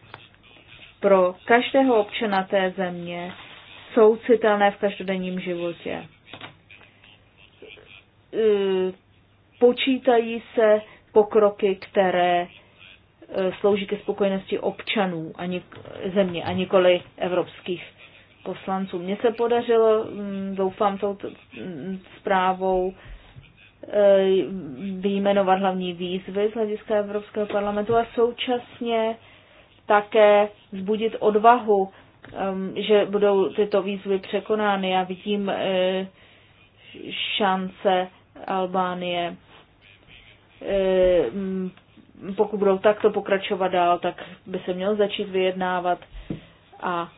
pro každého občana té země jsou citelné v každodenním životě. E, počítají se pokroky, které e, slouží ke spokojenosti občanů a země a nikoli evropských poslanců. Mně se podařilo, mm, doufám, tou mm, zprávou Eh, vyjmenovat hlavní výzvy z hlediska Evropského parlamentu a současně také zbudit odvahu, že budou tyto výzvy překonány. Já vidím eh, šance Albánie. Eh, pokud budou takto pokračovat dál, tak by se mělo začít vyjednávat a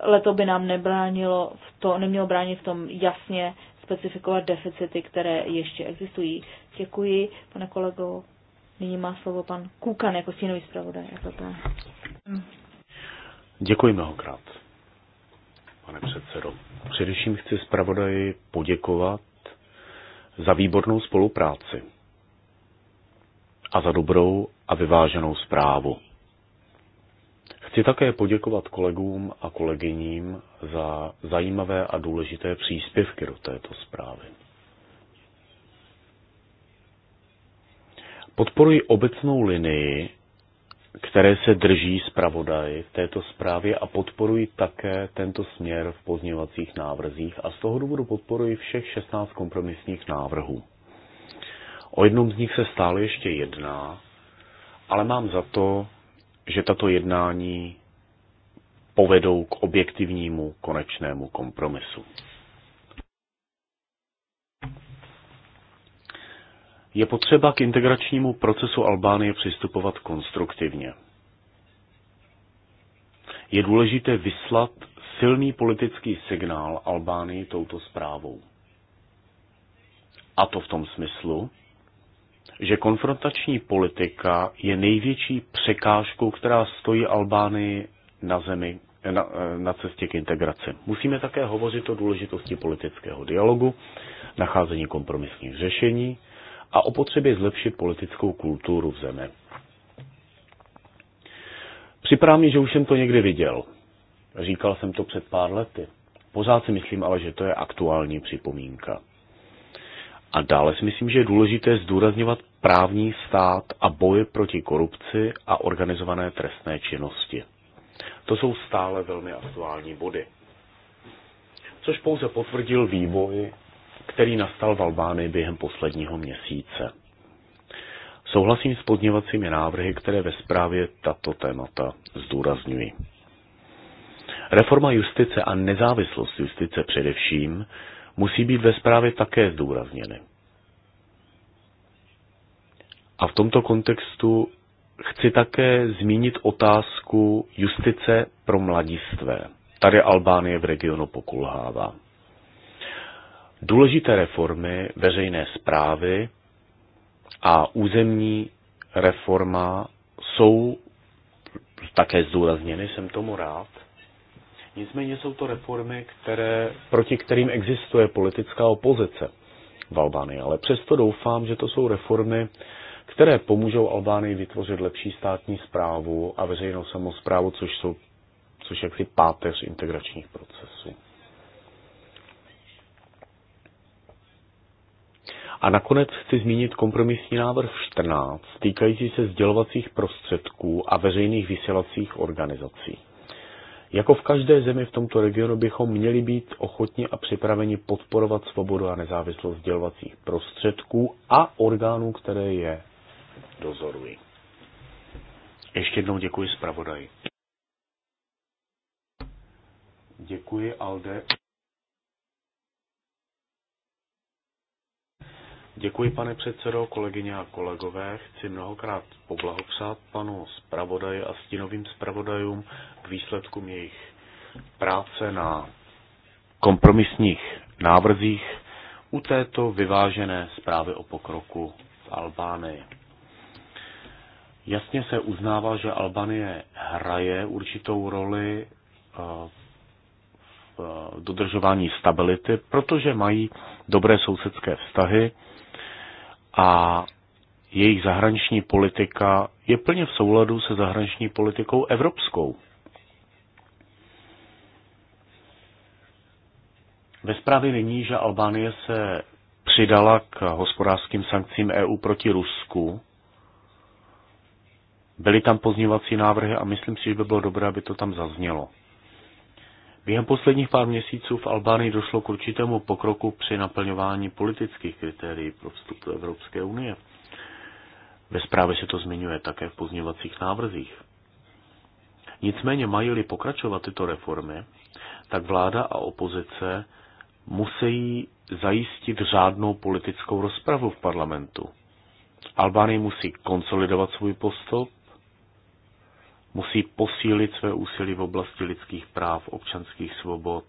leto by nám nebránilo v to, nemělo bránit v tom jasně specifikovat deficity, které ještě existují. Děkuji, pane kolego. Nyní má slovo pan Kůkan jako stínový zpravodaj. Děkuji mnohokrát, pane předsedo. Především chci zpravodaji poděkovat za výbornou spolupráci a za dobrou a vyváženou zprávu. Chci také poděkovat kolegům a kolegyním za zajímavé a důležité příspěvky do této zprávy. Podporuji obecnou linii, které se drží zpravodaj v této zprávě a podporuji také tento směr v pozměňovacích návrzích a z toho důvodu podporuji všech 16 kompromisních návrhů. O jednom z nich se stále ještě jedná, ale mám za to, že tato jednání povedou k objektivnímu konečnému kompromisu. Je potřeba k integračnímu procesu Albánie přistupovat konstruktivně. Je důležité vyslat silný politický signál Albánii touto zprávou. A to v tom smyslu, že konfrontační politika je největší překážkou, která stojí Albánii na zemi, na, na cestě k integraci. Musíme také hovořit o důležitosti politického dialogu, nacházení kompromisních řešení a o potřebě zlepšit politickou kulturu v zemi. Připravám, že už jsem to někdy viděl. Říkal jsem to před pár lety. Pořád si myslím ale, že to je aktuální připomínka. A dále si myslím, že je důležité zdůrazňovat právní stát a boje proti korupci a organizované trestné činnosti. To jsou stále velmi aktuální body. Což pouze potvrdil vývoj, který nastal v Albánii během posledního měsíce. Souhlasím s podněvacími návrhy, které ve zprávě tato témata zdůrazňují. Reforma justice a nezávislost justice především musí být ve zprávě také zdůrazněny. A v tomto kontextu chci také zmínit otázku justice pro mladistvé. Tady Albánie v regionu pokulhává. Důležité reformy veřejné zprávy a územní reforma jsou také zdůrazněny, jsem tomu rád. Nicméně jsou to reformy, které, proti kterým existuje politická opozice v Albánii, ale přesto doufám, že to jsou reformy, které pomůžou Albánii vytvořit lepší státní zprávu a veřejnou samozprávu, což jsou což jaksi páteř integračních procesů. A nakonec chci zmínit kompromisní návrh 14, týkající se sdělovacích prostředků a veřejných vysílacích organizací. Jako v každé zemi v tomto regionu bychom měli být ochotni a připraveni podporovat svobodu a nezávislost dělovacích prostředků a orgánů, které je dozorují. Ještě jednou děkuji zpravodaji. Děkuji, Alde. Děkuji, pane předsedo, kolegyně a kolegové. Chci mnohokrát poblahopřát panu zpravodaji a stínovým zpravodajům k výsledkům jejich práce na kompromisních návrzích u této vyvážené zprávy o pokroku v Albánii. Jasně se uznává, že Albánie hraje určitou roli eh, v eh, dodržování stability, protože mají dobré sousedské vztahy, a jejich zahraniční politika je plně v souladu se zahraniční politikou evropskou. Ve zprávě není, že Albánie se přidala k hospodářským sankcím EU proti Rusku. Byly tam pozněvací návrhy a myslím si, že by bylo dobré, aby to tam zaznělo. Během posledních pár měsíců v Albánii došlo k určitému pokroku při naplňování politických kritérií pro vstup do Evropské unie. Ve zprávě se to zmiňuje také v pozměvacích návrzích. Nicméně mají-li pokračovat tyto reformy, tak vláda a opozice musí zajistit řádnou politickou rozpravu v parlamentu. Albánie musí konsolidovat svůj postup musí posílit své úsilí v oblasti lidských práv, občanských svobod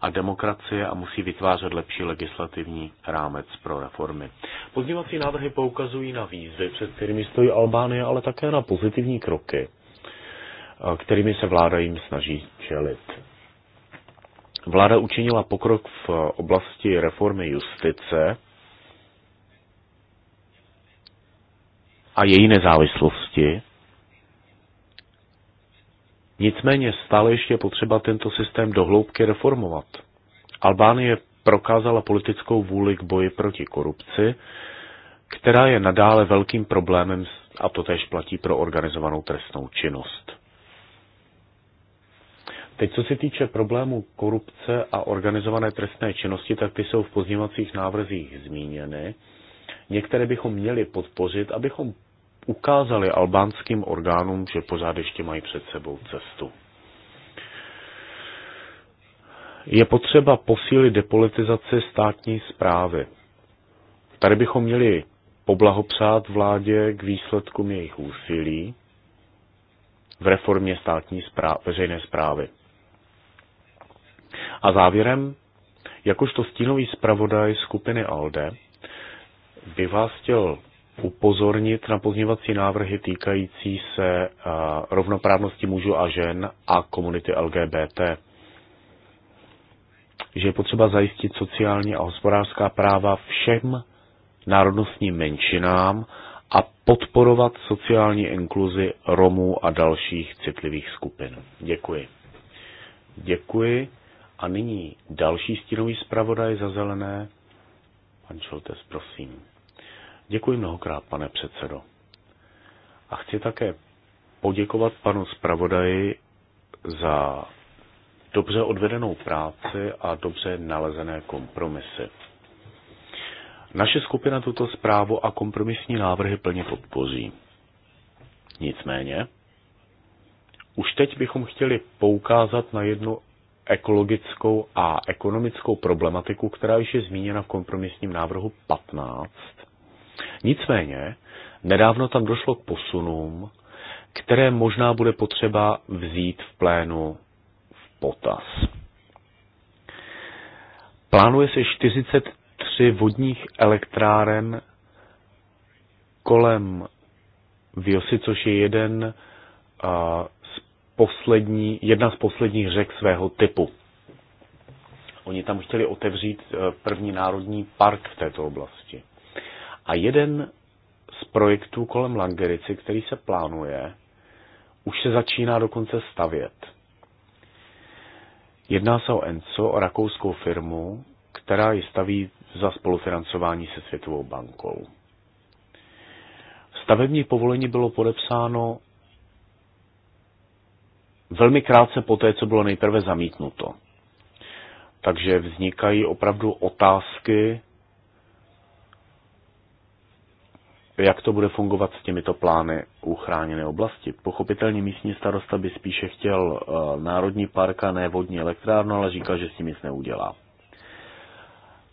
a demokracie a musí vytvářet lepší legislativní rámec pro reformy. Pozdívací návrhy poukazují na výzvy, před kterými stojí Albánie, ale také na pozitivní kroky, eh, kterými se vláda jim snaží čelit. Vláda učinila pokrok v oblasti reformy justice a její nezávislosti, Nicméně stále ještě je potřeba tento systém dohloubky reformovat. Albánie prokázala politickou vůli k boji proti korupci, která je nadále velkým problémem a to tež platí pro organizovanou trestnou činnost. Teď, co se týče problému korupce a organizované trestné činnosti, tak ty jsou v pozněvacích návrzích zmíněny. Některé bychom měli podpořit, abychom ukázali albánským orgánům, že pořád ještě mají před sebou cestu. Je potřeba posílit depolitizaci státní zprávy. Tady bychom měli poblahopřát vládě k výsledkům jejich úsilí v reformě státní zpráv, veřejné zprávy. A závěrem, jakožto stínový zpravodaj skupiny ALDE, by vás chtěl upozornit na pozměvací návrhy týkající se rovnoprávnosti mužů a žen a komunity LGBT. Že je potřeba zajistit sociální a hospodářská práva všem národnostním menšinám a podporovat sociální inkluzi Romů a dalších citlivých skupin. Děkuji. Děkuji. A nyní další stínový zpravodaj za zelené. Pan Šoltes, prosím. Děkuji mnohokrát, pane předsedo. A chci také poděkovat panu zpravodaji za dobře odvedenou práci a dobře nalezené kompromisy. Naše skupina tuto zprávu a kompromisní návrhy plně podpoří. Nicméně, už teď bychom chtěli poukázat na jednu ekologickou a ekonomickou problematiku, která již je zmíněna v kompromisním návrhu 15 Nicméně, nedávno tam došlo k posunům, které možná bude potřeba vzít v plénu v potaz. Plánuje se 43 vodních elektráren kolem Viosy, což je jeden z poslední, jedna z posledních řek svého typu. Oni tam chtěli otevřít e, první národní park v této oblasti. A jeden z projektů kolem Langerici, který se plánuje, už se začíná dokonce stavět. Jedná se o ENCO, o rakouskou firmu, která ji staví za spolufinancování se Světovou bankou. Stavební povolení bylo podepsáno velmi krátce po té, co bylo nejprve zamítnuto. Takže vznikají opravdu otázky jak to bude fungovat s těmito plány u chráněné oblasti. Pochopitelně místní starosta by spíše chtěl eh, národní park a ne vodní elektrárnu, ale říkal, že s tím nic neudělá.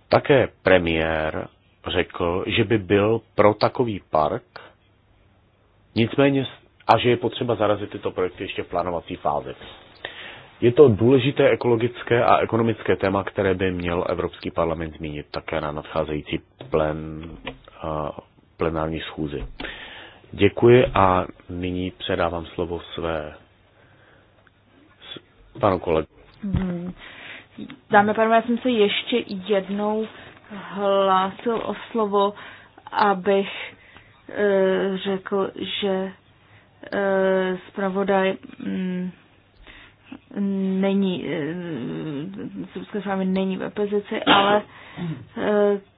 Také premiér řekl, že by byl pro takový park, nicméně a že je potřeba zarazit tyto projekty ještě v plánovací fázi. Je to důležité ekologické a ekonomické téma, které by měl Evropský parlament zmínit také na nadcházející plen eh, plenární schůzi. Děkuji a nyní předávám slovo své panu kolegu. Hmm. Dámy a pánové, já jsem se ještě jednou hlásil o slovo, abych e, řekl, že e, zpravodaj m, mm, není, e, eh, Srbské není ve pozici, ale e,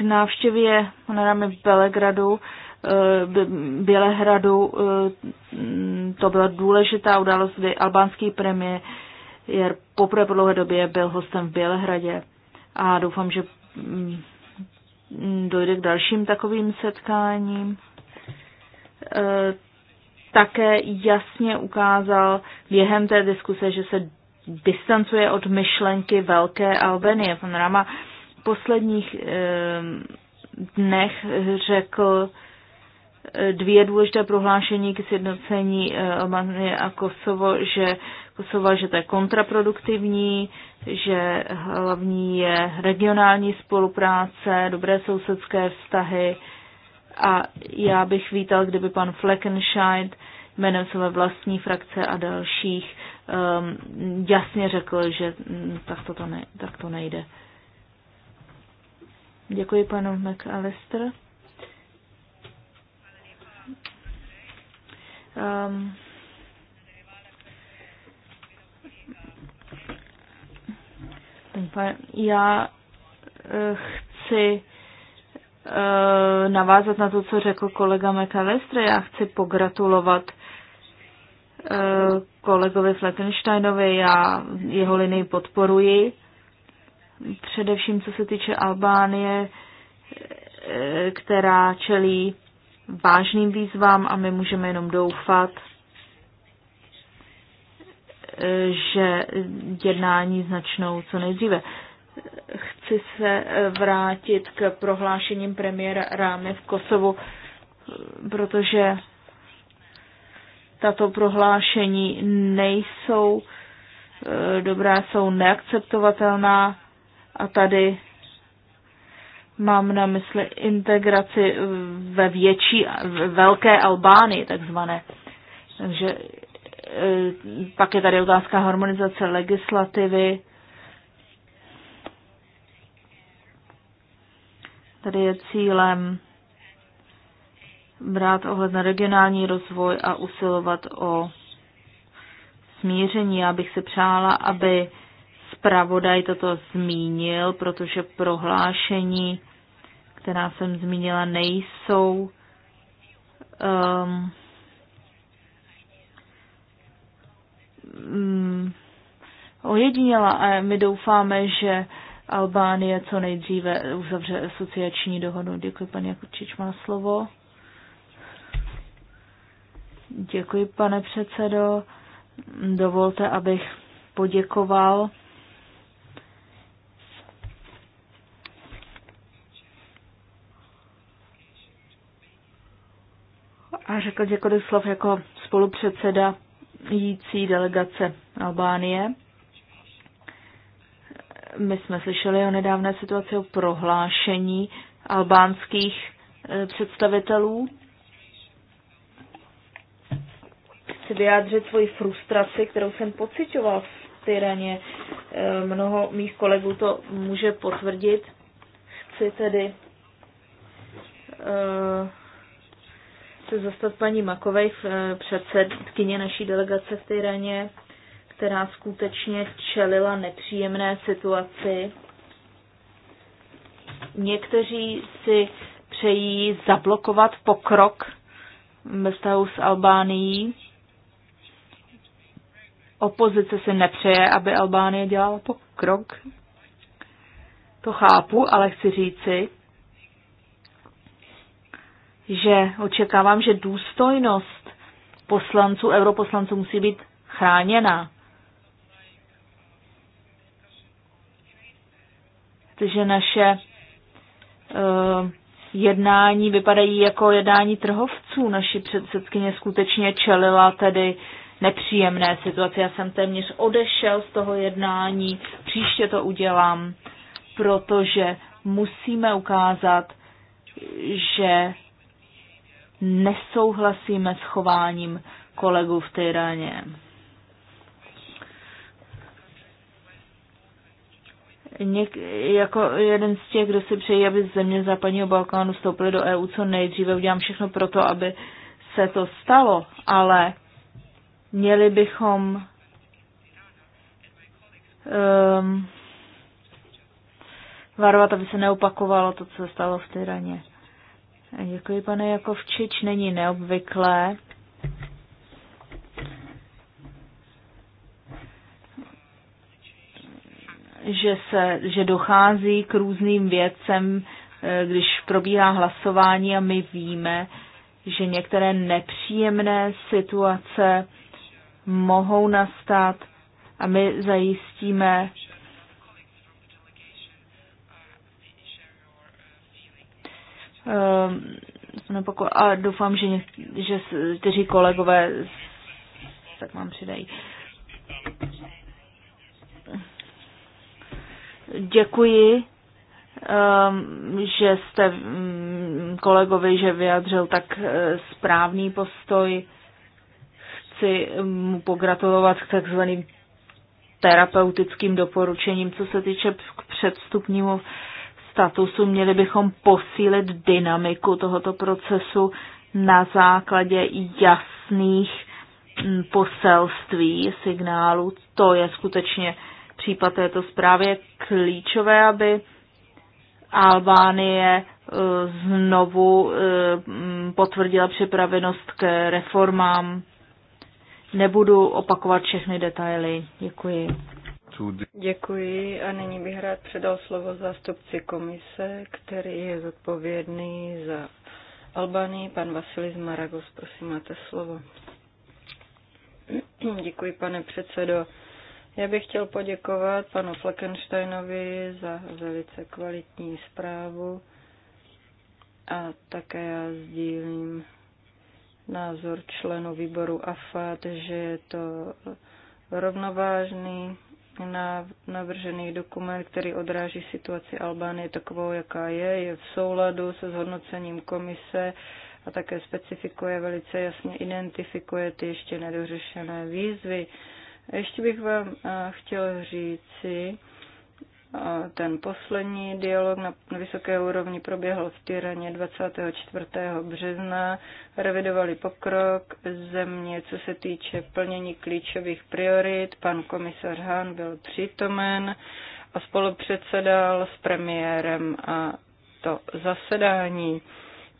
k návštěvě panoramy Belegradu, Bělehradu, eh, eh, to byla důležitá událost, kdy albánský premiér poprvé po dlouhé době byl hostem v Bělehradě a doufám, že mm, dojde k dalším takovým setkáním. Eh, také jasně ukázal během té diskuse, že se distancuje od myšlenky velké Albenie. Pan Rama posledních dnech řekl eh, dvě důležité prohlášení k sjednocení eh, Albánie a Kosovo, že Kosova, že to je kontraproduktivní, že hlavní je regionální spolupráce, dobré sousedské vztahy a já bych vítal, kdyby pan Fleckenscheid jménem své vlastní frakce a dalších jasně řekl, že mm, tak, to, to ne, tak to nejde. Děkuji panu McAllister. Um, já eh, chci eh, navázat na to, co řekl kolega McAllister. Já chci pogratulovat eh, kolegovi Fleckensteinovi, já jeho linii podporuji Především co se týče Albánie, která čelí vážným výzvám a my můžeme jenom doufat, že jednání značnou, co nejdříve. Chci se vrátit k prohlášením premiéra Rámy v Kosovu, protože tato prohlášení nejsou eh, dobrá, jsou neakceptovatelná a tady mám na mysli integraci ve větší, ve velké Albánii takzvané. Takže eh, pak je tady otázka harmonizace legislativy. Tady je cílem brát ohled na regionální rozvoj a usilovat o smíření. Já bych si přála, aby zpravodaj toto zmínil, protože prohlášení, která jsem zmínila, nejsou um, um, a my doufáme, že Albánie co nejdříve uzavře asociační dohodu. Děkuji, pan Jakučič má slovo. Děkuji, pane předsedo. Dovolte, abych poděkoval a řekl několik slov jako spolupředseda jící delegace Albánie. My jsme slyšeli o nedávné situaci o prohlášení albánských e, představitelů. Chci vyjádřit svoji frustraci, kterou jsem pocitoval v Tyraně. E, mnoho mých kolegů to může potvrdit. Chci tedy e, chci zastat paní Makovej, eh, předsedkyně naší delegace v Tyraně, která skutečně čelila nepříjemné situaci. Někteří si přejí zablokovat pokrok ve vztahu s Albánií. Opozice si nepřeje, aby Albánie dělala pokrok. To chápu, ale chci říci, že očekávám, že důstojnost poslanců, europoslanců musí být chráněna. Protože naše uh, jednání vypadají jako jednání trhovců. Naši předsedkyně skutečně čelila tedy nepříjemné situaci. Já jsem téměř odešel z toho jednání. Příště to udělám, protože musíme ukázat, že nesouhlasíme s chováním kolegů v Tyraně. Něk, jako jeden z těch, kdo si přejí, aby země západního Balkánu vstoupily do EU co nejdříve, udělám všechno pro to, aby se to stalo, ale měli bychom um, varovat, aby se neopakovalo to, co se stalo v Tyraně. Děkuji, pane Jakovčič. Není neobvyklé, že, se, že dochází k různým věcem, eh, když probíhá hlasování a my víme, že některé nepříjemné situace mohou nastat a my zajistíme Ehm, a doufám, že, něk, že kteří kolegové tak vám přidají. Děkuji, ehm, že jste mm, kolegovi, že vyjadřil tak e, správný postoj. Chci mu pogratulovat k takzvaným terapeutickým doporučením, co se týče k předstupnímu statusu, měli bychom posílit dynamiku tohoto procesu na základě jasných mm, poselství, signálů. To je skutečně případ této zprávy. Je klíčové, aby Albánie e, znovu e, mm, potvrdila připravenost k reformám. Nebudu opakovat všechny detaily. Děkuji. Děkuji a nyní bych rád předal slovo zástupci komise, který je zodpovědný za Albánii, pan Vasilis Maragos, prosím, máte slovo. (clears throat) Děkuji, pane předsedo. Já bych chtěl poděkovat panu Fleckensteinovi za velice kvalitní zprávu a také já sdílím názor členů výboru AFAT, že je to rovnovážný navržený dokument, který odráží situaci Albánie takovou, jaká je, je v souladu se zhodnocením komise a také specifikuje velice jasně, identifikuje ty ještě nedořešené výzvy. Ještě bych vám chtěl říci, ten poslední dialog na vysoké úrovni proběhl v Tyraně 24. března. Revidovali pokrok země, co se týče plnění klíčových priorit. Pan komisař Hahn byl přítomen a spolupředsedal s premiérem a to zasedání.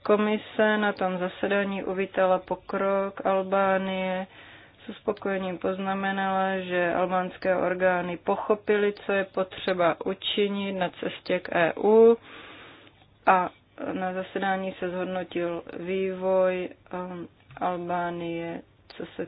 Komise na tom zasedání uvítala pokrok Albánie s uspokojením poznamenala, že albánské orgány pochopily, co je potřeba učinit na cestě k EU a na zasedání se zhodnotil vývoj um, Albánie, co se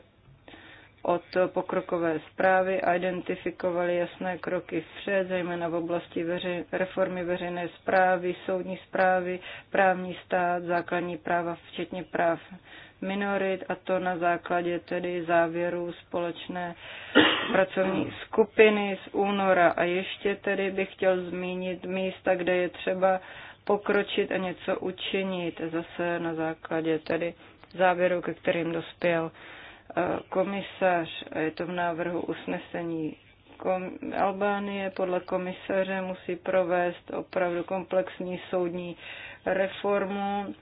od pokrokové zprávy a identifikovali jasné kroky vpřed, zejména v oblasti veři, reformy veřejné zprávy, soudní zprávy, právní stát, základní práva, včetně práv minorit a to na základě tedy závěrů společné pracovní skupiny z února. A ještě tedy bych chtěl zmínit místa, kde je třeba pokročit a něco učinit zase na základě tedy závěrů, ke kterým dospěl eh, komisař. Je to v návrhu usnesení kom, Albánie podle komisaře musí provést opravdu komplexní soudní reformu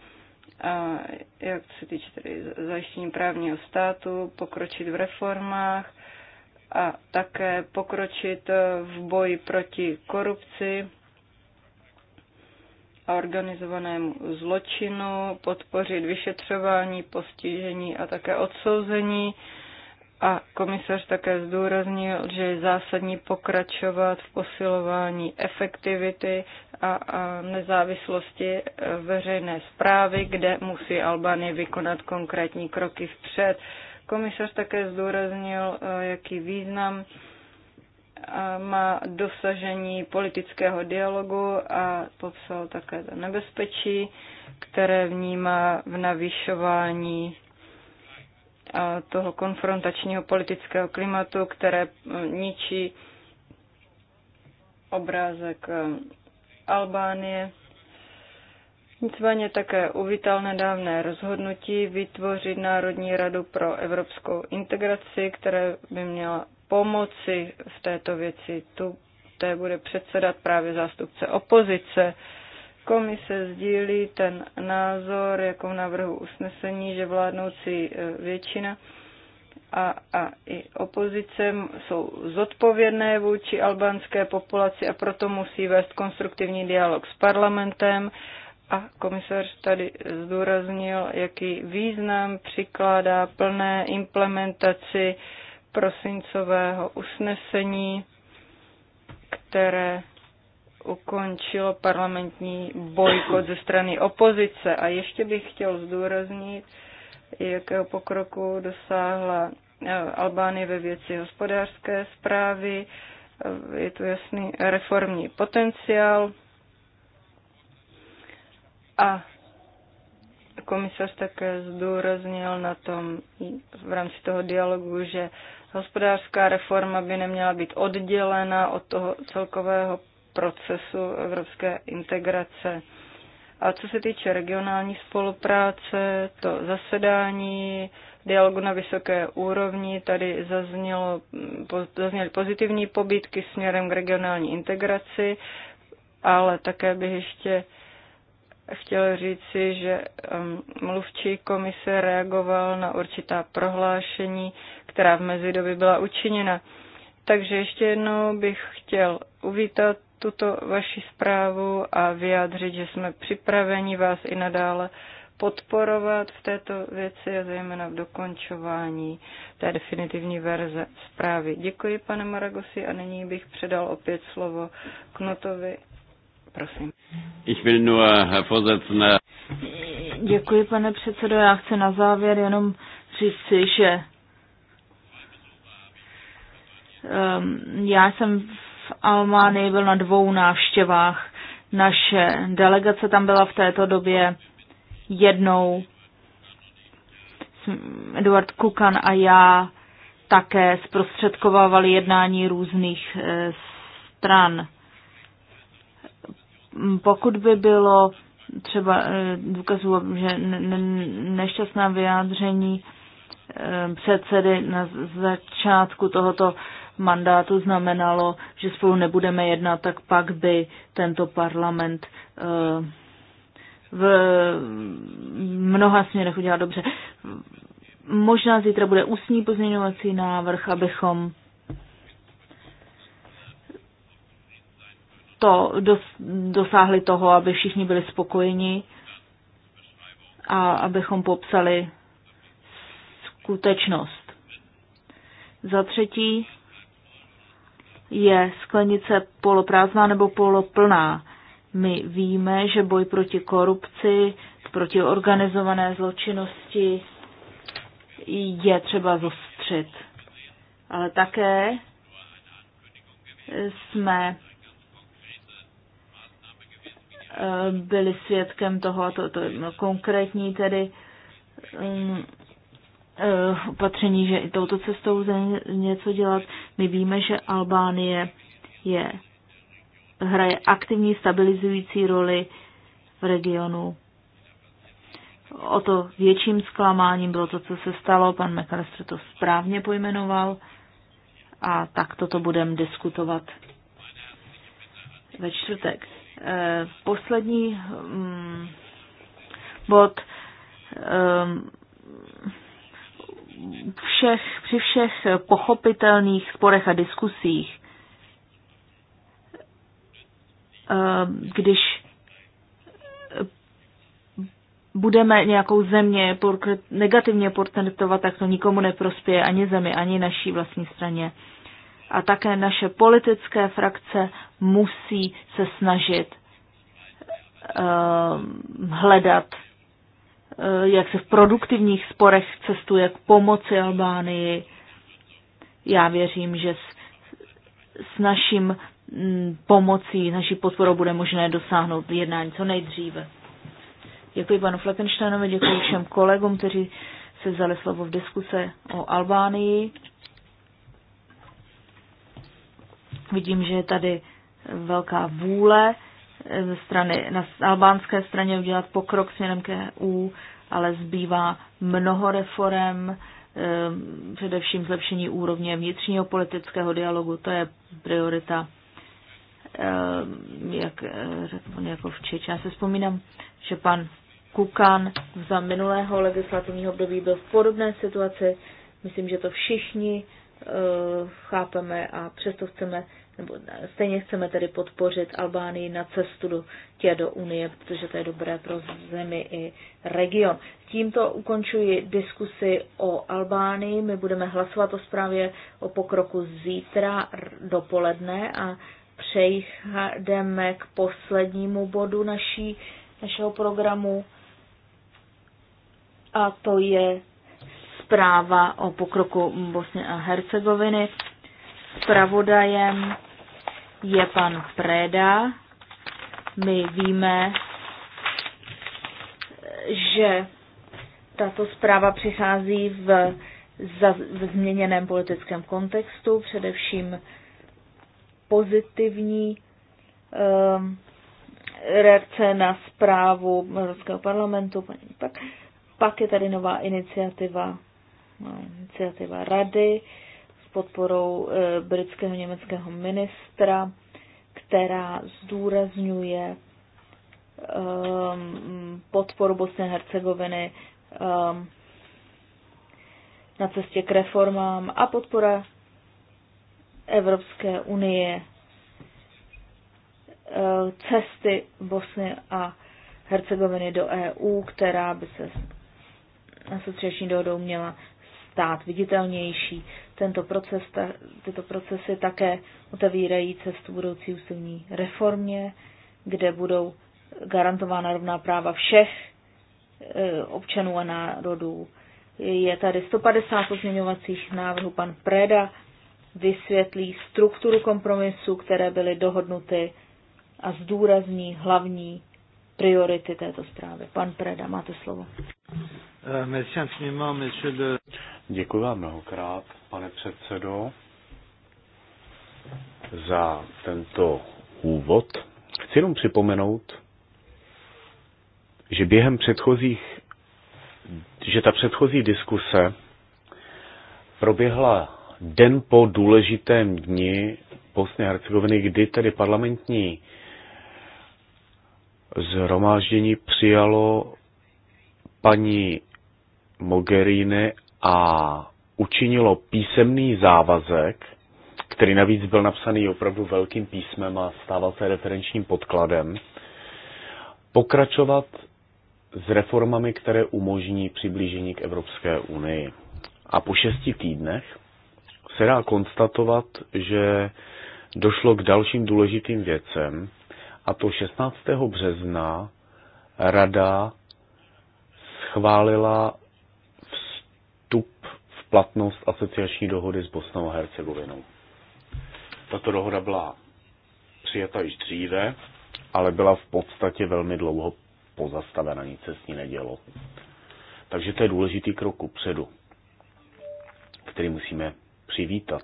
jak se týče tedy zajištění právního státu, pokročit v reformách a také pokročit v boji proti korupci a organizovanému zločinu, podpořit vyšetřování, postižení a také odsouzení a komisař také zdůraznil, že je zásadní pokračovat v posilování efektivity a, a nezávislosti eh, veřejné zprávy, kde musí Albánie vykonat konkrétní kroky vpřed. Komisař také zdůraznil, eh, jaký význam eh, má dosažení politického dialogu a popsal také to nebezpečí, které vnímá v navyšování toho konfrontačního politického klimatu, které e, ničí obrázek e, Albánie. Nicméně také uvítal nedávné rozhodnutí vytvořit Národní radu pro evropskou integraci, které by měla pomoci v této věci. Tu té bude předsedat právě zástupce opozice. Komise sdílí ten názor, jako v návrhu usnesení, že vládnoucí e, většina a, a i opozice jsou zodpovědné vůči albánské populaci a proto musí vést konstruktivní dialog s parlamentem. A komisař tady zdůraznil, jaký význam přikládá plné implementaci prosincového usnesení, které ukončilo parlamentní bojkot ze strany opozice. A ještě bych chtěl zdůraznit, jakého pokroku dosáhla eh, Albánie ve věci hospodářské zprávy. Eh, je tu jasný reformní potenciál. A komisař také zdůraznil na tom v rámci toho dialogu, že hospodářská reforma by neměla být oddělena od toho celkového procesu evropské integrace. A co se týče regionální spolupráce, to zasedání, dialogu na vysoké úrovni, tady zaznělo, zazněly pozitivní pobídky směrem k regionální integraci, ale také bych ještě chtěl říci, že um, mluvčí komise reagoval na určitá prohlášení, která v mezidobě byla učiněna. Takže ještě jednou bych chtěl uvítat tuto vaši zprávu a vyjádřit, že jsme připraveni vás i nadále podporovat v této věci a zejména v dokončování té definitivní verze zprávy. Děkuji, pane Maragosi, a nyní bych předal opět slovo Knotovi. Prosím. Ich will nur, Herr Děkuji, pane předsedo. Já chci na závěr jenom říci, že um, já jsem v Almány byl na dvou návštěvách. Naše delegace tam byla v této době jednou. Eduard Kukan a já také zprostředkovávali jednání různých eh, stran. Pokud by bylo třeba eh, důkazů, že nešťastná vyjádření eh, předsedy na začátku tohoto mandátu znamenalo, že spolu nebudeme jednat, tak pak by tento parlament eh, v mnoha směrech udělal dobře. Možná zítra bude ústní pozměňovací návrh, abychom to dosáhli toho, aby všichni byli spokojeni a abychom popsali skutečnost. Za třetí, je sklenice poloprázdná nebo poloplná. My víme, že boj proti korupci, proti organizované zločinnosti je třeba zostřit. Ale také jsme eh, byli svědkem toho, to, to konkrétní tedy mm, Eh, opatření, že i touto cestou lze něco dělat. My víme, že Albánie je, hraje aktivní stabilizující roli v regionu. O to větším zklamáním bylo to, co se stalo. Pan McAllister to správně pojmenoval a tak toto budeme diskutovat ve čtvrtek. Eh, poslední mm, bod eh, všech, při všech pochopitelných sporech a diskusích, eh, když budeme nějakou země negativně portentovat, tak to nikomu neprospěje ani zemi, ani naší vlastní straně. A také naše politické frakce musí se snažit eh, hledat Eh, jak se v produktivních sporech cestuje k pomoci Albánii. Já věřím, že s, s naším mm, pomocí, naší podporou bude možné dosáhnout jednání co nejdříve. Děkuji panu Fleckensteinovi, děkuji všem kolegům, kteří se vzali slovo v diskuse o Albánii. Vidím, že je tady velká vůle ze strany, na albánské straně udělat pokrok směrem k EU, ale zbývá mnoho reform, ehm, především zlepšení úrovně vnitřního politického dialogu, to je priorita, ehm, jak eh, řekl pan Jakovčič. Já se vzpomínám, že pan Kukan za minulého legislativního období byl v podobné situaci. Myslím, že to všichni eh, chápeme a přesto chceme nebo stejně chceme tedy podpořit Albánii na cestu do, tě do Unie, protože to je dobré pro zemi i region. Tímto ukončuji diskusi o Albánii. My budeme hlasovat o zprávě o pokroku zítra dopoledne a přejdeme k poslednímu bodu naší, našeho programu a to je zpráva o pokroku Bosně a Hercegoviny. Spravodajem je pan Preda. My víme, že tato zpráva přichází v, za, v změněném politickém kontextu, především pozitivní um, reakce na zprávu Evropského parlamentu. Pak, pak je tady nová iniciativa, no, iniciativa Rady, podporou eh, britského německého ministra, která zdůrazňuje ehm, podporu Bosny a Hercegoviny ehm, na cestě k reformám a podpora Evropské unie eh, cesty Bosny a Hercegoviny do EU, která by se asociační dohodou měla stát viditelnější. Tento proces, ta, tyto procesy také otevírají cestu budoucí ústavní reformě, kde budou garantována rovná práva všech e, občanů a národů. Je tady 150 pozměňovacích návrhů. Pan Preda vysvětlí strukturu kompromisu, které byly dohodnuty a zdůrazní hlavní priority této zprávy. Pan Preda, máte slovo. Eh, Děkuji vám mnohokrát, pane předsedo, za tento úvod. Chci jenom připomenout, že během předchozích, že ta předchozí diskuse proběhla den po důležitém dni Bosny a Hercegoviny, kdy tedy parlamentní zhromáždění přijalo paní Mogherini a učinilo písemný závazek, který navíc byl napsaný opravdu velkým písmem a stával se referenčním podkladem, pokračovat s reformami, které umožní přiblížení k Evropské unii. A po šesti týdnech se dá konstatovat, že došlo k dalším důležitým věcem, a to 16. března Rada schválila platnost asociační dohody s Bosnou a Hercegovinou. Tato dohoda byla přijata již dříve, ale byla v podstatě velmi dlouho pozastavena, nic se s ní nedělo. Takže to je důležitý krok upředu, který musíme přivítat.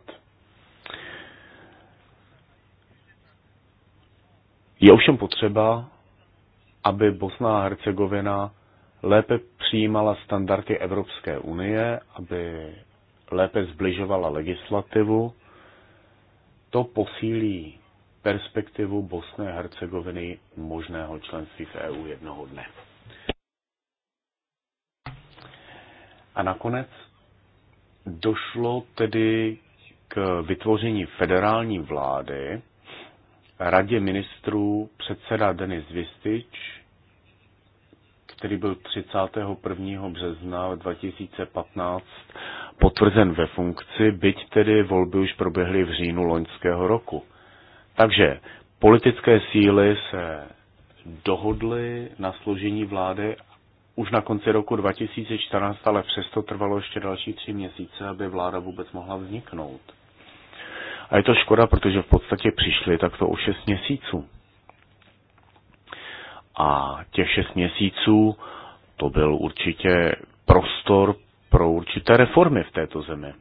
Je ovšem potřeba, aby Bosna a Hercegovina lépe přijímala standardy Evropské unie, aby lépe zbližovala legislativu. To posílí perspektivu bosné a Hercegoviny možného členství v EU jednoho dne. A nakonec došlo tedy k vytvoření federální vlády. Radě ministrů předseda Denis Vistič který byl 31. března 2015 potvrzen ve funkci, byť tedy volby už proběhly v říjnu loňského roku. Takže politické síly se dohodly na složení vlády už na konci roku 2014, ale přesto trvalo ještě další tři měsíce, aby vláda vůbec mohla vzniknout. A je to škoda, protože v podstatě přišli takto o šest měsíců. A těch šest měsíců to byl určitě prostor pro určité reformy v této zemi.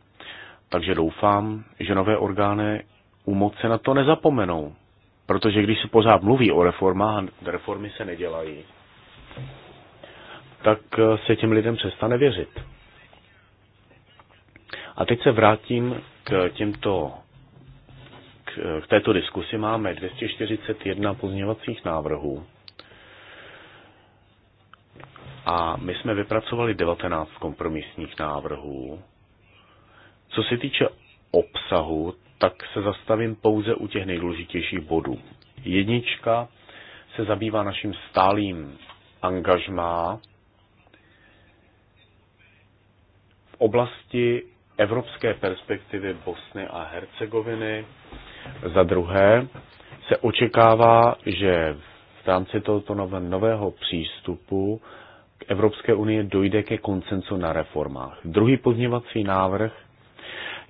Takže doufám, že nové orgány u moci na to nezapomenou. Protože když se pořád mluví o reformách, reformy se nedělají, tak eh, se těm lidem přestane věřit. A teď se vrátím k těmto k eh, této diskusi máme 241 pozměňovacích návrhů a my jsme vypracovali 19 kompromisních návrhů. Co se týče obsahu, tak se zastavím pouze u těch nejdůležitějších bodů. Jednička se zabývá naším stálým angažmá v oblasti evropské perspektivy Bosny a Hercegoviny. Za druhé se očekává, že v rámci tohoto nového přístupu Evropské unie dojde ke koncensu na reformách. Druhý pozněvací návrh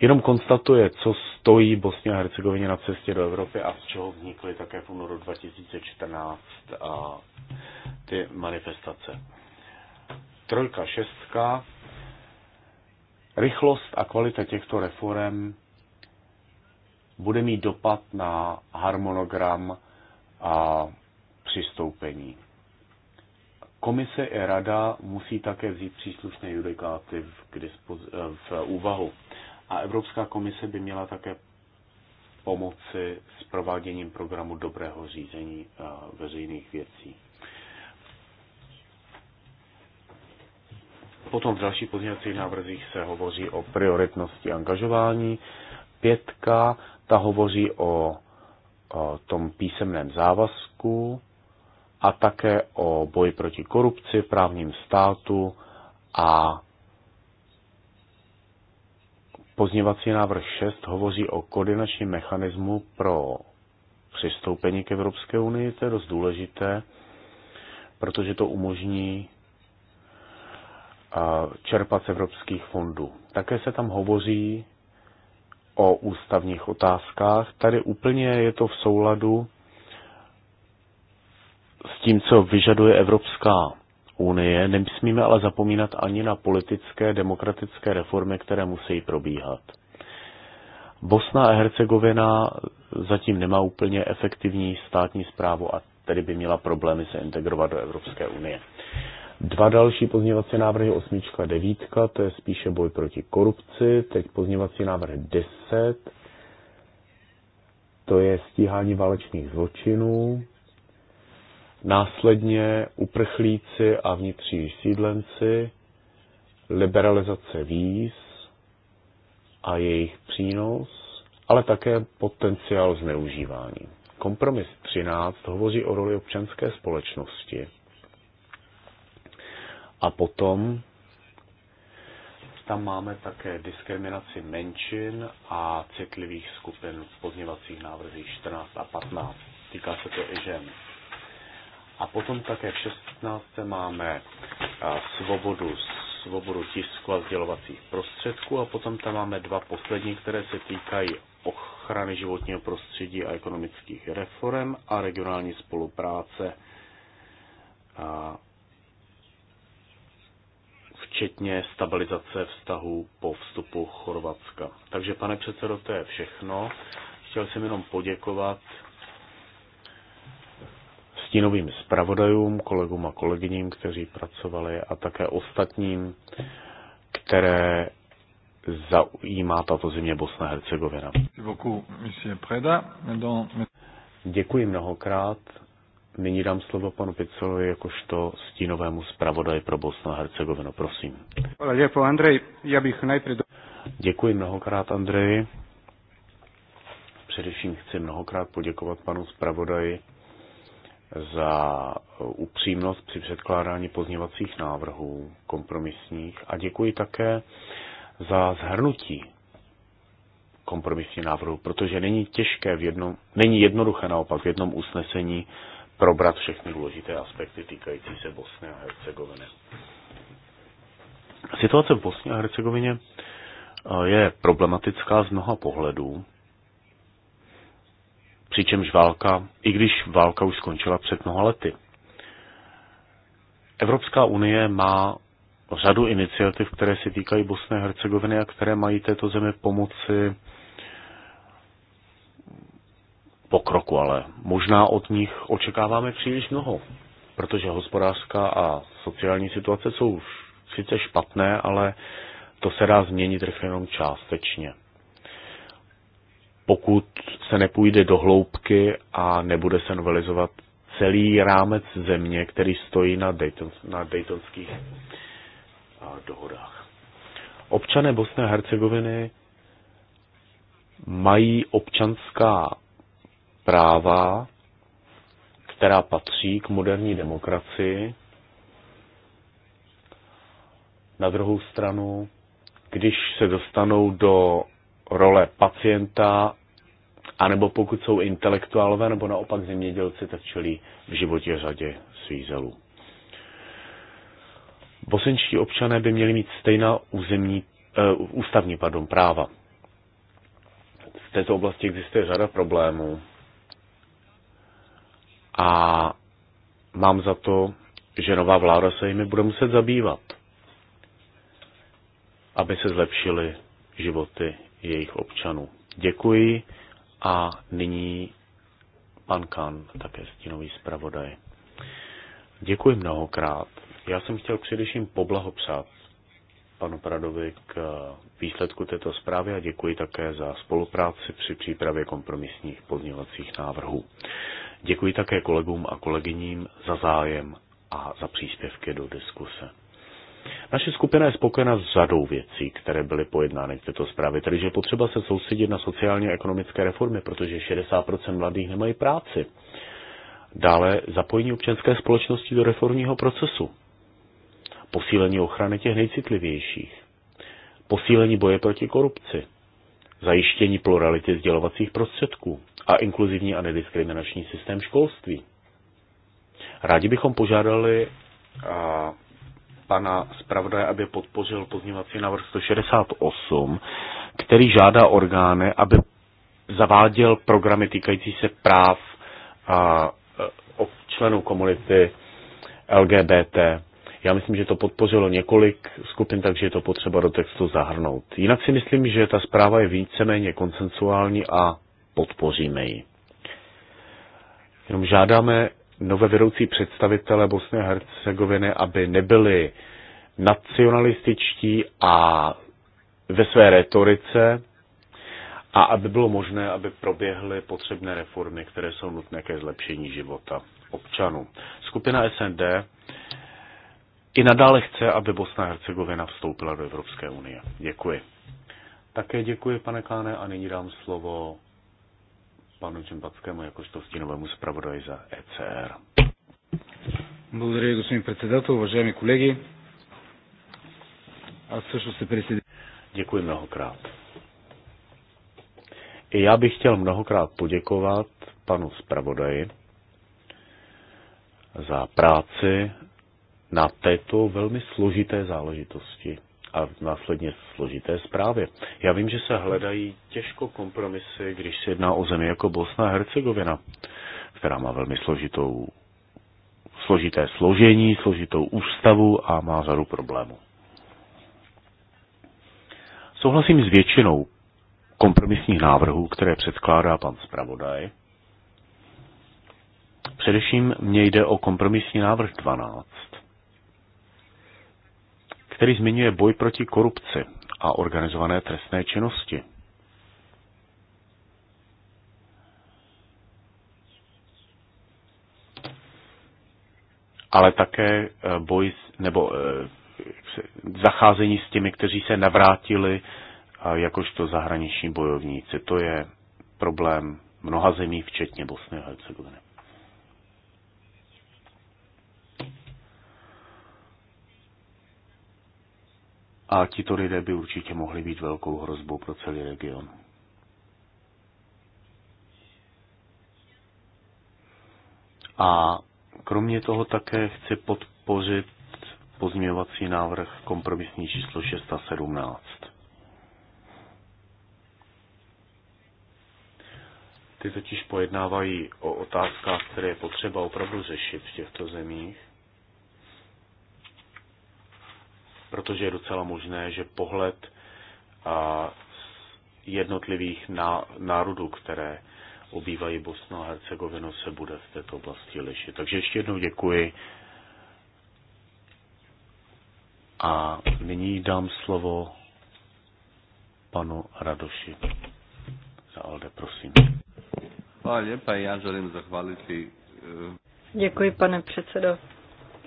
jenom konstatuje, co stojí Bosně a Hercegovině na cestě do Evropy a z čeho vznikly také v únoru 2014 a ty manifestace. Trojka, šestka. Rychlost a kvalita těchto reform bude mít dopad na harmonogram a přistoupení. Komise i rada musí také vzít příslušné judikáty v, dispoz- eh, v úvahu. A Evropská komise by měla také pomoci s prováděním programu dobrého řízení eh, veřejných věcí. Potom v dalších pozměňovacích návrzích se hovoří o prioritnosti angažování. Pětka, ta hovoří o, o tom písemném závazku a také o boji proti korupci, právním státu a pozněvací návrh 6 hovoří o koordinačním mechanismu pro přistoupení k Evropské unii. To je dost důležité, protože to umožní čerpat z evropských fondů. Také se tam hovoří o ústavních otázkách. Tady úplně je to v souladu s tím, co vyžaduje Evropská unie, nesmíme ale zapomínat ani na politické demokratické reformy, které musí probíhat. Bosna a Hercegovina zatím nemá úplně efektivní státní zprávu a tedy by měla problémy se integrovat do Evropské unie. Dva další pozněvací návrhy, osmička a devítka, to je spíše boj proti korupci, teď pozněvací návrh deset, to je stíhání válečných zločinů, Následně uprchlíci a vnitřní sídlenci, liberalizace víz a jejich přínos, ale také potenciál zneužívání. Kompromis 13 hovoří o roli občanské společnosti. A potom tam máme také diskriminaci menšin a citlivých skupin v pozněvacích návrzích 14 a 15. Týká se to i žen. A potom také v 16. máme svobodu, svobodu tisku a sdělovacích prostředků a potom tam máme dva poslední, které se týkají ochrany životního prostředí a ekonomických reform a regionální spolupráce, a včetně stabilizace vztahu po vstupu Chorvatska. Takže, pane předsedo, to je všechno. Chtěl jsem jenom poděkovat stínovým zpravodajům, kolegům a kolegyním, kteří pracovali a také ostatním, které zaujímá tato země Bosna Hercegovina. Děkuji mnohokrát. Nyní dám slovo panu Picelovi jakožto stínovému zpravodaji pro Bosnu a Hercegovinu. Prosím. Děkuji mnohokrát, Andreji. Především chci mnohokrát poděkovat panu zpravodaji za upřímnost při předkládání pozněvacích návrhů kompromisních a děkuji také za zhrnutí kompromisní návrhu, protože není těžké v jednom, není jednoduché naopak v jednom usnesení probrat všechny důležité aspekty týkající se Bosny a Hercegoviny. Situace v Bosně a Hercegovině eh, je problematická z mnoha pohledů přičemž válka, i když válka už skončila před mnoha lety. Evropská unie má řadu iniciativ, které se týkají Bosné a Hercegoviny a které mají této zemi pomoci pokroku, ale možná od nich očekáváme příliš mnoho, protože hospodářská a sociální situace jsou sice špatné, ale to se dá změnit rychle jenom částečně pokud se nepůjde do hloubky a nebude se novelizovat celý rámec země, který stojí na, Dayton, na Daytonských eh, dohodách. Občané Bosné a Hercegoviny mají občanská práva, která patří k moderní demokracii. Na druhou stranu, když se dostanou do role pacienta, anebo pokud jsou intelektuálové nebo naopak zemědělci, tak čelí v životě řadě svízelů. Bosenčtí občané by měli mít stejná územní, uh, ústavní pardon, práva. V této oblasti existuje řada problémů a mám za to, že nová vláda se jimi bude muset zabývat, aby se zlepšily životy jejich občanů. Děkuji a nyní pan Kan, také stínový zpravodaj. Děkuji mnohokrát. Já jsem chtěl především poblahopřát panu Pradovi k výsledku této zprávy a děkuji také za spolupráci při přípravě kompromisních pozměňovacích návrhů. Děkuji také kolegům a kolegyním za zájem a za příspěvky do diskuse. Naše skupina je spokojena s řadou věcí, které byly pojednány v této zprávě, tedy že potřeba se soustředit na sociálně ekonomické reformy, protože 60% mladých nemají práci. Dále zapojení občanské společnosti do reformního procesu. Posílení ochrany těch nejcitlivějších. Posílení boje proti korupci. Zajištění plurality sdělovacích prostředků a inkluzivní a nediskriminační systém školství. Rádi bychom požádali a pana zpravodaje, aby podpořil pozměňovací návrh 168, který žádá orgány, aby zaváděl programy týkající se práv a, členů komunity LGBT. Já myslím, že to podpořilo několik skupin, takže je to potřeba do textu zahrnout. Jinak si myslím, že ta zpráva je víceméně konsensuální a podpoříme ji. Jenom žádáme nové vedoucí představitele Bosny a Hercegoviny, aby nebyli nacionalističtí a ve své retorice a aby bylo možné, aby proběhly potřebné reformy, které jsou nutné ke zlepšení života občanů. Skupina SND i nadále chce, aby Bosna a Hercegovina vstoupila do Evropské unie. Děkuji. Také děkuji, pane Kláne, a nyní dám slovo panu Čembackému jakožto stínovému zpravodaji za ECR. Благодаря ви, господин председател. Уважаеми колеги, аз също се присъединявам. Děkuji mnohokrát. I já bych chtěl mnohokrát poděkovat panu zpravodaji za práci na této velmi složité záležitosti a následně složité zprávy. Já vím, že se hledají těžko kompromisy, když se jedná o zemi jako Bosna a Hercegovina, která má velmi složitou, složité složení, složitou ústavu a má řadu problémů. Souhlasím s většinou kompromisních návrhů, které předkládá pan zpravodaj. Především mně jde o kompromisní návrh 12, který zmiňuje boj proti korupci a organizované trestné činnosti. ale také eh, boj nebo eh, zacházení s těmi, kteří se navrátili jakožto zahraniční bojovníci. To je problém mnoha zemí, včetně Bosny a Hercegoviny. A tito lidé by určitě mohli být velkou hrozbou pro celý region. A kromě toho také chci podpořit pozměňovací návrh kompromisní číslo 617. Ty totiž pojednávají o otázkách, které je potřeba opravdu řešit v těchto zemích. protože je docela možné, že pohled jednotlivých národů, které obývají Bosnu a Hercegovinu, se bude v této oblasti lišit. Takže ještě jednou děkuji. A nyní dám slovo panu Radoši. Za Alde, prosím. Hvala lijepa e, Děkuji, pane předsedo.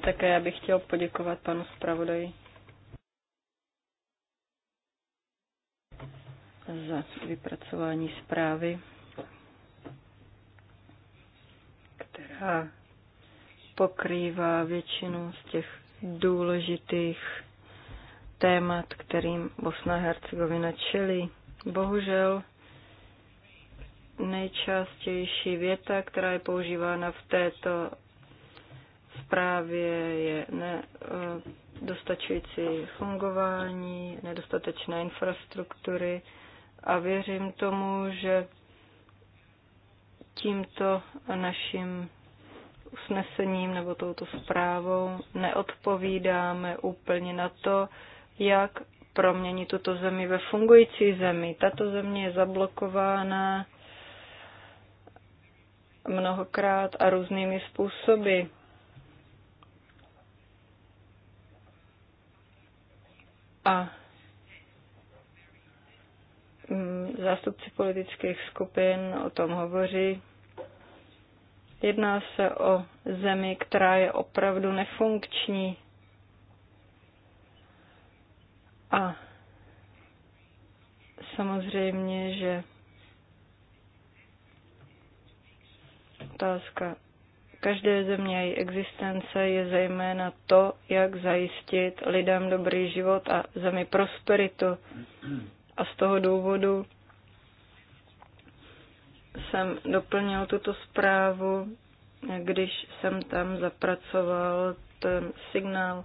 Také já bych chtěl poděkovat panu zpravodaji. za vypracování zprávy, která pokrývá většinu z těch důležitých témat, kterým Bosna a Hercegovina čelí. Bohužel nejčastější věta, která je používána v této zprávě, je ne, eh, dostačující fungování, nedostatečné infrastruktury, a věřím tomu, že tímto naším usnesením nebo touto zprávou neodpovídáme úplně na to, jak proměnit tuto zemi ve fungující zemi. Tato země je zablokována mnohokrát a různými způsoby. A Zástupci politických skupin o tom hovoří. Jedná se o zemi, která je opravdu nefunkční. A samozřejmě, že otázka každé země její existence je zejména to, jak zajistit lidem dobrý život a zemi prosperitu. A z toho důvodu jsem doplnil tuto zprávu, když jsem tam zapracoval ten signál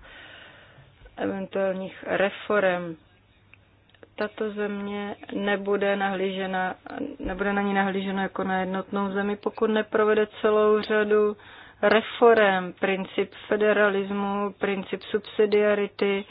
eventuálních reform. Tato země nebude, nahlížena, nebude na ní nahlížena jako na jednotnou zemi, pokud neprovede celou řadu reform, princip federalismu, princip subsidiarity,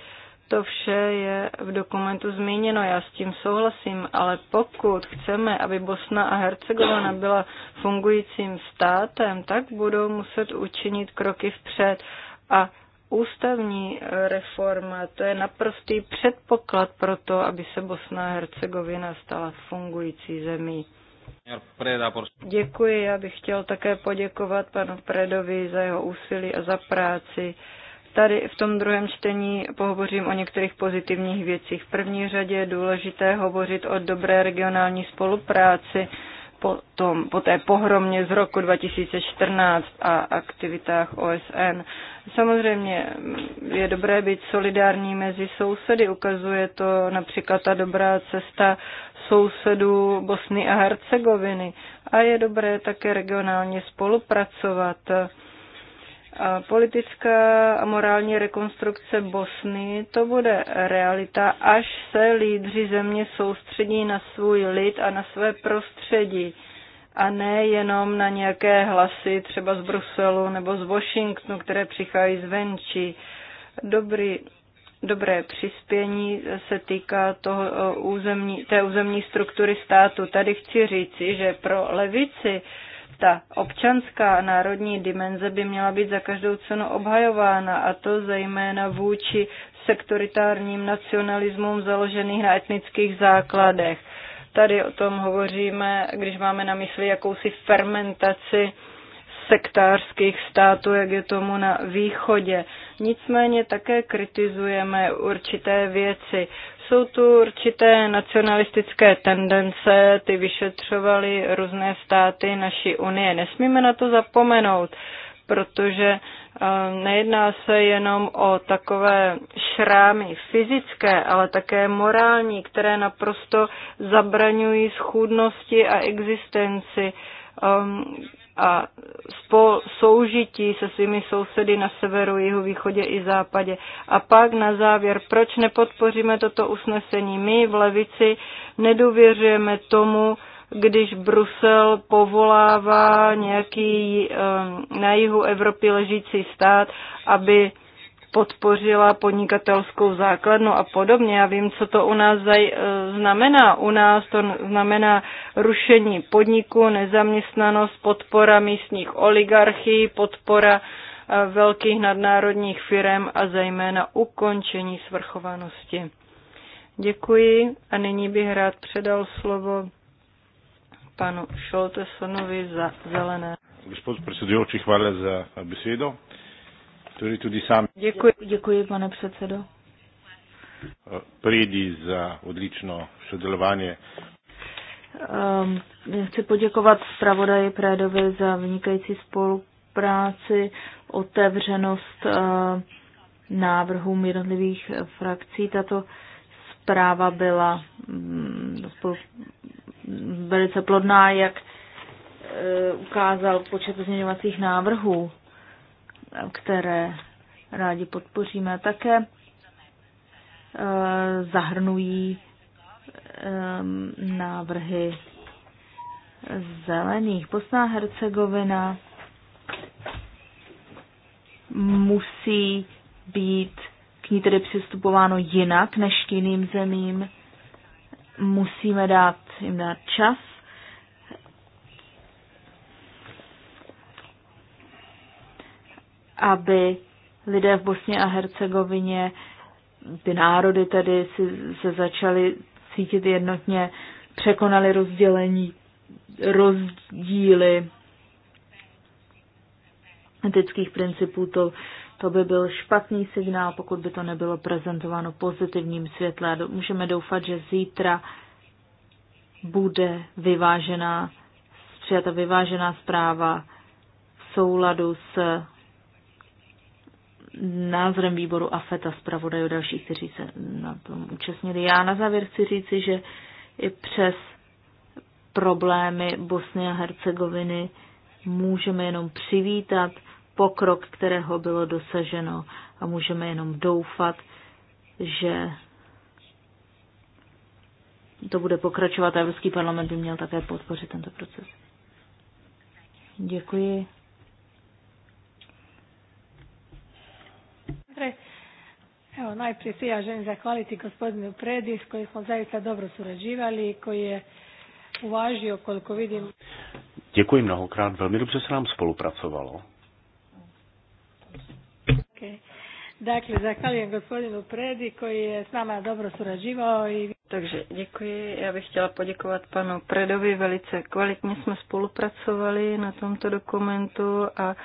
to vše je v dokumentu zmíněno, já s tím souhlasím, ale pokud chceme, aby Bosna a Hercegovina byla fungujícím státem, tak budou muset učinit kroky vpřed. A ústavní reforma, to je naprostý předpoklad pro to, aby se Bosna a Hercegovina stala fungující zemí. Děkuji, já bych chtěl také poděkovat panu Predovi za jeho úsilí a za práci. Tady v tom druhém čtení pohovořím o některých pozitivních věcích. V první řadě je důležité hovořit o dobré regionální spolupráci po, tom, po té pohromě z roku 2014 a aktivitách OSN. Samozřejmě je dobré být solidární mezi sousedy. Ukazuje to například ta dobrá cesta sousedů Bosny a Hercegoviny. A je dobré také regionálně spolupracovat. A politická a morální rekonstrukce Bosny, to bude realita, až se lídři země soustředí na svůj lid a na své prostředí a ne jenom na nějaké hlasy třeba z Bruselu nebo z Washingtonu, které přichází zvenčí. Dobrý, dobré přispění se týká toho eh, územní, té územní struktury státu. Tady chci říci, že pro levici uh, ta občanská národní dimenze by měla být za každou cenu obhajována, a to zejména vůči sektoritárním nacionalismům založených na etnických základech. Tady o tom hovoříme, když máme na mysli jakousi fermentaci sektářských států, jak je tomu na východě. Nicméně také kritizujeme určité věci. Jsou tu určité nacionalistické tendence, ty vyšetřovaly různé státy naší unie. Nesmíme na to zapomenout, protože eh, nejedná se jenom o takové šrámy fyzické, ale také morální, které naprosto zabraňují schůdnosti a existenci ehm, a spol soužití se svými sousedy na severu, jihu, východě i západě. A pak na závěr, proč nepodpoříme toto usnesení? My v levici nedůvěřujeme tomu, když Brusel povolává nějaký eh, na jihu Evropy ležící stát, aby podpořila podnikatelskou základnu a podobně. Já vím, co to u nás eh, znamená. U nás to znamená rušení podniku, nezaměstnanost, podpora místních oligarchií, podpora eh, velkých nadnárodních firm a zejména ukončení svrchovanosti. Děkuji a nyní bych rád předal slovo panu Šoltesonovi za zelené. Gospod predsedujoči, hvala za besedo. Děkuji, děkuji pane předsedo. Pridi za odlično sodelování. Um, ehm, chci poděkovat zpravodaji Prédovi za vynikající spolupráci, otevřenost uh, návrhům jednotlivých frakcí. Tato zpráva byla um, spolu, velice plodná, jak uh, ukázal počet pozměňovacích návrhů které rádi podpoříme, také eh, zahrnují eh, návrhy zelených. Bosna a Hercegovina musí být k ní tedy přistupováno jinak než k jiným zemím. Musíme dát jim dát čas aby lidé v Bosně a Hercegovině, ty národy tedy si, se začaly cítit jednotně, překonali rozdělení, rozdíly etických principů, to, to by byl špatný signál, pokud by to nebylo prezentováno pozitivním světle. Můžeme doufat, že zítra bude vyvážená, přijata vyvážená zpráva v souladu s názorem výboru AFET a zpravodajů dalších, kteří se na tom účastnili. Já na závěr chci říci, že i přes problémy Bosny a Hercegoviny můžeme jenom přivítat pokrok, kterého bylo dosaženo a můžeme jenom doufat, že to bude pokračovat a Evropský parlament by měl také podpořit tento proces. Děkuji. Evo, najprije se ja želim zahvaliti gospodinu Predi s kojim smo zaista dobro surađivali i koji je uvažio koliko vidim. Děkuji mnohokrát, velmi dobře se nám spolupracovalo. Okay. Dakle, zahvaljujem gospodinu Predi koji je s náma dobro surađivao. I... Takže děkuji. Já bych chtěla poděkovat panu Predovi. Velice kvalitně jsme spolupracovali na tomto dokumentu a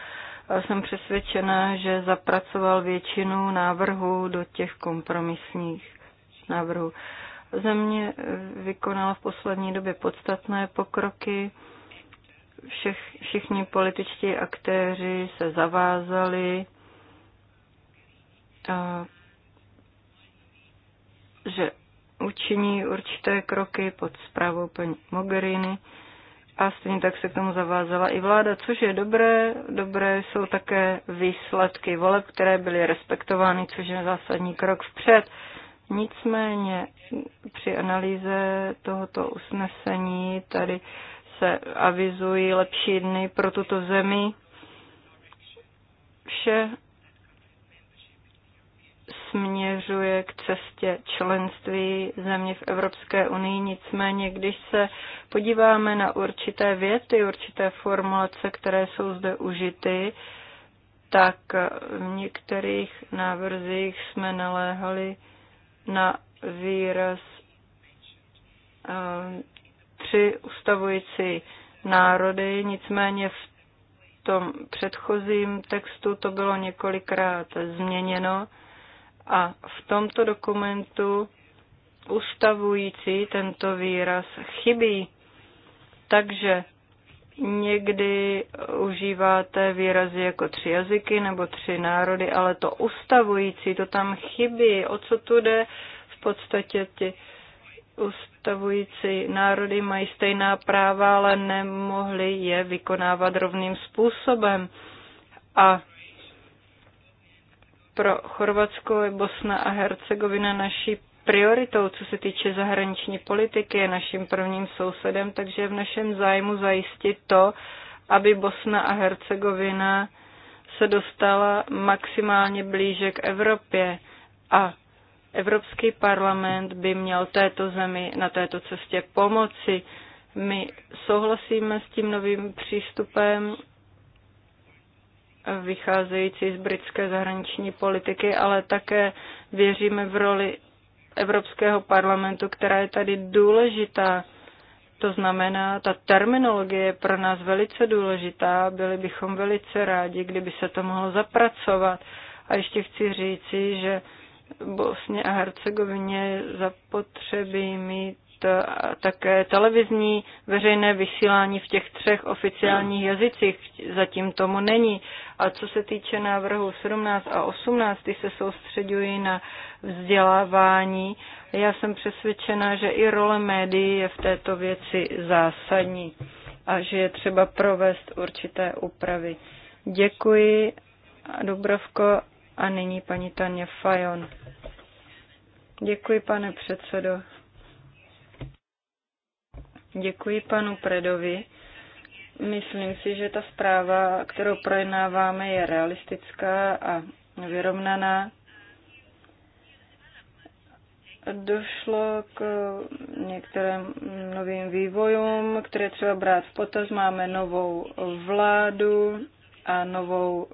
jsem přesvědčena, že zapracoval většinu návrhů do těch kompromisních návrhů. Země vykonala v poslední době podstatné pokroky. Všech, všichni političtí aktéři se zavázali, že učiní určité kroky pod zprávou paní Mogherini a stejně tak se k tomu zavázala i vláda, což je dobré. Dobré jsou také výsledky voleb, které byly respektovány, což je zásadní krok vpřed. Nicméně při analýze tohoto usnesení tady se avizují lepší dny pro tuto zemi. Vše směřuje k cestě členství země v Evropské unii. Nicméně, když se podíváme na určité věty, určité formulace, které jsou zde užity, tak v některých návrzích jsme naléhali na výraz eh, tři ustavující národy, nicméně v tom předchozím textu to bylo několikrát změněno a v tomto dokumentu ustavující tento výraz chybí. Takže někdy užíváte výrazy jako tři jazyky nebo tři národy, ale to ustavující, to tam chybí. O co tu jde? V podstatě ti ustavující národy mají stejná práva, ale nemohli je vykonávat rovným způsobem. A pro Chorvatsko je Bosna a Hercegovina naší prioritou, co se týče zahraniční politiky, je naším prvním sousedem, takže je v našem zájmu zajistit to, aby Bosna a Hercegovina se dostala maximálně blíže k Evropě a Evropský parlament by měl této zemi na této cestě pomoci. My souhlasíme s tím novým přístupem vycházející z britské zahraniční politiky, ale také věříme v roli Evropského parlamentu, která je tady důležitá. To znamená, ta terminologie je pro nás velice důležitá, byli bychom velice rádi, kdyby se to mohlo zapracovat. A ještě chci říci, že Bosně a Hercegovině zapotřebí mít také televizní veřejné vysílání v těch třech oficiálních jazycích. Zatím tomu není. A co se týče návrhu 17 a 18, ty se soustředují na vzdělávání. Já jsem přesvědčena, že i role médií je v této věci zásadní a že je třeba provést určité úpravy. Děkuji, Dubrovko, a nyní paní Tanja Fajon. Děkuji, pane předsedo. Děkuji panu Predovi. Myslím si, že ta zpráva, kterou projednáváme, je realistická a vyrovnaná. Došlo k některým novým vývojům, které třeba brát v potaz. Máme novou vládu a novou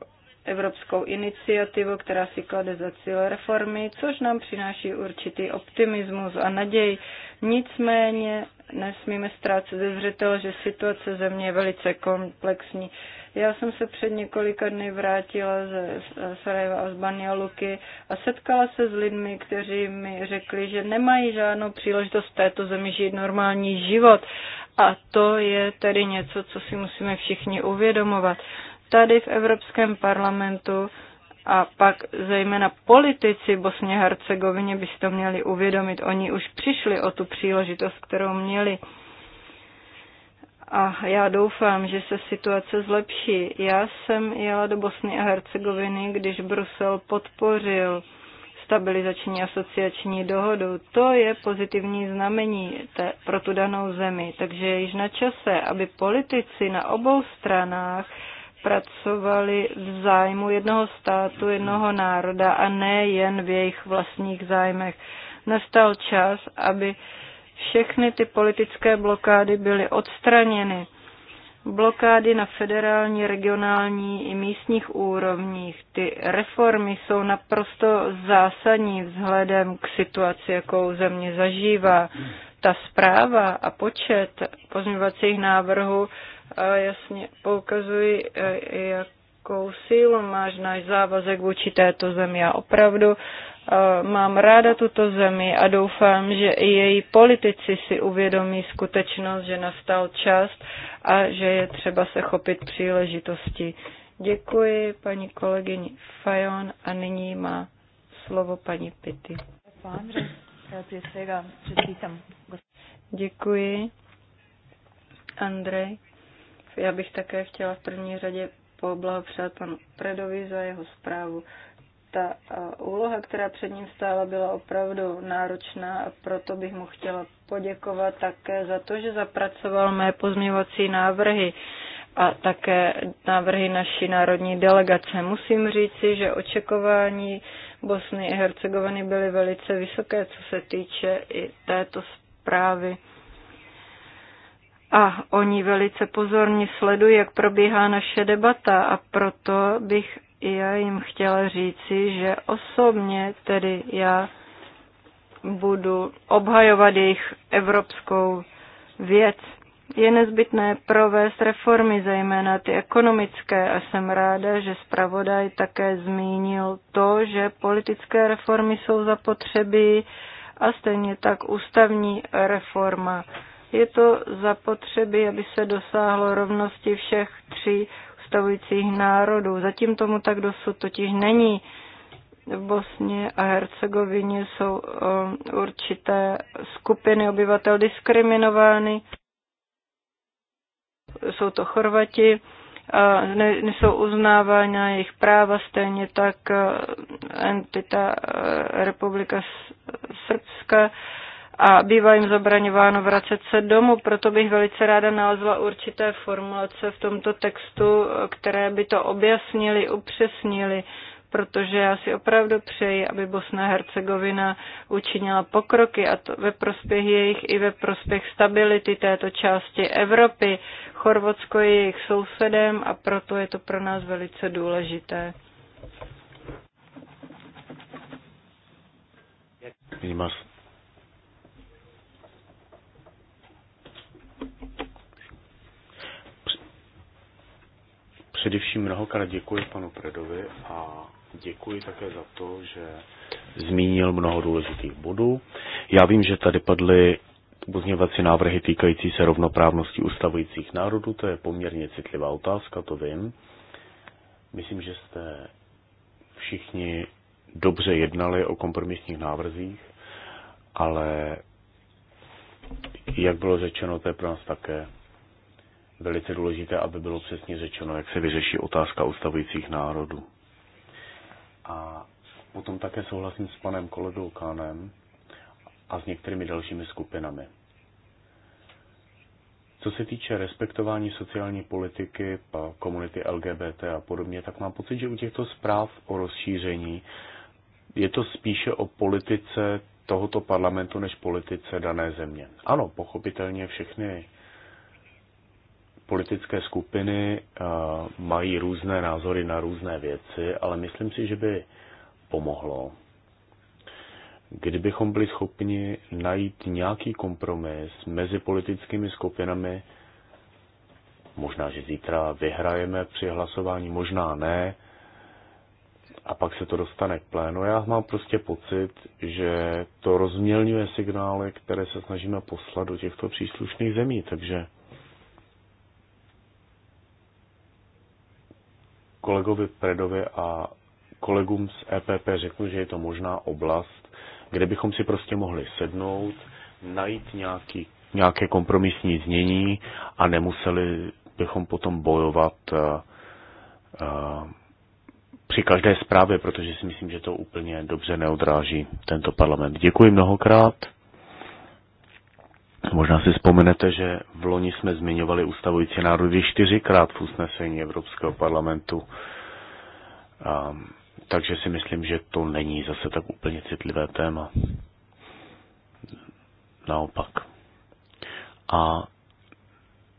evropskou iniciativu, která si klade za cíl reformy, což nám přináší určitý optimismus a naději. Nicméně nesmíme ztrácet ze zřetele, že situace země je velice komplexní. Já jsem se před několika dny vrátila ze Sarajeva a z Luky a setkala se s lidmi, kteří mi řekli, že nemají žádnou příležitost v této zemi žít normální život. A to je tedy něco, co si musíme všichni uvědomovat tady v Evropském parlamentu a pak zejména politici Bosně Hercegovině by si to měli uvědomit. Oni už přišli o tu příležitost, kterou měli. A já doufám, že se situace zlepší. Já jsem jela do Bosny a Hercegoviny, když Brusel podpořil stabilizační asociační dohodu. To je pozitivní znamení te, pro tu danou zemi. Takže je již na čase, aby politici na obou stranách pracovali v zájmu jednoho státu, jednoho národa a ne jen v jejich vlastních zájmech. Nastal čas, aby všechny ty politické blokády byly odstraněny. Blokády na federální, regionální i místních úrovních. Ty reformy jsou naprosto zásadní vzhledem k situaci, jakou země zažívá. Ta zpráva a počet pozměňovacích návrhů jasně poukazují, e, jakou sílu máš náš závazek vůči této zemi. Já opravdu e, mám ráda tuto zemi a doufám, že i její politici si uvědomí skutečnost, že nastal čas a že je třeba se chopit příležitosti. Děkuji paní kolegyni Fajon a nyní má slovo paní Pity. Děkuji, Andrej. Já bych také chtěla v první řadě poblahopřát panu Predovi za jeho zprávu. Ta úloha, která před ním stála, byla opravdu náročná a proto bych mu chtěla poděkovat také za to, že zapracoval mé pozměňovací návrhy a také návrhy naší národní delegace. Musím říci, že očekování Bosny i Hercegoviny byly velice vysoké, co se týče i této zprávy a oni velice pozorně sledují, jak probíhá naše debata a proto bych i já jim chtěla říci, že osobně tedy já budu obhajovat jejich evropskou věc. Je nezbytné provést reformy, zejména ty ekonomické, a jsem ráda, že zpravodaj také zmínil to, že politické reformy jsou zapotřebí a stejně tak ústavní reforma. Je to zapotřebí, aby se dosáhlo rovnosti všech tří ustavujících národů. Zatím tomu tak dosud totiž není. V Bosně a Hercegovině jsou eh, určité skupiny obyvatel diskriminovány. Jsou to Chorvati, ne, nejsou uznávána jejich práva, stejně tak eh, entita eh, Republika Srbska a bývá jim zabraňováno vracet se domů. Proto bych velice ráda nalezla určité formulace v tomto textu, které by to objasnili, upřesnili, protože já si opravdu přeji, aby Bosna a Hercegovina učinila pokroky a to ve prospěch jejich i ve prospěch stability této části Evropy. Chorvatsko je jejich sousedem a proto je to pro nás velice důležité. Vnímáš Především mnohokrát děkuji panu Predovi a děkuji také za to, že zmínil mnoho důležitých bodů. Já vím, že tady padly pozměňovací návrhy týkající se rovnoprávnosti ustavujících národů. To je poměrně citlivá otázka, to vím. Myslím, že jste všichni dobře jednali o kompromisních návrzích, ale jak bylo řečeno, to je pro nás také velice důležité, aby bylo přesně řečeno, jak se vyřeší otázka ustavujících národů. A potom také souhlasím s panem kolegou Kánem a s některými dalšími skupinami. Co se týče respektování sociální politiky, komunity LGBT a podobně, tak mám pocit, že u těchto zpráv o rozšíření je to spíše o politice tohoto parlamentu než politice dané země. Ano, pochopitelně všechny politické skupiny mají různé názory na různé věci, ale myslím si, že by pomohlo, kdybychom byli schopni najít nějaký kompromis mezi politickými skupinami, možná, že zítra vyhrajeme při hlasování, možná ne, a pak se to dostane k plénu. Já mám prostě pocit, že to rozmělňuje signály, které se snažíme poslat do těchto příslušných zemí, takže kolegovi Predovi a kolegům z EPP řeknu, že je to možná oblast, kde bychom si prostě mohli sednout, najít nějaký, nějaké kompromisní znění a nemuseli bychom potom bojovat uh, uh, při každé zprávě, protože si myslím, že to úplně dobře neodráží tento parlament. Děkuji mnohokrát Možná si vzpomenete, že v loni jsme zmiňovali ustavující národy čtyřikrát v usnesení Evropského parlamentu. A, takže si myslím, že to není zase tak úplně citlivé téma. Naopak. A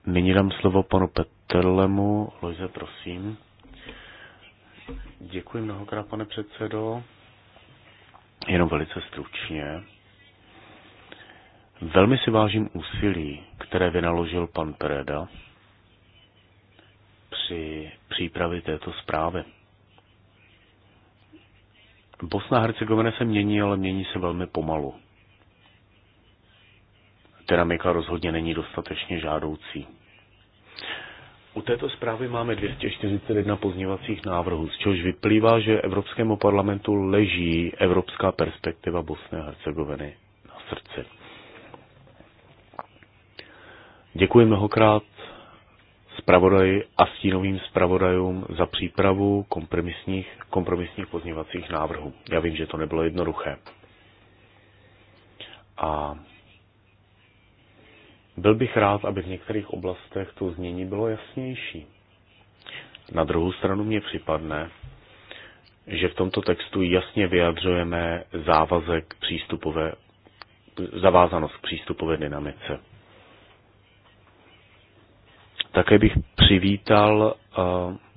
nyní dám slovo panu Petrlemu. Lojze, prosím. Děkuji mnohokrát, pane předsedo. Jenom velice stručně. Velmi si vážím úsilí, které vynaložil pan Pereda při přípravě této zprávy. Bosna a Hercegovina se mění, ale mění se velmi pomalu. Dynamika rozhodně není dostatečně žádoucí. U této zprávy máme 241 pozněvacích návrhů, z čehož vyplývá, že Evropskému parlamentu leží evropská perspektiva Bosny a Hercegoviny na srdci. Děkuji mnohokrát zpravodaji a stínovým zpravodajům za přípravu kompromisních, kompromisních pozněvacích návrhů. Já vím, že to nebylo jednoduché. A byl bych rád, aby v některých oblastech to znění bylo jasnější. Na druhou stranu mě připadne, že v tomto textu jasně vyjadřujeme závazek přístupové, zavázanost k přístupové dynamice. Také bych přivítal eh,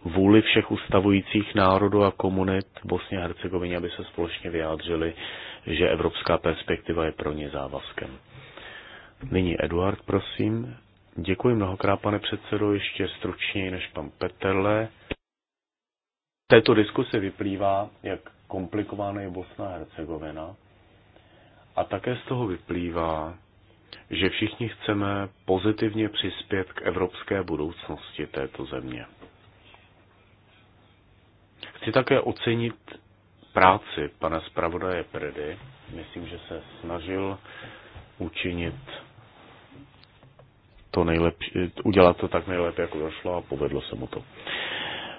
vůli všech ustavujících národů a komunit Bosně a Hercegovině, aby se společně vyjádřili, že evropská perspektiva je pro ně závazkem. Nyní Eduard, prosím. Děkuji mnohokrát, pane předsedo, ještě stručněji než pan Peterle. Této diskuse vyplývá, jak komplikovaná je Bosna a Hercegovina. A také z toho vyplývá, že všichni chceme pozitivně přispět k evropské budoucnosti této země. Chci také ocenit práci pana zpravodaje Predy. Myslím, že se snažil učinit to nejlepší, udělat to tak nejlépe, jako došlo a povedlo se mu to.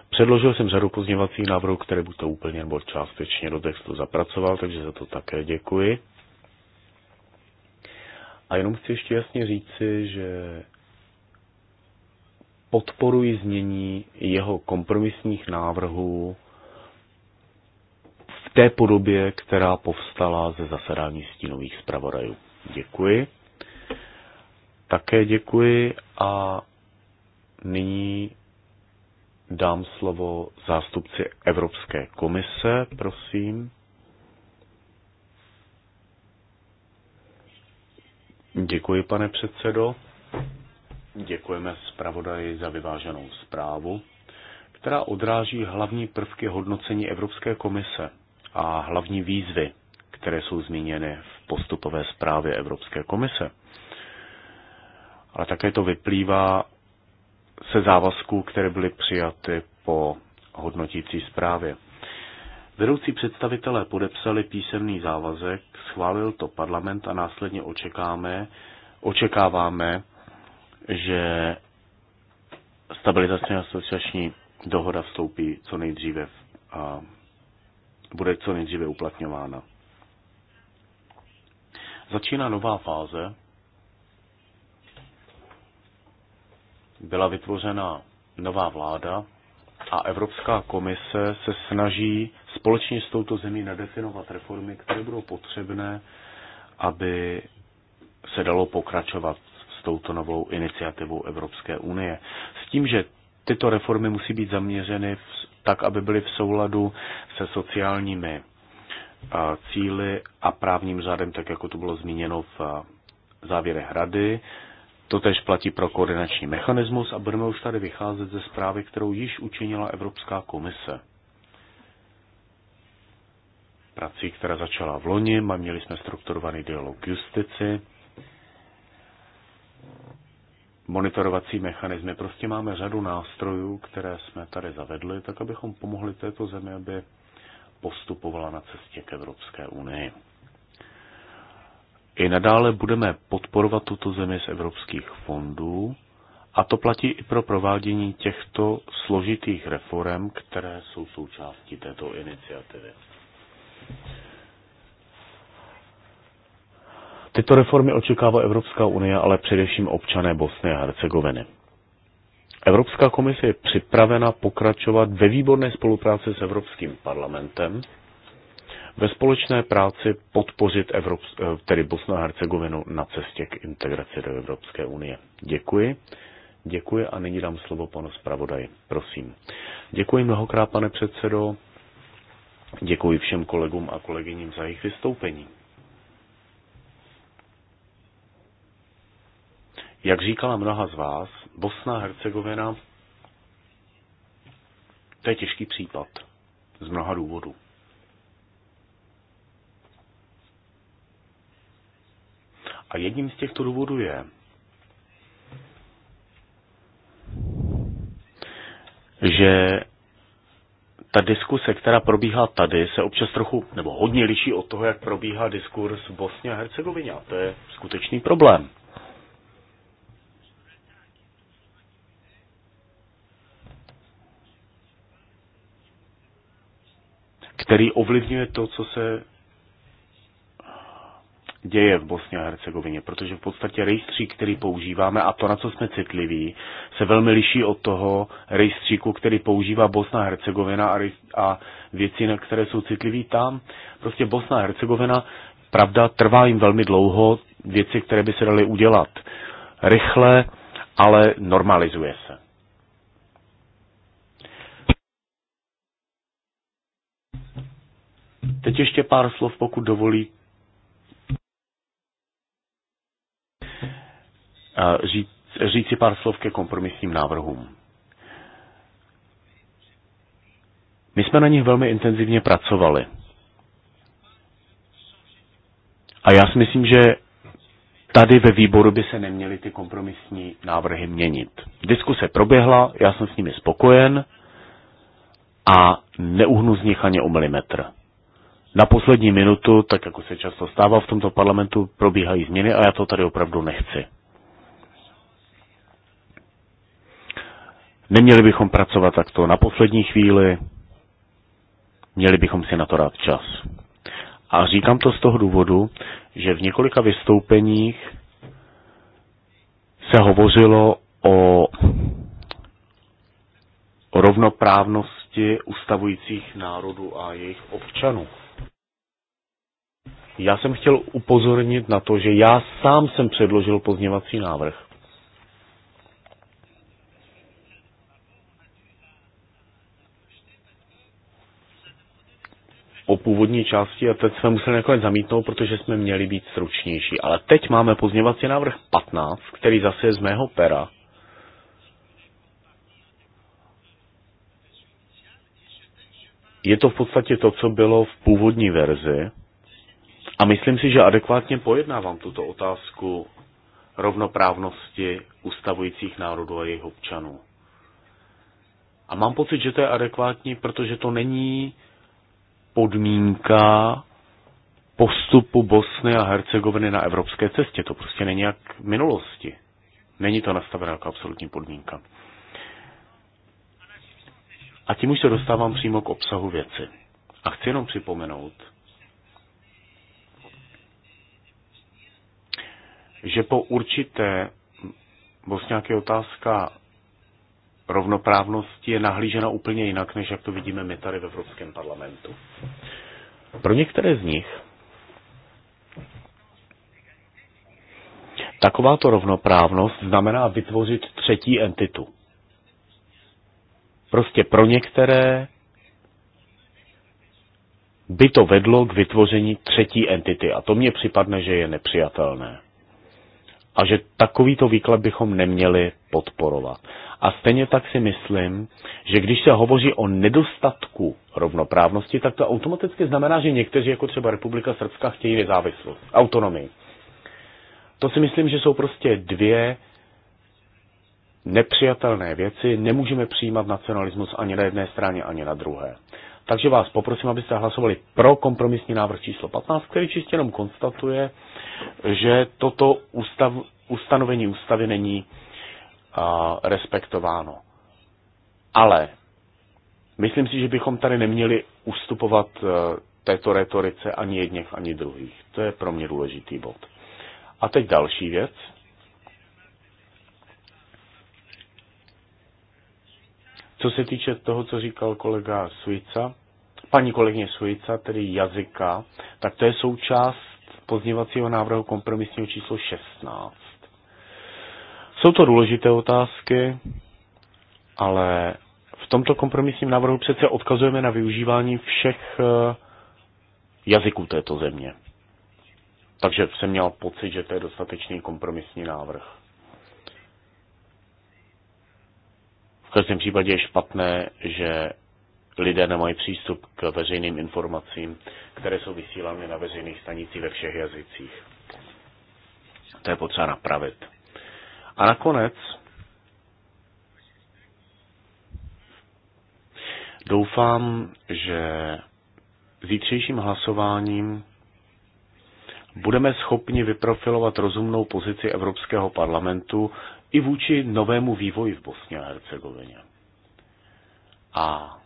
Předložil jsem řadu pozněvacích návrhů, které buď to úplně nebo částečně do textu zapracoval, takže za to také děkuji. A jenom chci ještě jasně říci, že podporuji znění jeho kompromisních návrhů v té podobě, která povstala ze zasedání stínových zpravodajů. Děkuji. Také děkuji a nyní dám slovo zástupci Evropské komise, prosím. Děkuji, pane předsedo. Děkujeme zpravodaji za vyváženou zprávu, která odráží hlavní prvky hodnocení Evropské komise a hlavní výzvy, které jsou zmíněny v postupové zprávě Evropské komise. Ale také to vyplývá se závazků, které byly přijaty po hodnotící zprávě. Vedoucí představitelé podepsali písemný závazek, schválil to parlament a následně očekáme, očekáváme, že stabilizační asociační dohoda vstoupí co nejdříve a bude co nejdříve uplatňována. Začíná nová fáze. Byla vytvořena nová vláda a Evropská komise se snaží společně s touto zemí nadefinovat reformy, které budou potřebné, aby se dalo pokračovat s touto novou iniciativou Evropské unie. S tím, že tyto reformy musí být zaměřeny v, tak, aby byly v souladu se sociálními a, cíly a právním řádem, tak jako to bylo zmíněno v a, závěrech rady. tež platí pro koordinační mechanismus a budeme už tady vycházet ze zprávy, kterou již učinila Evropská komise prací, která začala v loni, měli jsme strukturovaný dialog k justici, monitorovací mechanismy. Prostě máme řadu nástrojů, které jsme tady zavedli, tak abychom pomohli této zemi, aby postupovala na cestě k Evropské unii. I nadále budeme podporovat tuto zemi z evropských fondů a to platí i pro provádění těchto složitých reform, které jsou součástí této iniciativy. Tyto reformy očekává Evropská unie, ale především občané Bosny a Hercegoviny. Evropská komise je připravena pokračovat ve výborné spolupráci s Evropským parlamentem, ve společné práci podpořit Evrops- eh, tedy Bosnu a Hercegovinu na cestě k integraci do Evropské unie. Děkuji. Děkuji a nyní dám slovo panu zpravodaji. Prosím. Děkuji mnohokrát, pane předsedo. Děkuji všem kolegům a kolegyním za jejich vystoupení. Jak říkala mnoha z vás, Bosna a Hercegovina to je těžký případ z mnoha důvodů. A jedním z těchto důvodů je, že ta diskuse, která probíhá tady, se občas trochu nebo hodně liší od toho, jak probíhá diskurs v Bosně a Hercegovině. A to je skutečný problém. který ovlivňuje to, co se děje v Bosně a Hercegovině, protože v podstatě rejstřík, který používáme a to, na co jsme citliví, se velmi liší od toho rejstříku, který používá Bosna a Hercegovina a, věci, na které jsou citliví tam. Prostě Bosna a Hercegovina, pravda, trvá jim velmi dlouho věci, které by se daly udělat rychle, ale normalizuje se. Teď ještě pár slov, pokud dovolíte říct, říci pár slov ke kompromisním návrhům. My jsme na nich velmi intenzivně pracovali. A já si myslím, že tady ve výboru by se neměly ty kompromisní návrhy měnit. Diskuse proběhla, já jsem s nimi spokojen a neuhnu z nich ani o milimetr. Na poslední minutu, tak jako se často stává v tomto parlamentu, probíhají změny a já to tady opravdu nechci. Neměli bychom pracovat takto na poslední chvíli, měli bychom si na to dát čas. A říkám to z toho důvodu, že v několika vystoupeních se hovořilo o rovnoprávnosti ustavujících národů a jejich občanů. Já jsem chtěl upozornit na to, že já sám jsem předložil pozněvací návrh, o původní části a teď jsme museli nakonec zamítnout, protože jsme měli být stručnější. Ale teď máme pozněvací návrh 15, který zase je z mého pera. Je to v podstatě to, co bylo v původní verzi. A myslím si, že adekvátně pojednávám tuto otázku rovnoprávnosti ustavujících národů a jejich občanů. A mám pocit, že to je adekvátní, protože to není podmínka postupu Bosny a Hercegoviny na evropské cestě. To prostě není jak v minulosti. Není to nastaveno jako absolutní podmínka. A tím už se dostávám přímo k obsahu věci. A chci jenom připomenout, že po určité bosňáky otázka rovnoprávnost je nahlížena úplně jinak, než jak to vidíme my tady v Evropském parlamentu. Pro některé z nich takováto rovnoprávnost znamená vytvořit třetí entitu. Prostě pro některé by to vedlo k vytvoření třetí entity a to mně připadne, že je nepřijatelné a že takovýto výklad bychom neměli podporovat. A stejně tak si myslím, že když se hovoří o nedostatku rovnoprávnosti, tak to automaticky znamená, že někteří, jako třeba Republika Srbska, chtějí nezávislost, autonomii. To si myslím, že jsou prostě dvě nepřijatelné věci. Nemůžeme přijímat nacionalismus ani na jedné straně, ani na druhé. Takže vás poprosím, abyste hlasovali pro kompromisní návrh číslo 15, který čistě jenom konstatuje, že toto ústav, ustanovení ústavy není a, respektováno. Ale myslím si, že bychom tady neměli ustupovat a, e, této retorice ani jedněch, ani druhých. To je pro mě důležitý bod. A teď další věc. Co se týče toho, co říkal kolega Suica, paní kolegyně Suica, tedy jazyka, tak to je součást pozněvacího návrhu kompromisního číslo 16. Jsou to důležité otázky, ale v tomto kompromisním návrhu přece odkazujeme na využívání všech eh, jazyků této země. Takže jsem měl pocit, že to je dostatečný kompromisní návrh. V každém případě je špatné, že lidé nemají přístup k veřejným informacím, které jsou vysílány na veřejných stanicích ve všech jazycích. To je potřeba napravit. A nakonec doufám, že zítřejším hlasováním budeme schopni vyprofilovat rozumnou pozici Evropského parlamentu i vůči novému vývoji v Bosně a Hercegovině. A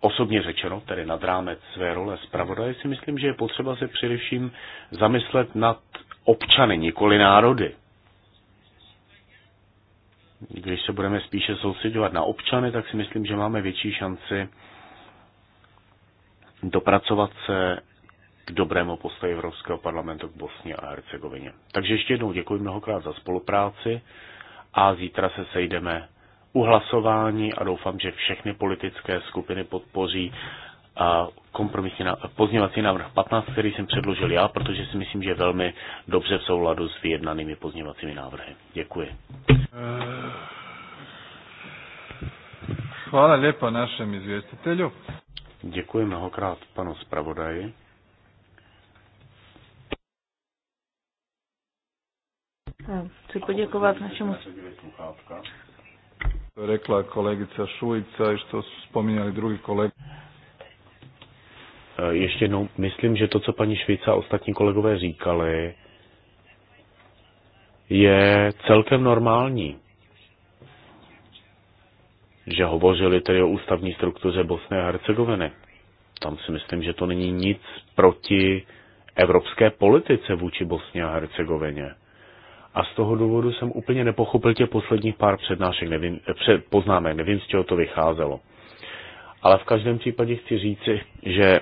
Osobně řečeno, tedy nad rámec své role zpravodaje, si myslím, že je potřeba se především zamyslet nad občany, nikoli národy. Když se budeme spíše soustředovat na občany, tak si myslím, že máme větší šanci dopracovat se k dobrému postoji Evropského parlamentu k Bosně a Hercegovině. Takže ještě jednou děkuji mnohokrát za spolupráci a zítra se sejdeme u hlasování a doufám, že všechny politické skupiny podpoří kompromisní pozněvací návrh 15, který jsem předložil já, protože si myslím, že je velmi dobře v souladu s vyjednanými pozněvacími návrhy. Děkuji. Hvala lepa našem izvěstitelu. Děkuji mnohokrát panu zpravodaji. Chci poděkovat našemu što je rekla kolegica Šujica i što su spominjali drugi kolegy. E, ještě jednou, myslím, že to, co paní Švica a ostatní kolegové říkali, je celkem normální. Že hovořili tedy o ústavní struktuře Bosny a Hercegoviny. Tam si myslím, že to není nic proti evropské politice vůči Bosně a Hercegovině. A z toho důvodu jsem úplně nepochopil těch posledních pár přednášek, nevím, před, poznámek, nevím, z čeho to vycházelo. Ale v každém případě chci říci, že,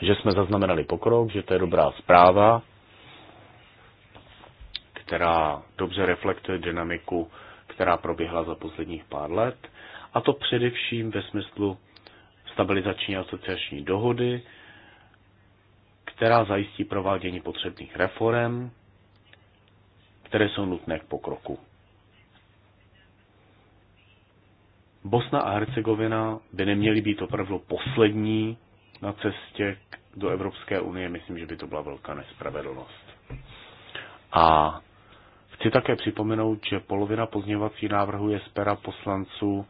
že jsme zaznamenali pokrok, že to je dobrá zpráva, která dobře reflektuje dynamiku, která proběhla za posledních pár let, a to především ve smyslu stabilizační asociační dohody, která zajistí provádění potřebných reform, které jsou nutné k pokroku. Bosna a Hercegovina by neměly být opravdu poslední na cestě do Evropské unie. Myslím, že by to byla velká nespravedlnost. A chci také připomenout, že polovina pozměvací návrhu je z pera poslanců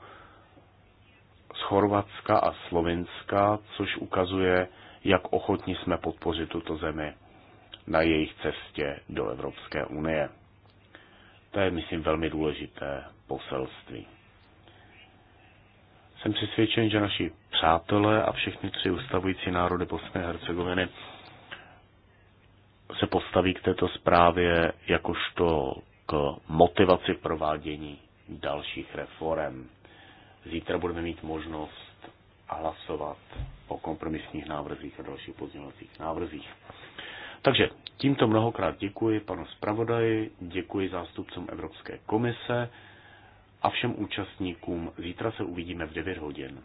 z Chorvatska a Slovinska, což ukazuje, jak ochotní jsme podpořit tuto zemi na jejich cestě do Evropské unie. To je, myslím, velmi důležité poselství. Jsem přesvědčen, že naši přátelé a všechny tři ustavující národy Bosny a Hercegoviny se postaví k této zprávě jakožto k motivaci provádění dalších reform. Zítra budeme mít možnost hlasovat o kompromisních návrzích a dalších pozměňovacích návrzích. Takže tímto mnohokrát děkuji panu zpravodaji, děkuji zástupcům Evropské komise a všem účastníkům. Zítra se uvidíme v 9 hodin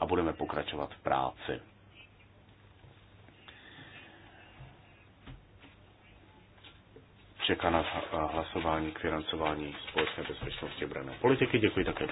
a budeme pokračovat v práci. Čeká nás hlasování k financování společné bezpečnosti obrané politiky. Děkuji také